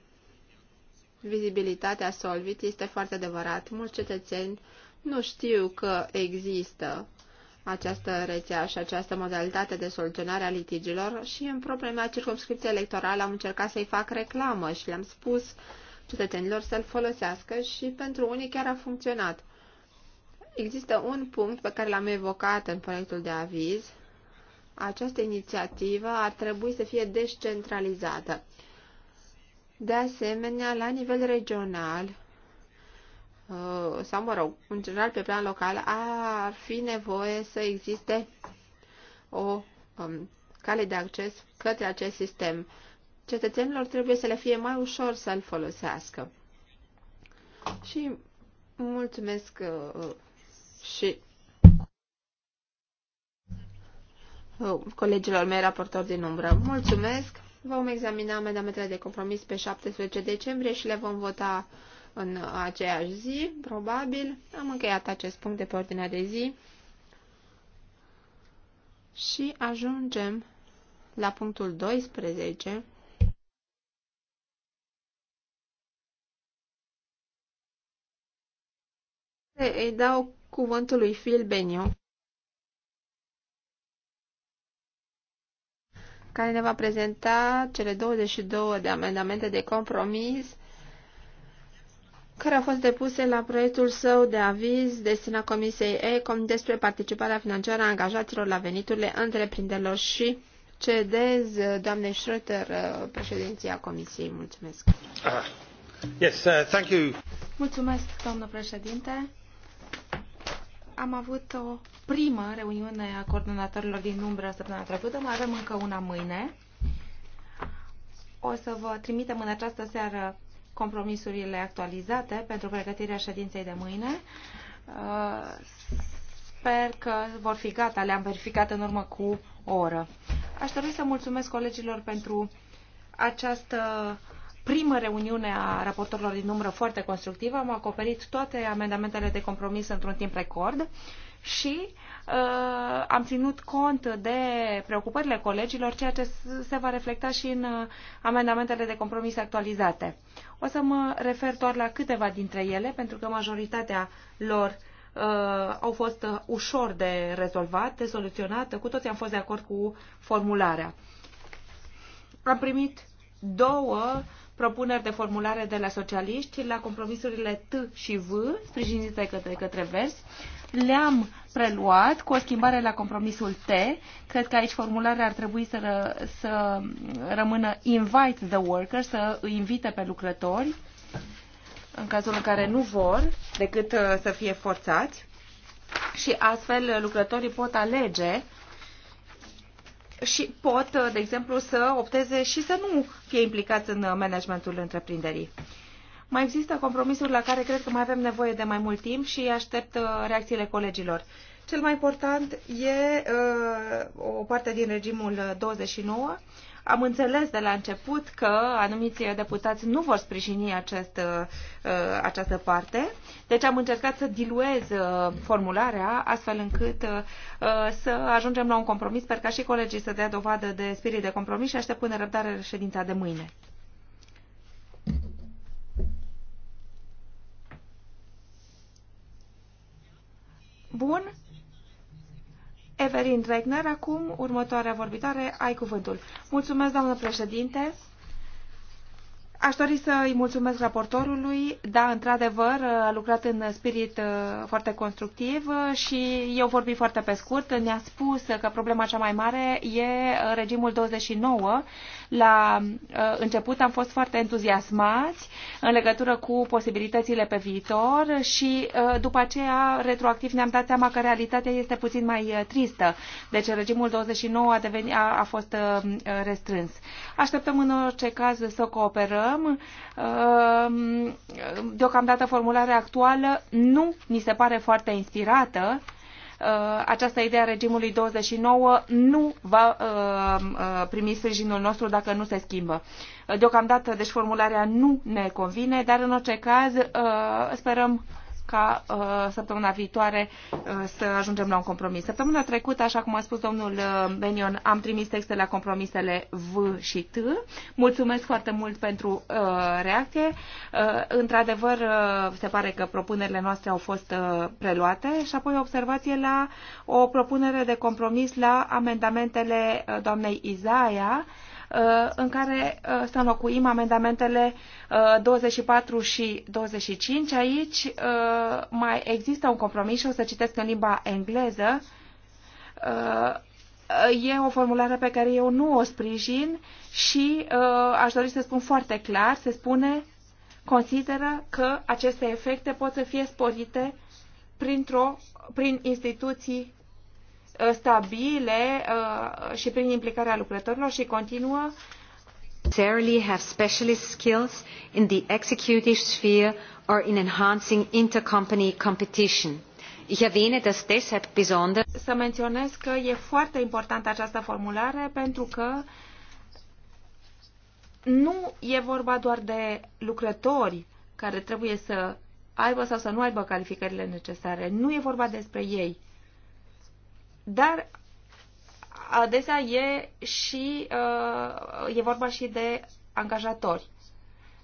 Speaker 1: vizibilitatea Solvit, este foarte adevărat. Mulți cetățeni nu știu că există această rețea și această modalitate de soluționare a litigilor și în propria mea circumscripție electorală am încercat să-i fac reclamă și le-am spus uh, cetățenilor să-l folosească și pentru unii chiar a funcționat. Există un punct pe care l-am evocat în proiectul de aviz. Această inițiativă ar trebui să fie descentralizată. De asemenea, la nivel regional, uh, sau mă rog, în general pe plan local, ar fi nevoie să existe o um, cale de acces către acest sistem cetățenilor trebuie să le fie mai ușor să-l folosească. Și mulțumesc uh, uh, și uh, colegilor mei raportori din umbră. Mulțumesc! Vom examina amendamentele de compromis pe 17 decembrie și le vom vota în aceeași zi, probabil. Am încheiat acest punct de pe ordinea de zi și ajungem la punctul 12. îi dau cuvântul lui Phil Beniu, care ne va prezenta cele 22 de amendamente de compromis care au fost depuse la proiectul său de aviz destinat Comisiei ECOM despre participarea financiară a angajaților la veniturile întreprinderilor și cedez doamnei Schröter uh, președinția Comisiei. Mulțumesc.
Speaker 2: Uh, Yes, uh, thank you.
Speaker 1: Mulțumesc, doamnă
Speaker 2: președinte am avut o primă reuniune a coordonatorilor din umbră săptămâna trecută, mai avem încă una mâine. O să vă trimitem în această seară compromisurile actualizate pentru pregătirea ședinței de mâine. Uh, sper că vor fi gata, le-am verificat în urmă cu o oră. Aș dori să mulțumesc colegilor pentru această primă reuniune a raportorilor din umbră foarte constructivă. Am acoperit toate amendamentele de compromis într-un timp record și uh, am ținut cont de preocupările colegilor, ceea ce se va reflecta și în uh, amendamentele de compromis actualizate. O să mă refer doar la câteva dintre ele, pentru că majoritatea lor uh, au fost uh, ușor de rezolvat, de soluționat. Cu toții am fost de acord cu formularea. Am primit două propuneri de formulare de la socialiști la compromisurile T și V, sprijinite către, către vers. Le-am preluat cu o schimbare la compromisul T. Cred că aici formularea ar trebui să, ră, să rămână invite the worker, să îi invite pe lucrători, în cazul în care nu vor, decât uh, să fie forțați. Și astfel lucrătorii pot alege uh, și pot, uh, de exemplu, să opteze și să nu fie implicați în uh, managementul întreprinderii. Mai există compromisuri la care cred că mai avem nevoie de mai mult timp și aștept uh, reacțiile colegilor. Cel mai important e o parte din regimul 29 am înțeles de la început că anumiți deputați nu vor sprijini acest, uh, această parte, deci am încercat să diluez uh, formularea astfel încât uh, să ajungem la un compromis. Sper ca și colegii să dea dovadă de spirit de compromis și aștept până răbdare ședința de mâine. Bun. Evelyn Dregner, acum următoarea vorbitoare, ai cuvântul. Mulțumesc, doamnă președinte. Aș dori să îi mulțumesc raportorului. Da, într-adevăr, a lucrat în spirit foarte constructiv și eu vorbi foarte pe scurt. Ne-a spus că problema cea mai mare e regimul 29 la uh, început am fost foarte entuziasmați în legătură cu posibilitățile pe viitor și uh, după aceea, retroactiv, ne-am dat seama că realitatea este puțin mai uh, tristă. Deci regimul 29 a, deveni, a, a fost restrâns. Așteptăm în orice caz să cooperăm. Deocamdată formularea actuală nu ni se pare foarte inspirată Uh, această idee a regimului 29 nu va uh, uh, primi sprijinul nostru dacă nu se schimbă. Deocamdată, deci formularea nu ne convine, dar în orice caz sperăm ca uh, săptămâna viitoare uh, să ajungem la un compromis. Săptămâna trecută, așa cum a spus domnul uh, Benion, am trimis texte la compromisele V și T. Mulțumesc foarte mult pentru reacție. Într-adevăr, se pare că propunerile noastre au fost preluate și apoi observație la o propunere de compromis la amendamentele doamnei Izaia, Uh, în care uh, să înlocuim amendamentele 24 uh, și 25. Aici mai există un compromis și o să citesc în limba engleză. E o formulare pe care eu nu o sprijin și aș dori să spun foarte clar, se spune consideră că aceste efecte pot să fie sporite printr-o, prin instituții Uh, stabile uh, și prin implicarea lucrătorilor și continuă necessarily have specialist skills in the executive sphere or in enhancing intercompany competition. Ich erwähne das deshalb besonders. Să menționez că e foarte importantă această formulare pentru că nu e vorba doar de lucrători care trebuie să aibă sau să nu aibă calificările necesare. Nu e vorba despre ei dar adesea e și uh, e vorba și de angajatori.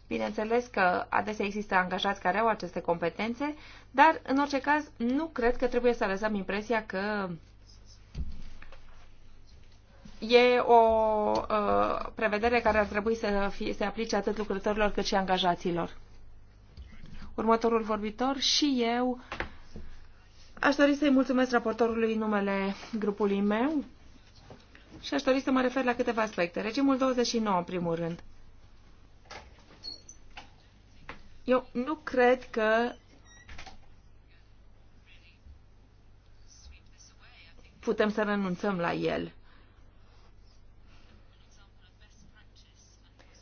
Speaker 2: Bineînțeles că adesea există angajați care au aceste competențe, dar în orice caz nu cred că trebuie să lăsăm impresia că e o uh, prevedere care ar trebui să fie, se aplice atât lucrătorilor cât și angajaților. Următorul vorbitor și eu Aș dori să-i mulțumesc raportorului în numele grupului meu și aș dori să mă refer la câteva aspecte. Regimul 29, în primul rând. Eu nu cred că putem să renunțăm la el.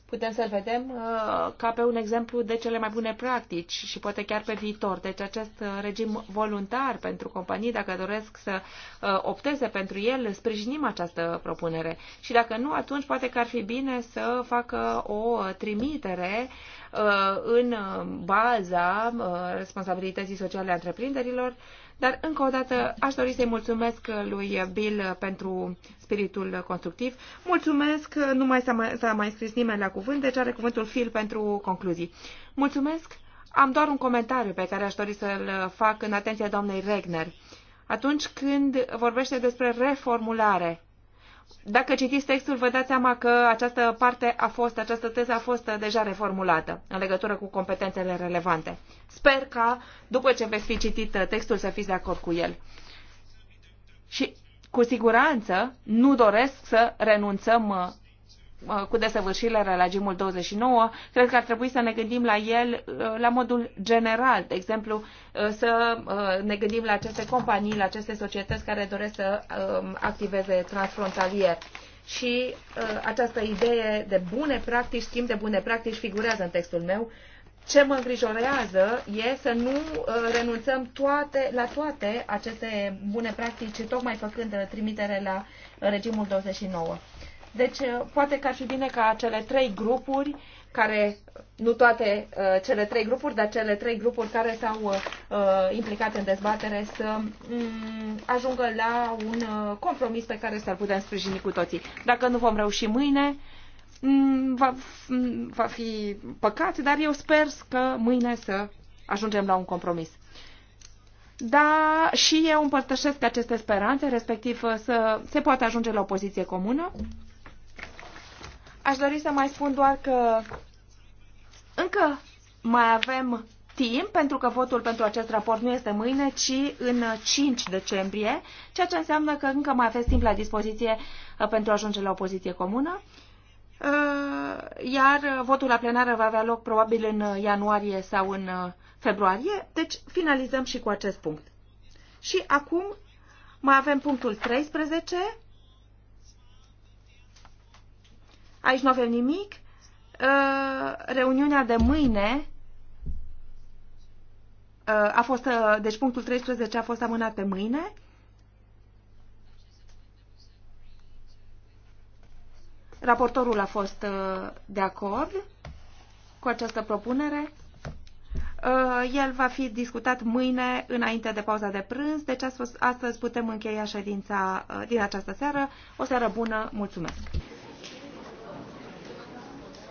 Speaker 2: putem să-l vedem uh, ca pe un exemplu de cele mai bune practici și poate chiar pe viitor. Deci acest uh, regim voluntar pentru companii, dacă doresc să uh, opteze pentru el, sprijinim această propunere. Și dacă nu, atunci poate că ar fi bine să facă o trimitere în baza responsabilității sociale a întreprinderilor dar, încă o dată, aș dori să-i mulțumesc lui Bill pentru spiritul constructiv. Mulțumesc, nu mai s-a mai, mai scris nimeni la cuvânt, deci are cuvântul Phil pentru concluzii. Mulțumesc! Am doar un comentariu pe care aș dori să-l fac în atenția doamnei Regner. Atunci când vorbește despre reformulare, dacă citiți textul, vă dați seama că această parte a fost, această teză a fost deja reformulată în legătură cu competențele relevante. Sper ca, după ce veți fi citit textul, să fiți de acord cu el. Și, cu siguranță, nu doresc să renunțăm Uh, cu desăvârșirile la regimul 29, cred că ar trebui să ne gândim la el uh, la modul general, de exemplu, uh, să ne gândim la aceste companii, la aceste societăți care doresc să um, activeze transfrontalier. Și această idee de bune practici, schimb de bune practici, figurează în textul meu. Ce mă îngrijorează e să nu renunțăm toate, la toate aceste bune practici, tocmai făcând trimitere la regimul 29. Deci, uh, poate că ar fi bine ca cele trei grupuri care, nu toate uh, cele trei grupuri, dar cele trei grupuri care s-au uh, uh implicat în dezbatere să um, ajungă la un uh, compromis pe care să-l putem sprijini cu toții. Dacă nu vom reuși mâine, um, va, um, va fi păcat, dar eu sper că mâine să ajungem la un compromis. Da, și eu împărtășesc aceste speranțe, respectiv să se poată ajunge la o poziție comună. Aș dori să mai spun doar că încă mai avem timp, pentru că votul pentru acest raport nu este mâine, ci în 5 decembrie, ceea ce înseamnă că încă mai aveți timp la dispoziție uh, pentru a ajunge la o poziție comună. Uh, iar votul la plenară va avea loc probabil în ianuarie sau în uh, februarie, deci finalizăm și cu acest punct. Și acum mai avem punctul 13, Aici nu avem nimic. Ă, reuniunea de mâine ă, a fost, ă, deci punctul 13 a fost amânat pe mâine. Raportorul a fost de acord cu această propunere. El va fi discutat mâine înainte de pauza de prânz, deci astăzi putem încheia ședința din această seară. O seară bună, mulțumesc!